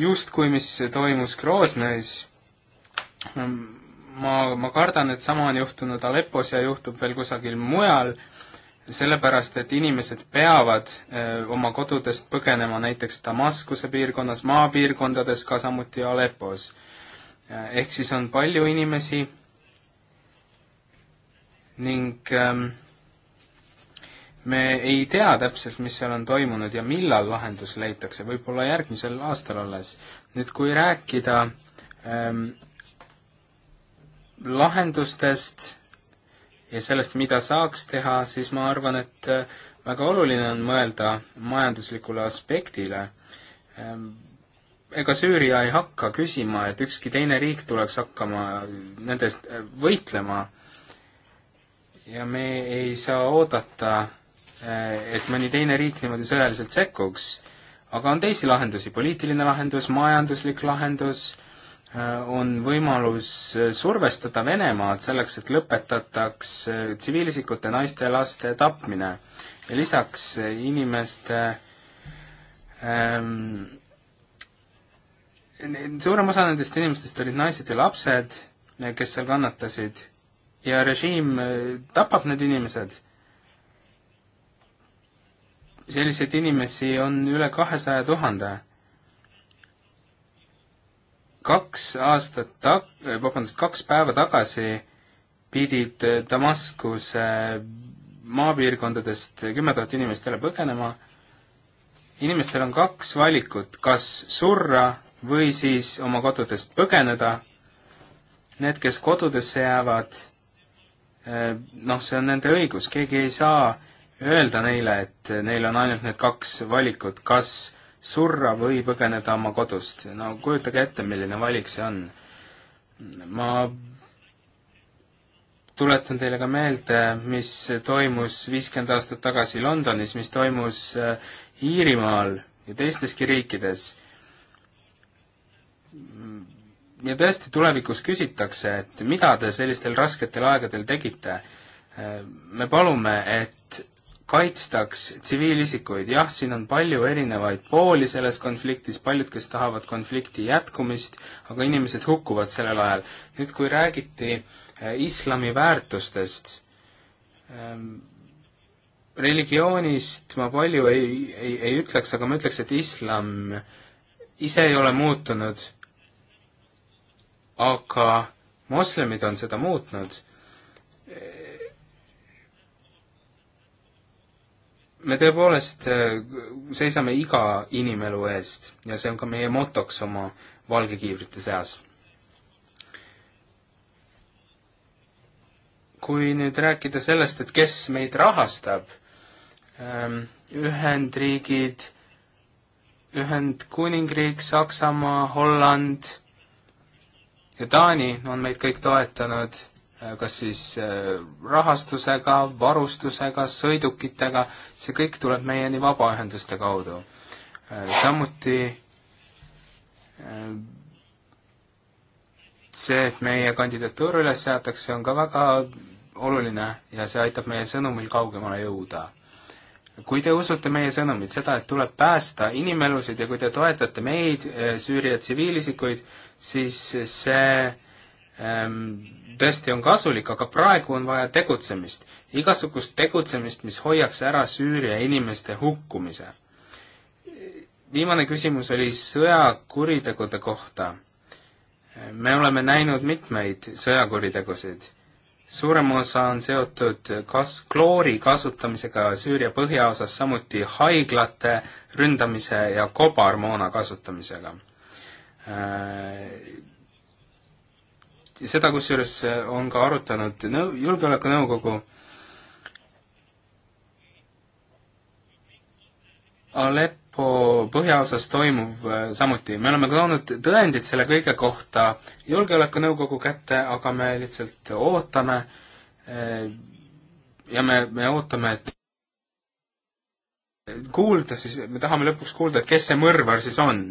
justkui, mis toimus Groznais ma, ma kardan, et sama on juhtunud Aleppos ja juhtub veel kusagil mujal, sellepärast et inimesed peavad öö, eh, oma kodudest põgenema näiteks Damaskuse piirkonnas, maapiirkondades, ka samuti Aleppos. Eh, ehk siis on palju inimesi ning öö, ehm, me ei tea täpselt, mis seal on toimunud ja millal lahendus leitakse, võib-olla järgmisel aastal alles. nüüd, kui rääkida öö, ehm, lahendustest ja sellest, mida saaks teha, siis ma arvan, et äh, väga oluline on mõelda majanduslikule aspektile. Ehm, ega Süüria ei hakka küsima, et ükski teine riik tuleks hakkama nendest äh, võitlema ja me ei saa oodata, äh, et mõni teine riik niimoodi sõjaliselt sekkuks, aga on teisi lahendusi, poliitiline lahendus, majanduslik lahendus, Äh, on võimalus äh, survestada Venemaad selleks, et lõpetataks äh, tsiviilisikute, naiste ja laste tapmine. ja lisaks inimeste ähm, suurem osa nendest inimestest olid naised ja lapsed, kes seal kannatasid, ja režiim tapab need inimesed selliseid inimesi on üle kahesaja tuhande kaks aastat tag-, eh, vabandust, kaks päeva tagasi pidid eh, Damaskuse eh, maapiirkondadest kümme tuhat inimest jälle põgenema. inimestel on kaks valikut, kas surra või siis oma kodudest põgeneda. Need, kes kodudesse jäävad, noh, see on nende õigus, keegi ei saa öelda neile, et neil on ainult need kaks valikut, kas surra või põgeneda oma kodust. no kujutage ette, milline valik see on. ma tuletan teile ka meelde, mis toimus viiskümmend aastat tagasi Londonis, mis toimus äh, Iirimaal ja teisteski riikides. ja tõesti, tulevikus küsitakse, et mida te sellistel rasketel aegadel tegite. Äh, me palume, et kaitstaks tsiviilisikuid, jah, siin on palju erinevaid pooli selles konfliktis, paljud, kes tahavad konflikti jätkumist, aga inimesed hukkuvad sellel ajal. nüüd, kui räägiti äh, islami väärtustest, ähm, religioonist ma palju ei, ei, ei ütleks, aga ma ütleks, et islam ise ei ole muutunud, aga moslemid on seda muutnud me tõepoolest äh, seisame iga inimelu eest ja see on ka meie motoks oma valgekiivrite seas. kui nüüd rääkida sellest, et kes meid rahastab, ähm, Ühendriigid, Ühendkuningriik, Saksamaa, Holland ja Taani on meid kõik toetanud Äh, kas siis äh, rahastusega, varustusega, sõidukitega, see kõik tuleb meieni vabaühenduste kaudu. Äh, samuti see, et meie kandidatuur üles seatakse, on ka väga oluline ja see aitab meie sõnumil kaugemale jõuda. kui te usute meie sõnumit, seda, et tuleb päästa inimelusid ja kui te toetate meid, Süüria tsiviilisikuid, siis see Ehm, tõesti on kasulik, aga praegu on vaja tegutsemist. igasugust tegutsemist, mis hoiaks ära Süüria inimeste hukkumise. viimane küsimus oli sõjakuritegude kohta. me oleme näinud mitmeid sõjakuritegusid. suurem osa on seotud kas-, kloori kasutamisega Süüria põhjaosas, samuti haiglate ründamise ja kobarmoona kasutamisega ehm, seda kusjuures äh, on ka arutanud nõu-, Julgeolekunõukogu, Aleppo põhjaosas toimuv äh, samuti, me oleme toonud tõendid selle kõige kohta Julgeolekunõukogu kätte, aga me lihtsalt ootame äh, ja me, me ootame, et kuulda siis, me tahame lõpuks kuulda, et kes see mõrvar siis on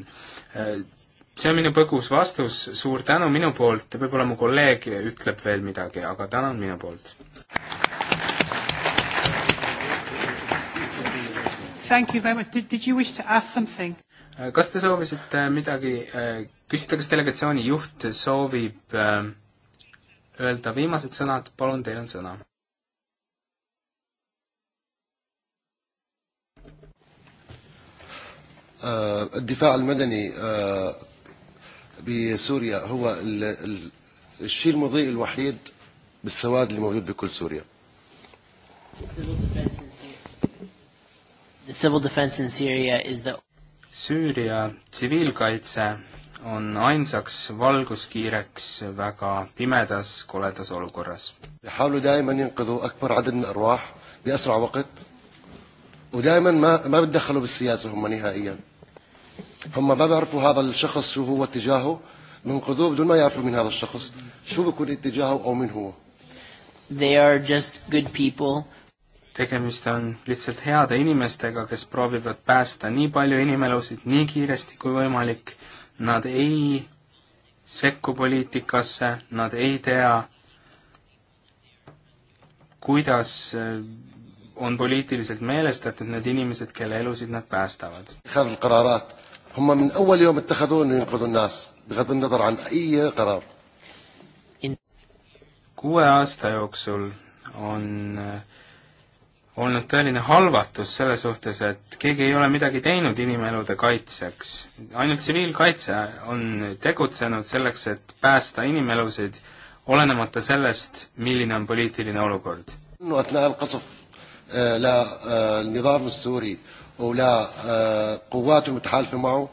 see on minu põgus vastus, suur tänu minu poolt, võib-olla mu kolleeg ütleb veel midagi, aga tänan minu poolt. Thank you very much, did you wish to ask something? Äh, kas te soovisite midagi äh, küsida, kas delegatsiooni juht soovib ähm, öelda viimased sõnad, palun, teil on sõna. الدفاع äh, المدني بسوريا هو الشيء المضيء الوحيد بالسواد اللي موجود بكل سوريا The civil defense in Syria is the Süüria tsiviilkaitse on ainsaks valguskiireks väga pimedas, koledas olukorras. يحاولوا دائما ينقذوا أكبر عدد من الأرواح بأسرع وقت ودائما ما ما بتدخلوا بالسياسة هم نهائيا هم ما بيعرفوا هذا الشخص شو هو اتجاهه بينقذوه بدون ما يعرفوا مين هذا الشخص شو بيكون اتجاهه أو مين هو They are just good people tegemist on lihtsalt heade inimestega, kes proovivad päästa nii palju inimelusid nii kiiresti kui võimalik. Nad ei sekku poliitikasse, nad ei tea, kuidas eh, on poliitiliselt meelestatud need inimesed, kelle elusid nad päästavad. هم من أول يوم اتخذوا أنه ينقذوا الناس بغض النظر عن أي قرار kuue aasta jooksul on äh, olnud tõeline halvatus selle suhtes, et keegi ei ole midagi teinud inimelude kaitseks. ainult tsiviilkaitse on tegutsenud selleks, et päästa inimelusid, olenemata sellest, milline on poliitiline olukord. ولا قواته متحالفة معه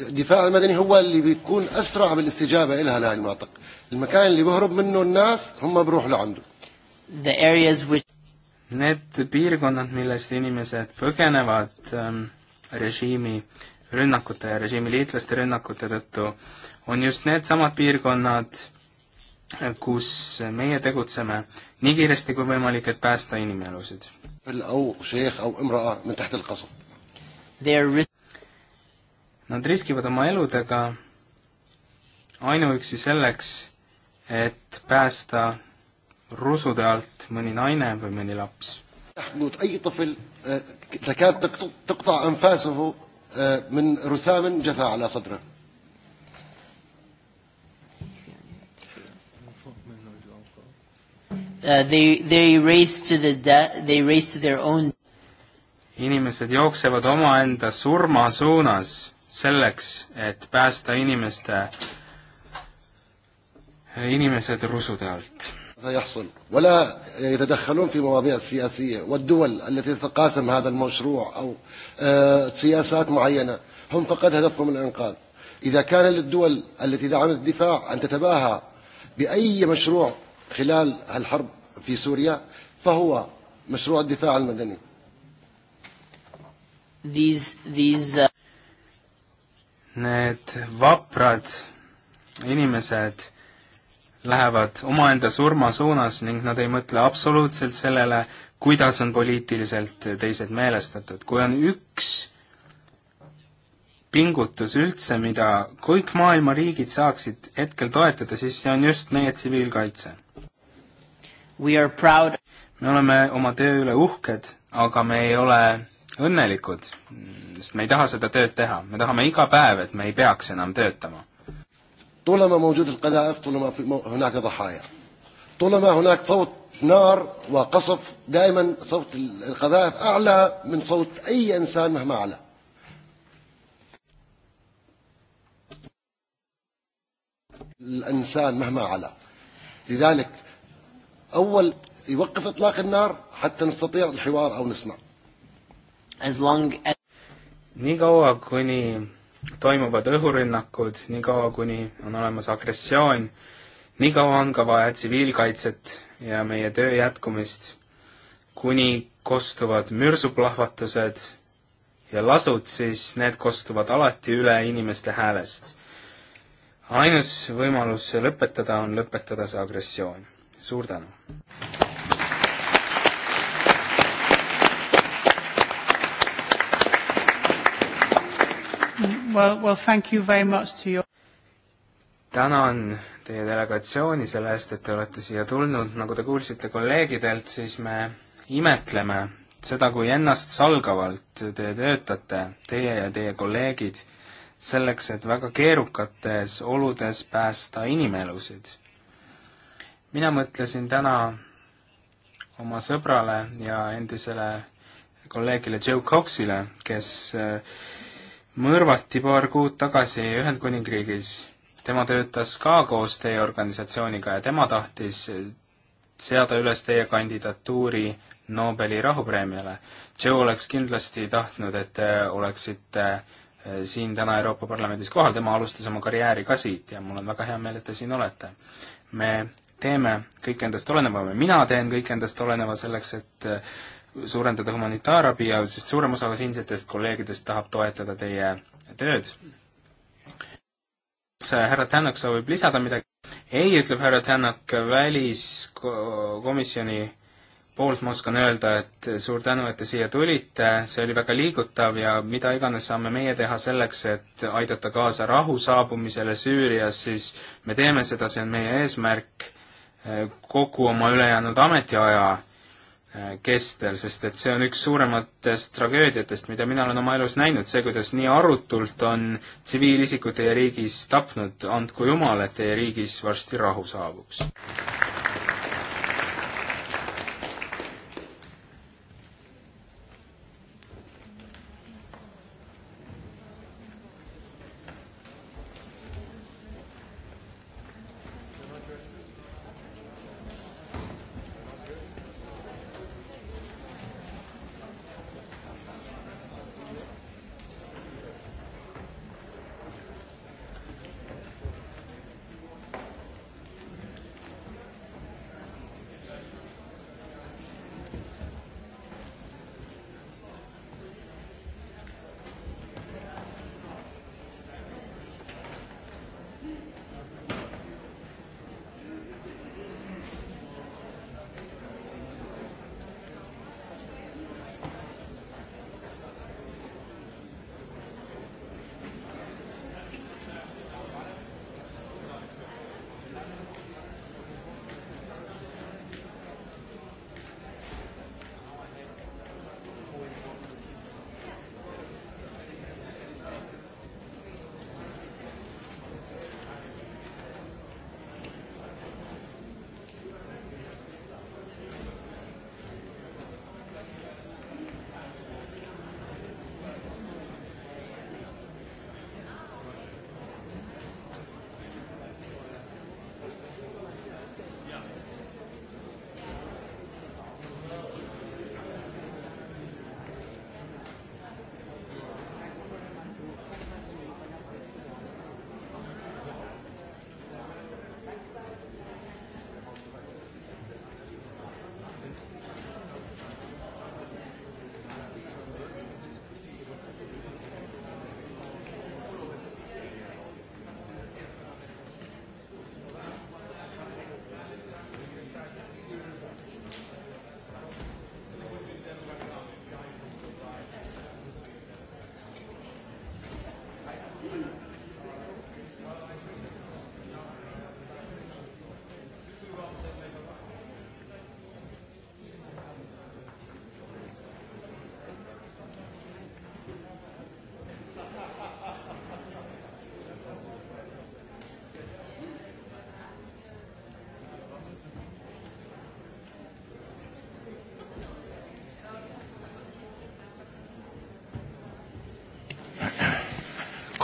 الدفاع المدني هو اللي بيكون أسرع بالاستجابة لها لهذه المناطق المكان اللي بهرب منه الناس هم بروح لعنده The areas which Need piirkonnad, millest inimesed põgenevad ähm, režiimi rünnakute ja režiimi liitlaste rünnakute tõttu, on just needsamad piirkonnad, kus meie tegutseme nii kiiresti kui võimalik, et päästa inimelusid Nad riskivad oma eludega ainuüksi selleks, et päästa rusude alt mõni naine või mõni laps. إذا كانت تقطع أنفاسه من رسام جثى على صدره Uh, they, they race to the de-, they race to their own inimesed jooksevad omaenda surma suunas selleks, et päästa inimeste, inimesed rusude alt. يحصل ولا يتدخلون في مواضيع السياسية والدول التي تتقاسم هذا المشروع أو سياسات معينة هم فقط هدفهم الإنقاذ إذا كان للدول التي دعمت الدفاع أن تتباهى بأي مشروع خلال الحرب في سوريا فهو مشروع الدفاع المدني these, these, uh... Need vaprad inimesed lähevad omaenda surma suunas ning nad ei mõtle absoluutselt sellele, kuidas on poliitiliselt teised meelestatud. kui on üks pingutus üldse, mida kõik maailma riigid saaksid hetkel toetada, siis see on just meie tsiviilkaitse me oleme oma töö üle uhked, aga me ei ole õnnelikud, sest me ei taha seda tööd teha, me tahame iga päev, et me ei peaks enam töötama. طالما موجود القذائف طالما هناك ضحايا طالما هناك صوت نار وقصف دائما صوت القذائف أعلى من صوت أي إنسان مهما أعلى الإنسان مهما أعلى لذلك أول يوقف إطلاق النار حتى نستطيع الحوار أو نسمع as long as nii kaua, kuni toimuvad õhurünnakud, nii kaua, kuni on olemas agressioon, nii kaua on ka vaja tsiviilkaitset ja meie töö jätkumist, kuni kostuvad mürsuplahvatused ja lasud, siis need kostuvad alati üle inimeste häälest. ainus võimalus see lõpetada on lõpetada see agressioon suur tänu! Well, well, thank you very much to you. tänan teie delegatsiooni selle eest, et te olete siia tulnud, nagu te kuulsite kolleegidelt, siis me imetleme seda, kui ennastsalgavalt te töötate, teie ja teie kolleegid, selleks, et väga keerukates oludes päästa inimelusid mina mõtlesin täna oma sõbrale ja endisele kolleegile Joe Coxile, kes äh, mõrvati paar kuud tagasi Ühendkuningriigis. tema töötas ka koos teie organisatsiooniga ja tema tahtis äh, seada üles teie kandidatuuri Nobeli rahupreemiale. Joe oleks kindlasti tahtnud, et te oleksite äh, siin täna Euroopa Parlamendis kohal, tema alustas oma karjääri ka siit ja mul on väga hea meel, et te siin olete. me teeme kõik endast oleneva või mina teen kõik endast oleneva selleks, et äh, suurendada humanitaarabi ja sest suurem osa siinsetest kolleegidest tahab toetada teie tööd. kas äh, härra Tänak soovib lisada midagi? ei, ütleb härra Tänak, väliskomisjoni poolt ma oskan öelda, et suur tänu, et te siia tulite, see oli väga liigutav ja mida iganes saame meie teha selleks, et aidata kaasa rahu saabumisele Süürias, siis me teeme seda, see on meie eesmärk kogu oma ülejäänud ametiaja äh, kestel, sest et see on üks suurematest tragöödiatest, mida mina olen oma elus näinud, see, kuidas nii arutult on tsiviilisikud teie riigis tapnud, andku jumal, et teie riigis varsti rahu saabuks.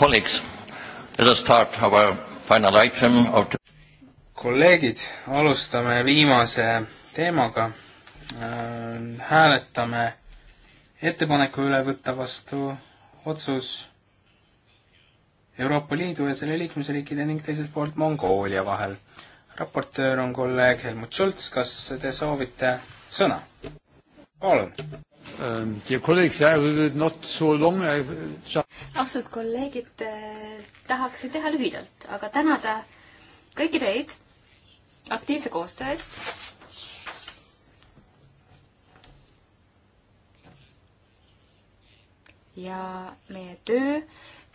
Colleagues, let us start our final item of kolleegid, alustame viimase teemaga. Äh, hääletame ettepaneku üle võtta vastu otsus Euroopa Liidu ja selle liikmesriikide ning teiselt poolt Mongoolia vahel. raportöör on kolleeg Helmut Schultz, kas te soovite sõna? palun. Um, austatud kolleegid, eh, tahaksin teha lühidalt, aga tänada kõiki teid aktiivse koostöö eest. ja meie töö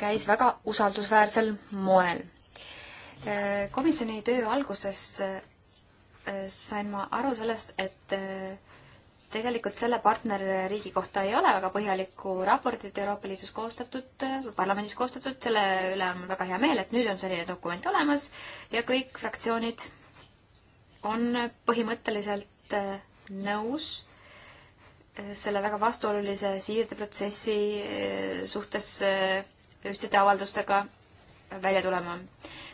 käis väga usaldusväärsel moel. Eh, komisjoni töö alguses eh, sain ma aru sellest, et tegelikult selle partnerriigi kohta ei ole väga põhjalikku raportit Euroopa Liidus koostatud, parlamendis koostatud, selle üle on väga hea meel, et nüüd on selline dokument olemas ja kõik fraktsioonid on põhimõtteliselt äh, nõus äh, selle väga vastuolulise siirdeprotsessi äh, suhtes ühtsete avaldustega välja tulema.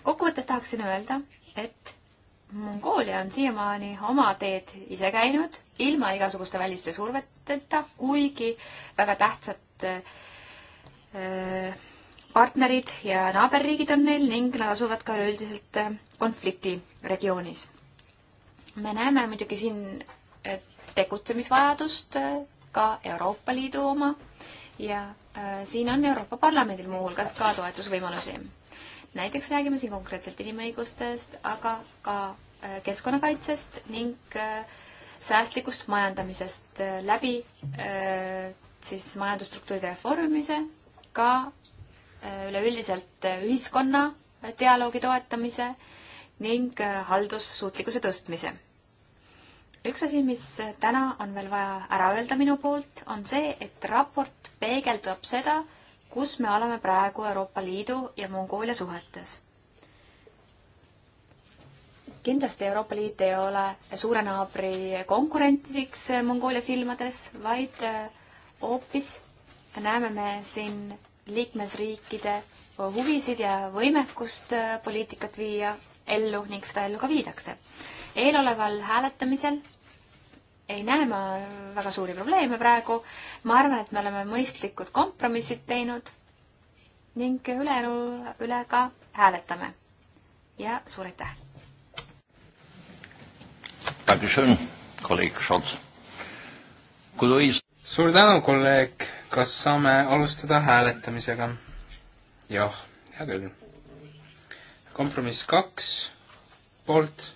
kokkuvõttes tahaksin öelda, et Mongoolia on siiamaani oma teed ise käinud ilma igasuguste väliste surveteta, kuigi väga tähtsad äh, partnerid ja naaberriigid on neil ning nad asuvad ka üleüldiselt äh, konfliktiregioonis. me näeme muidugi siin äh, tegutsemisvajadust ka Euroopa Liidu oma ja siin on Euroopa Parlamendil muuhulgas ka toetusvõimalusi näiteks räägime siin konkreetselt inimõigustest, aga ka äh, keskkonnakaitsest ning äh, säästlikust majandamisest äh, läbi siis majandusstruktuuride reformimise, ka üleüldiselt ühiskonna dialoogi toetamise ning haldussuutlikkuse tõstmise. üks asi, mis täna on veel vaja ära öelda minu poolt, on see, et raport peegeldab seda, kus me oleme praegu Euroopa Liidu ja Mongoolia suhetes. kindlasti Euroopa Liit ei ole suure naabri konkurentsiks Mongoolia silmades, vaid äh, hoopis näeme me siin liikmesriikide huvisid ja võimekust äh, poliitikat viia ellu ning seda ellu ka viidakse. eeloleval hääletamisel ei näe ma väga suuri probleeme praegu. ma arvan, et me oleme mõistlikud kompromissid teinud ning ülejäänu üle ka hääletame. ja suur aitäh! suur tänu, kolleeg, kas saame alustada hääletamisega? jah, hea küll. kompromiss kaks, poolt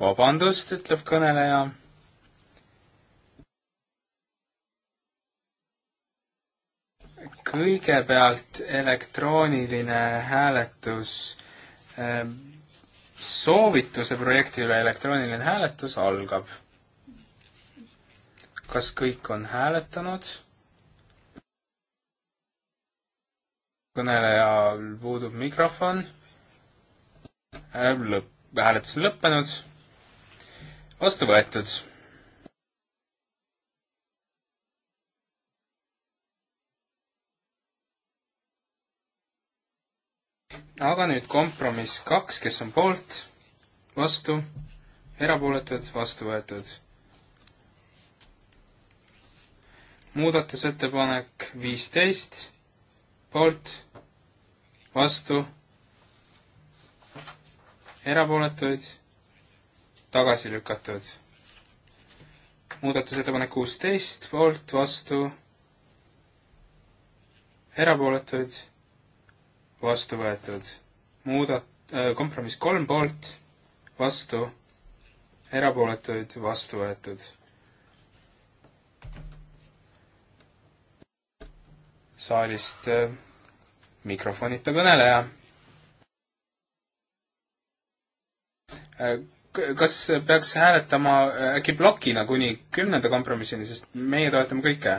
vabandust, ütleb kõneleja. kõigepealt elektrooniline hääletus, ehm, soovituse projekti üle elektrooniline hääletus algab. kas kõik on hääletanud? kõnelejal puudub mikrofon. lõpp, hääletus on lõppenud vastu võetud. aga nüüd kompromiss kaks, kes on poolt, vastu, erapooletud, vastu võetud. muudatusettepanek viisteist, poolt, vastu, erapooletuid tagasi lükatud. muudatusettepanek kuusteist, poolt, vastu, erapooletuid, vastu võetud. muudat-, äh, kompromiss kolm poolt, vastu, erapooletuid, vastu võetud. saalist äh, mikrofonita kõneleja äh, kas peaks hääletama äh, äkki plokina kuni kümnenda kompromissini, sest meie toetame kõike?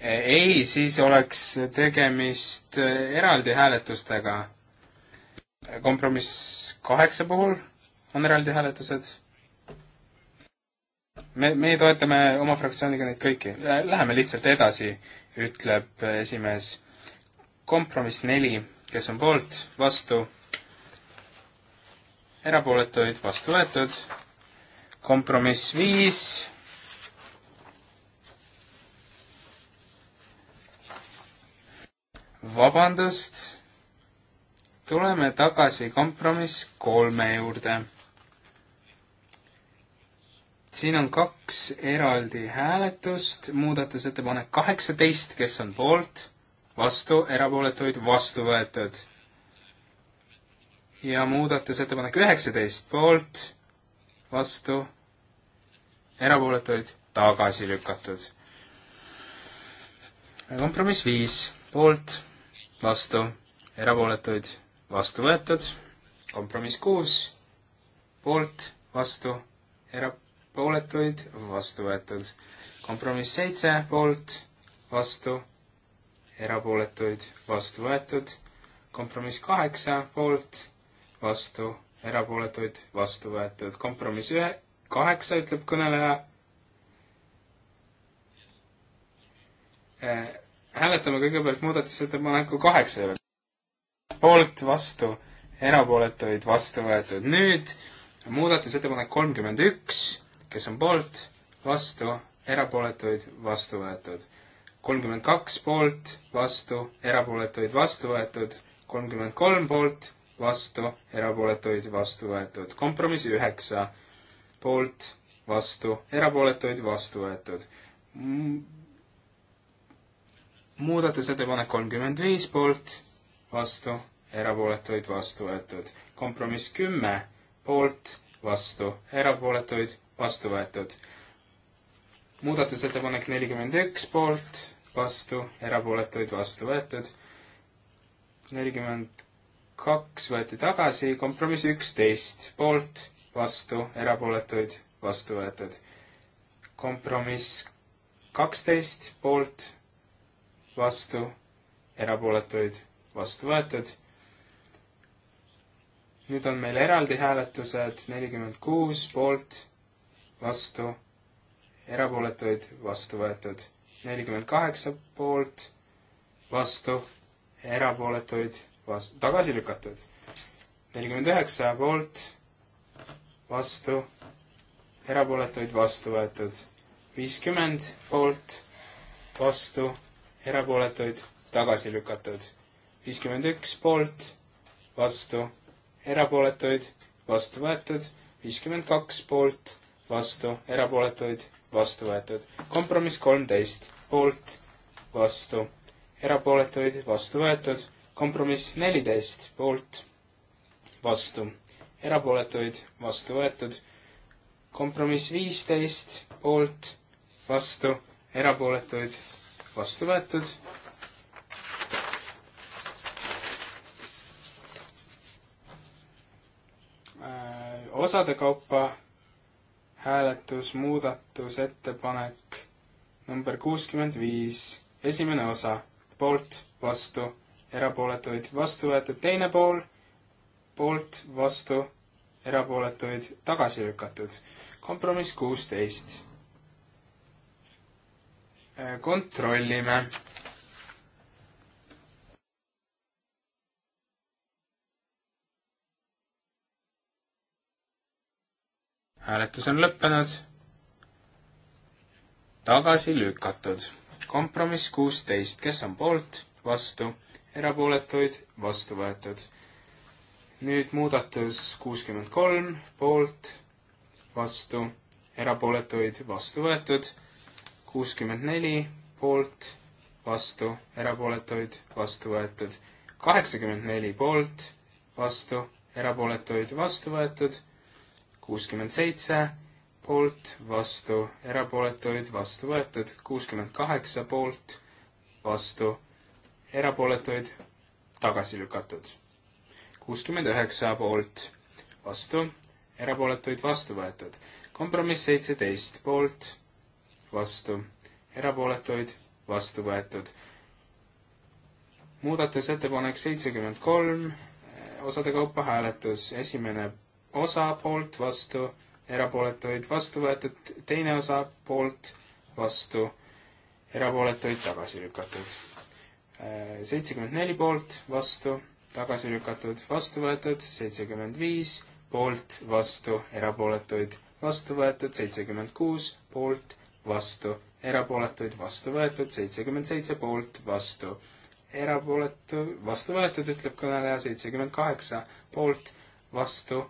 ei, siis oleks tegemist äh, eraldi hääletustega. kompromiss kaheksa puhul on eraldi hääletused. me, meie toetame oma fraktsiooniga neid kõiki. Läheme lihtsalt edasi, ütleb äh, esimees. kompromiss neli, kes on poolt, vastu erapooletuid vastu võetud, kompromiss viis, vabandust, tuleme tagasi kompromiss kolme juurde. siin on kaks eraldi hääletust, muudatusettepanek kaheksateist, kes on poolt, vastu, erapooletuid vastu võetud ja muudatusettepanek üheksateist poolt, vastu, erapooletuid tagasi lükatud. kompromiss viis poolt, vastu, erapooletuid vastu võetud. kompromiss kuus poolt, vastu, erapooletuid vastu võetud. kompromiss seitse poolt, vastu, erapooletuid vastu võetud. kompromiss kaheksa poolt vastu, erapooletuid, vastu võetud. kompromiss ühe, kaheksa, ütleb kõneleja. Eh, hääletame kõigepealt muudatusettepaneku kaheksa üle. poolt, vastu, erapooletuid, vastu võetud. nüüd muudatusettepanek kolmkümmend üks, kes on poolt, vastu, erapooletuid, vastu võetud. kolmkümmend kaks poolt, vastu, erapooletuid, vastu võetud. kolmkümmend kolm poolt vastu, erapooletuid, vastu võetud. kompromiss üheksa, poolt, vastu, erapooletuid, vastu võetud. muudatusettepanek kolmkümmend viis poolt, vastu, erapooletuid, vastu võetud. kompromiss kümme, poolt, vastu, erapooletuid, vastu võetud. muudatusettepanek nelikümmend üks poolt, vastu, erapooletuid, vastu võetud. nelikümmend kaks võeti tagasi, kompromiss üksteist, poolt, vastu, erapooletuid, vastu võetud. kompromiss kaksteist, poolt, vastu, erapooletuid, vastu võetud. nüüd on meil eraldi hääletused nelikümmend kuus, poolt, vastu, erapooletuid, vastu võetud. nelikümmend kaheksa, poolt, vastu, erapooletuid vas-, tagasi lükatud. nelikümmend üheksa poolt, vastu, erapooletuid vastu võetud. viiskümmend poolt, vastu, erapooletuid tagasi lükatud. viiskümmend üks poolt, vastu, erapooletuid vastu võetud. viiskümmend kaks poolt, vastu, erapooletuid vastu võetud. kompromiss kolmteist poolt, vastu, erapooletuid vastu võetud kompromiss neliteist poolt, vastu, erapooletuid, vastu võetud. kompromiss viisteist poolt, vastu, erapooletuid, vastu võetud. Äh, osade kaupa hääletus, muudatusettepanek number kuuskümmend viis, esimene osa, poolt, vastu erapooletuid, vastu võetud teine pool, poolt, vastu, erapooletuid, tagasi lükatud. kompromiss kuusteist. Äh, kontrollime. hääletus on lõppenud. tagasi lükatud. kompromiss kuusteist, kes on poolt, vastu erapooletuid, vastu võetud. nüüd muudatus kuuskümmend kolm, poolt, vastu, erapooletuid, vastu võetud. kuuskümmend neli, poolt, vastu, erapooletuid, vastu võetud. kaheksakümmend neli, poolt, vastu, erapooletuid, vastu võetud. kuuskümmend seitse, poolt, vastu, erapooletuid, vastu võetud. kuuskümmend kaheksa, poolt, vastu erapooletuid, tagasi lükatud. kuuskümmend üheksa poolt, vastu, erapooletuid vastu võetud. kompromiss seitseteist poolt, vastu, erapooletuid vastu võetud. muudatusettepanek seitsekümmend kolm, osade kaupa hääletus, esimene osa poolt, vastu, erapooletuid vastu võetud, teine osa poolt, vastu, erapooletuid tagasi lükatud seitsekümmend neli poolt, vastu, tagasi lükatud, vastu võetud, seitsekümmend viis, poolt, vastu, erapooletuid, vastu võetud, seitsekümmend kuus, poolt, vastu, erapooletuid, vastu võetud, seitsekümmend seitse, poolt, vastu, erapooletu, vastu võetud, ütleb kõneleja, seitsekümmend kaheksa, poolt, vastu,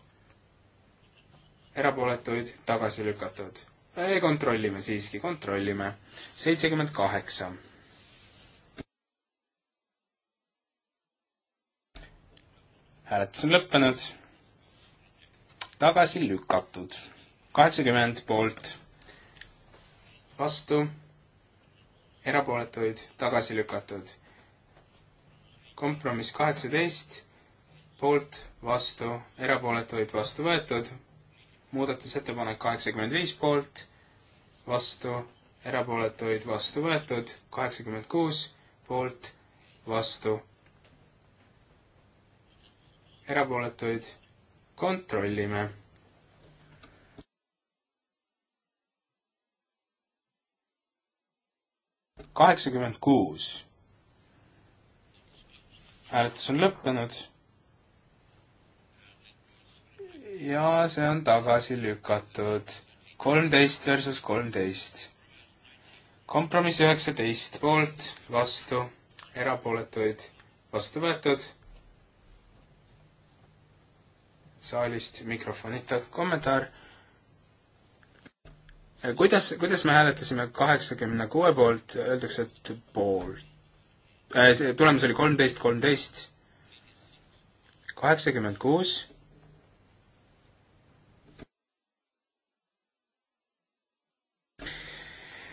erapooletuid, tagasi lükatud. kontrollime siiski, kontrollime. seitsekümmend kaheksa hääletus on lõppenud. tagasi lükatud. kaheksakümmend poolt, vastu, erapooletuid, tagasi lükatud. kompromiss kaheksateist, poolt, vastu, erapooletuid, vastu võetud. muudatusettepanek kaheksakümmend viis poolt, vastu, erapooletuid, vastu võetud. kaheksakümmend kuus poolt, vastu erapooletuid kontrollime. kaheksakümmend kuus. hääletus on lõppenud. ja see on tagasi lükatud. kolmteist versus kolmteist. kompromiss üheksateist poolt, vastu, erapooletuid, vastu võetud saalist mikrofonita kommentaar. kuidas, kuidas me hääletasime kaheksakümne kuue poolt, öeldakse, et pool äh,. see tulemus oli kolmteist, kolmteist. kaheksakümmend kuus.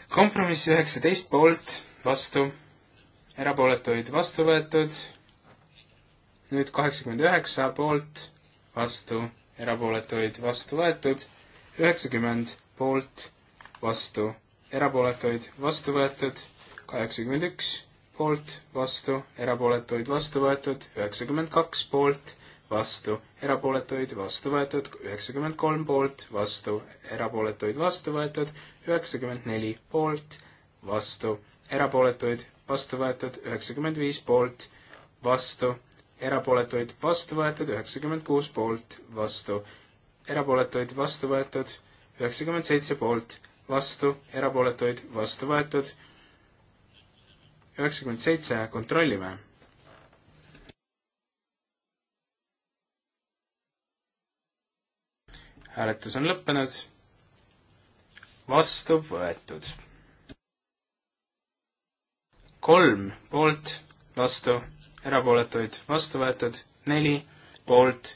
kompromiss üheksateist poolt, vastu, erapooletuid vastu võetud. nüüd kaheksakümmend üheksa poolt vastu, erapooletuid vastu võetud, üheksakümmend poolt, vastu, erapooletuid vastu võetud, kaheksakümmend üks poolt, vastu, erapooletuid vastu võetud, üheksakümmend kaks poolt, vastu, erapooletuid vastu võetud, üheksakümmend kolm poolt, vastu, erapooletuid vastu võetud, üheksakümmend neli poolt, vastu, erapooletuid vastu võetud, üheksakümmend viis poolt, vastu, erapooletuid vastu võetud, üheksakümmend kuus poolt, vastu. erapooletuid vastu võetud, üheksakümmend seitse poolt, vastu, erapooletuid vastu võetud, üheksakümmend seitse, kontrollime hääletus on lõppenud, vastu võetud. kolm poolt, vastu, erapooletuid vastu võetud, neli poolt,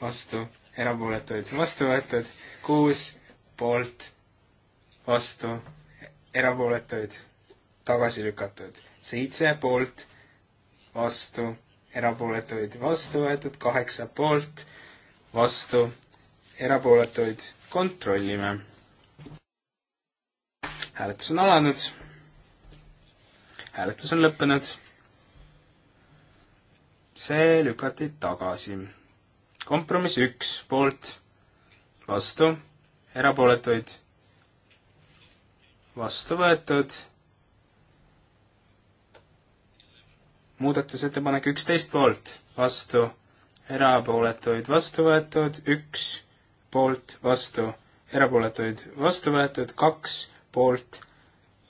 vastu, erapooletuid vastu võetud, kuus poolt, vastu, erapooletuid tagasi lükatud, seitse poolt, vastu, erapooletuid vastu võetud, kaheksa poolt, vastu, erapooletuid kontrollime. hääletus on alanud. hääletus on lõppenud see lükati tagasi. kompromiss üks poolt, vastu, erapooletuid, vastu võetud. muudatusettepanek üksteist poolt, vastu, erapooletuid, vastu võetud, üks poolt, vastu, erapooletuid, vastu võetud, kaks poolt,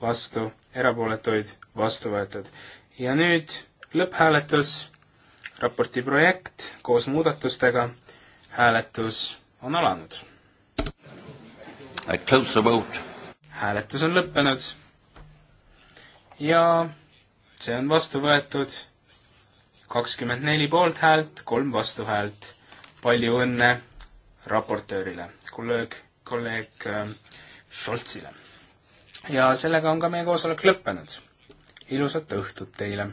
vastu, erapooletuid, vastu võetud. ja nüüd lõpphääletus raporti projekt koos muudatustega, hääletus on alanud. hääletus on lõppenud ja see on vastu võetud kakskümmend neli poolthäält, kolm vastuhäält. palju õnne raportöörile, kolleeg, kolleeg Šoltsile. Ähm, ja sellega on ka meie koosolek lõppenud. ilusat õhtut teile!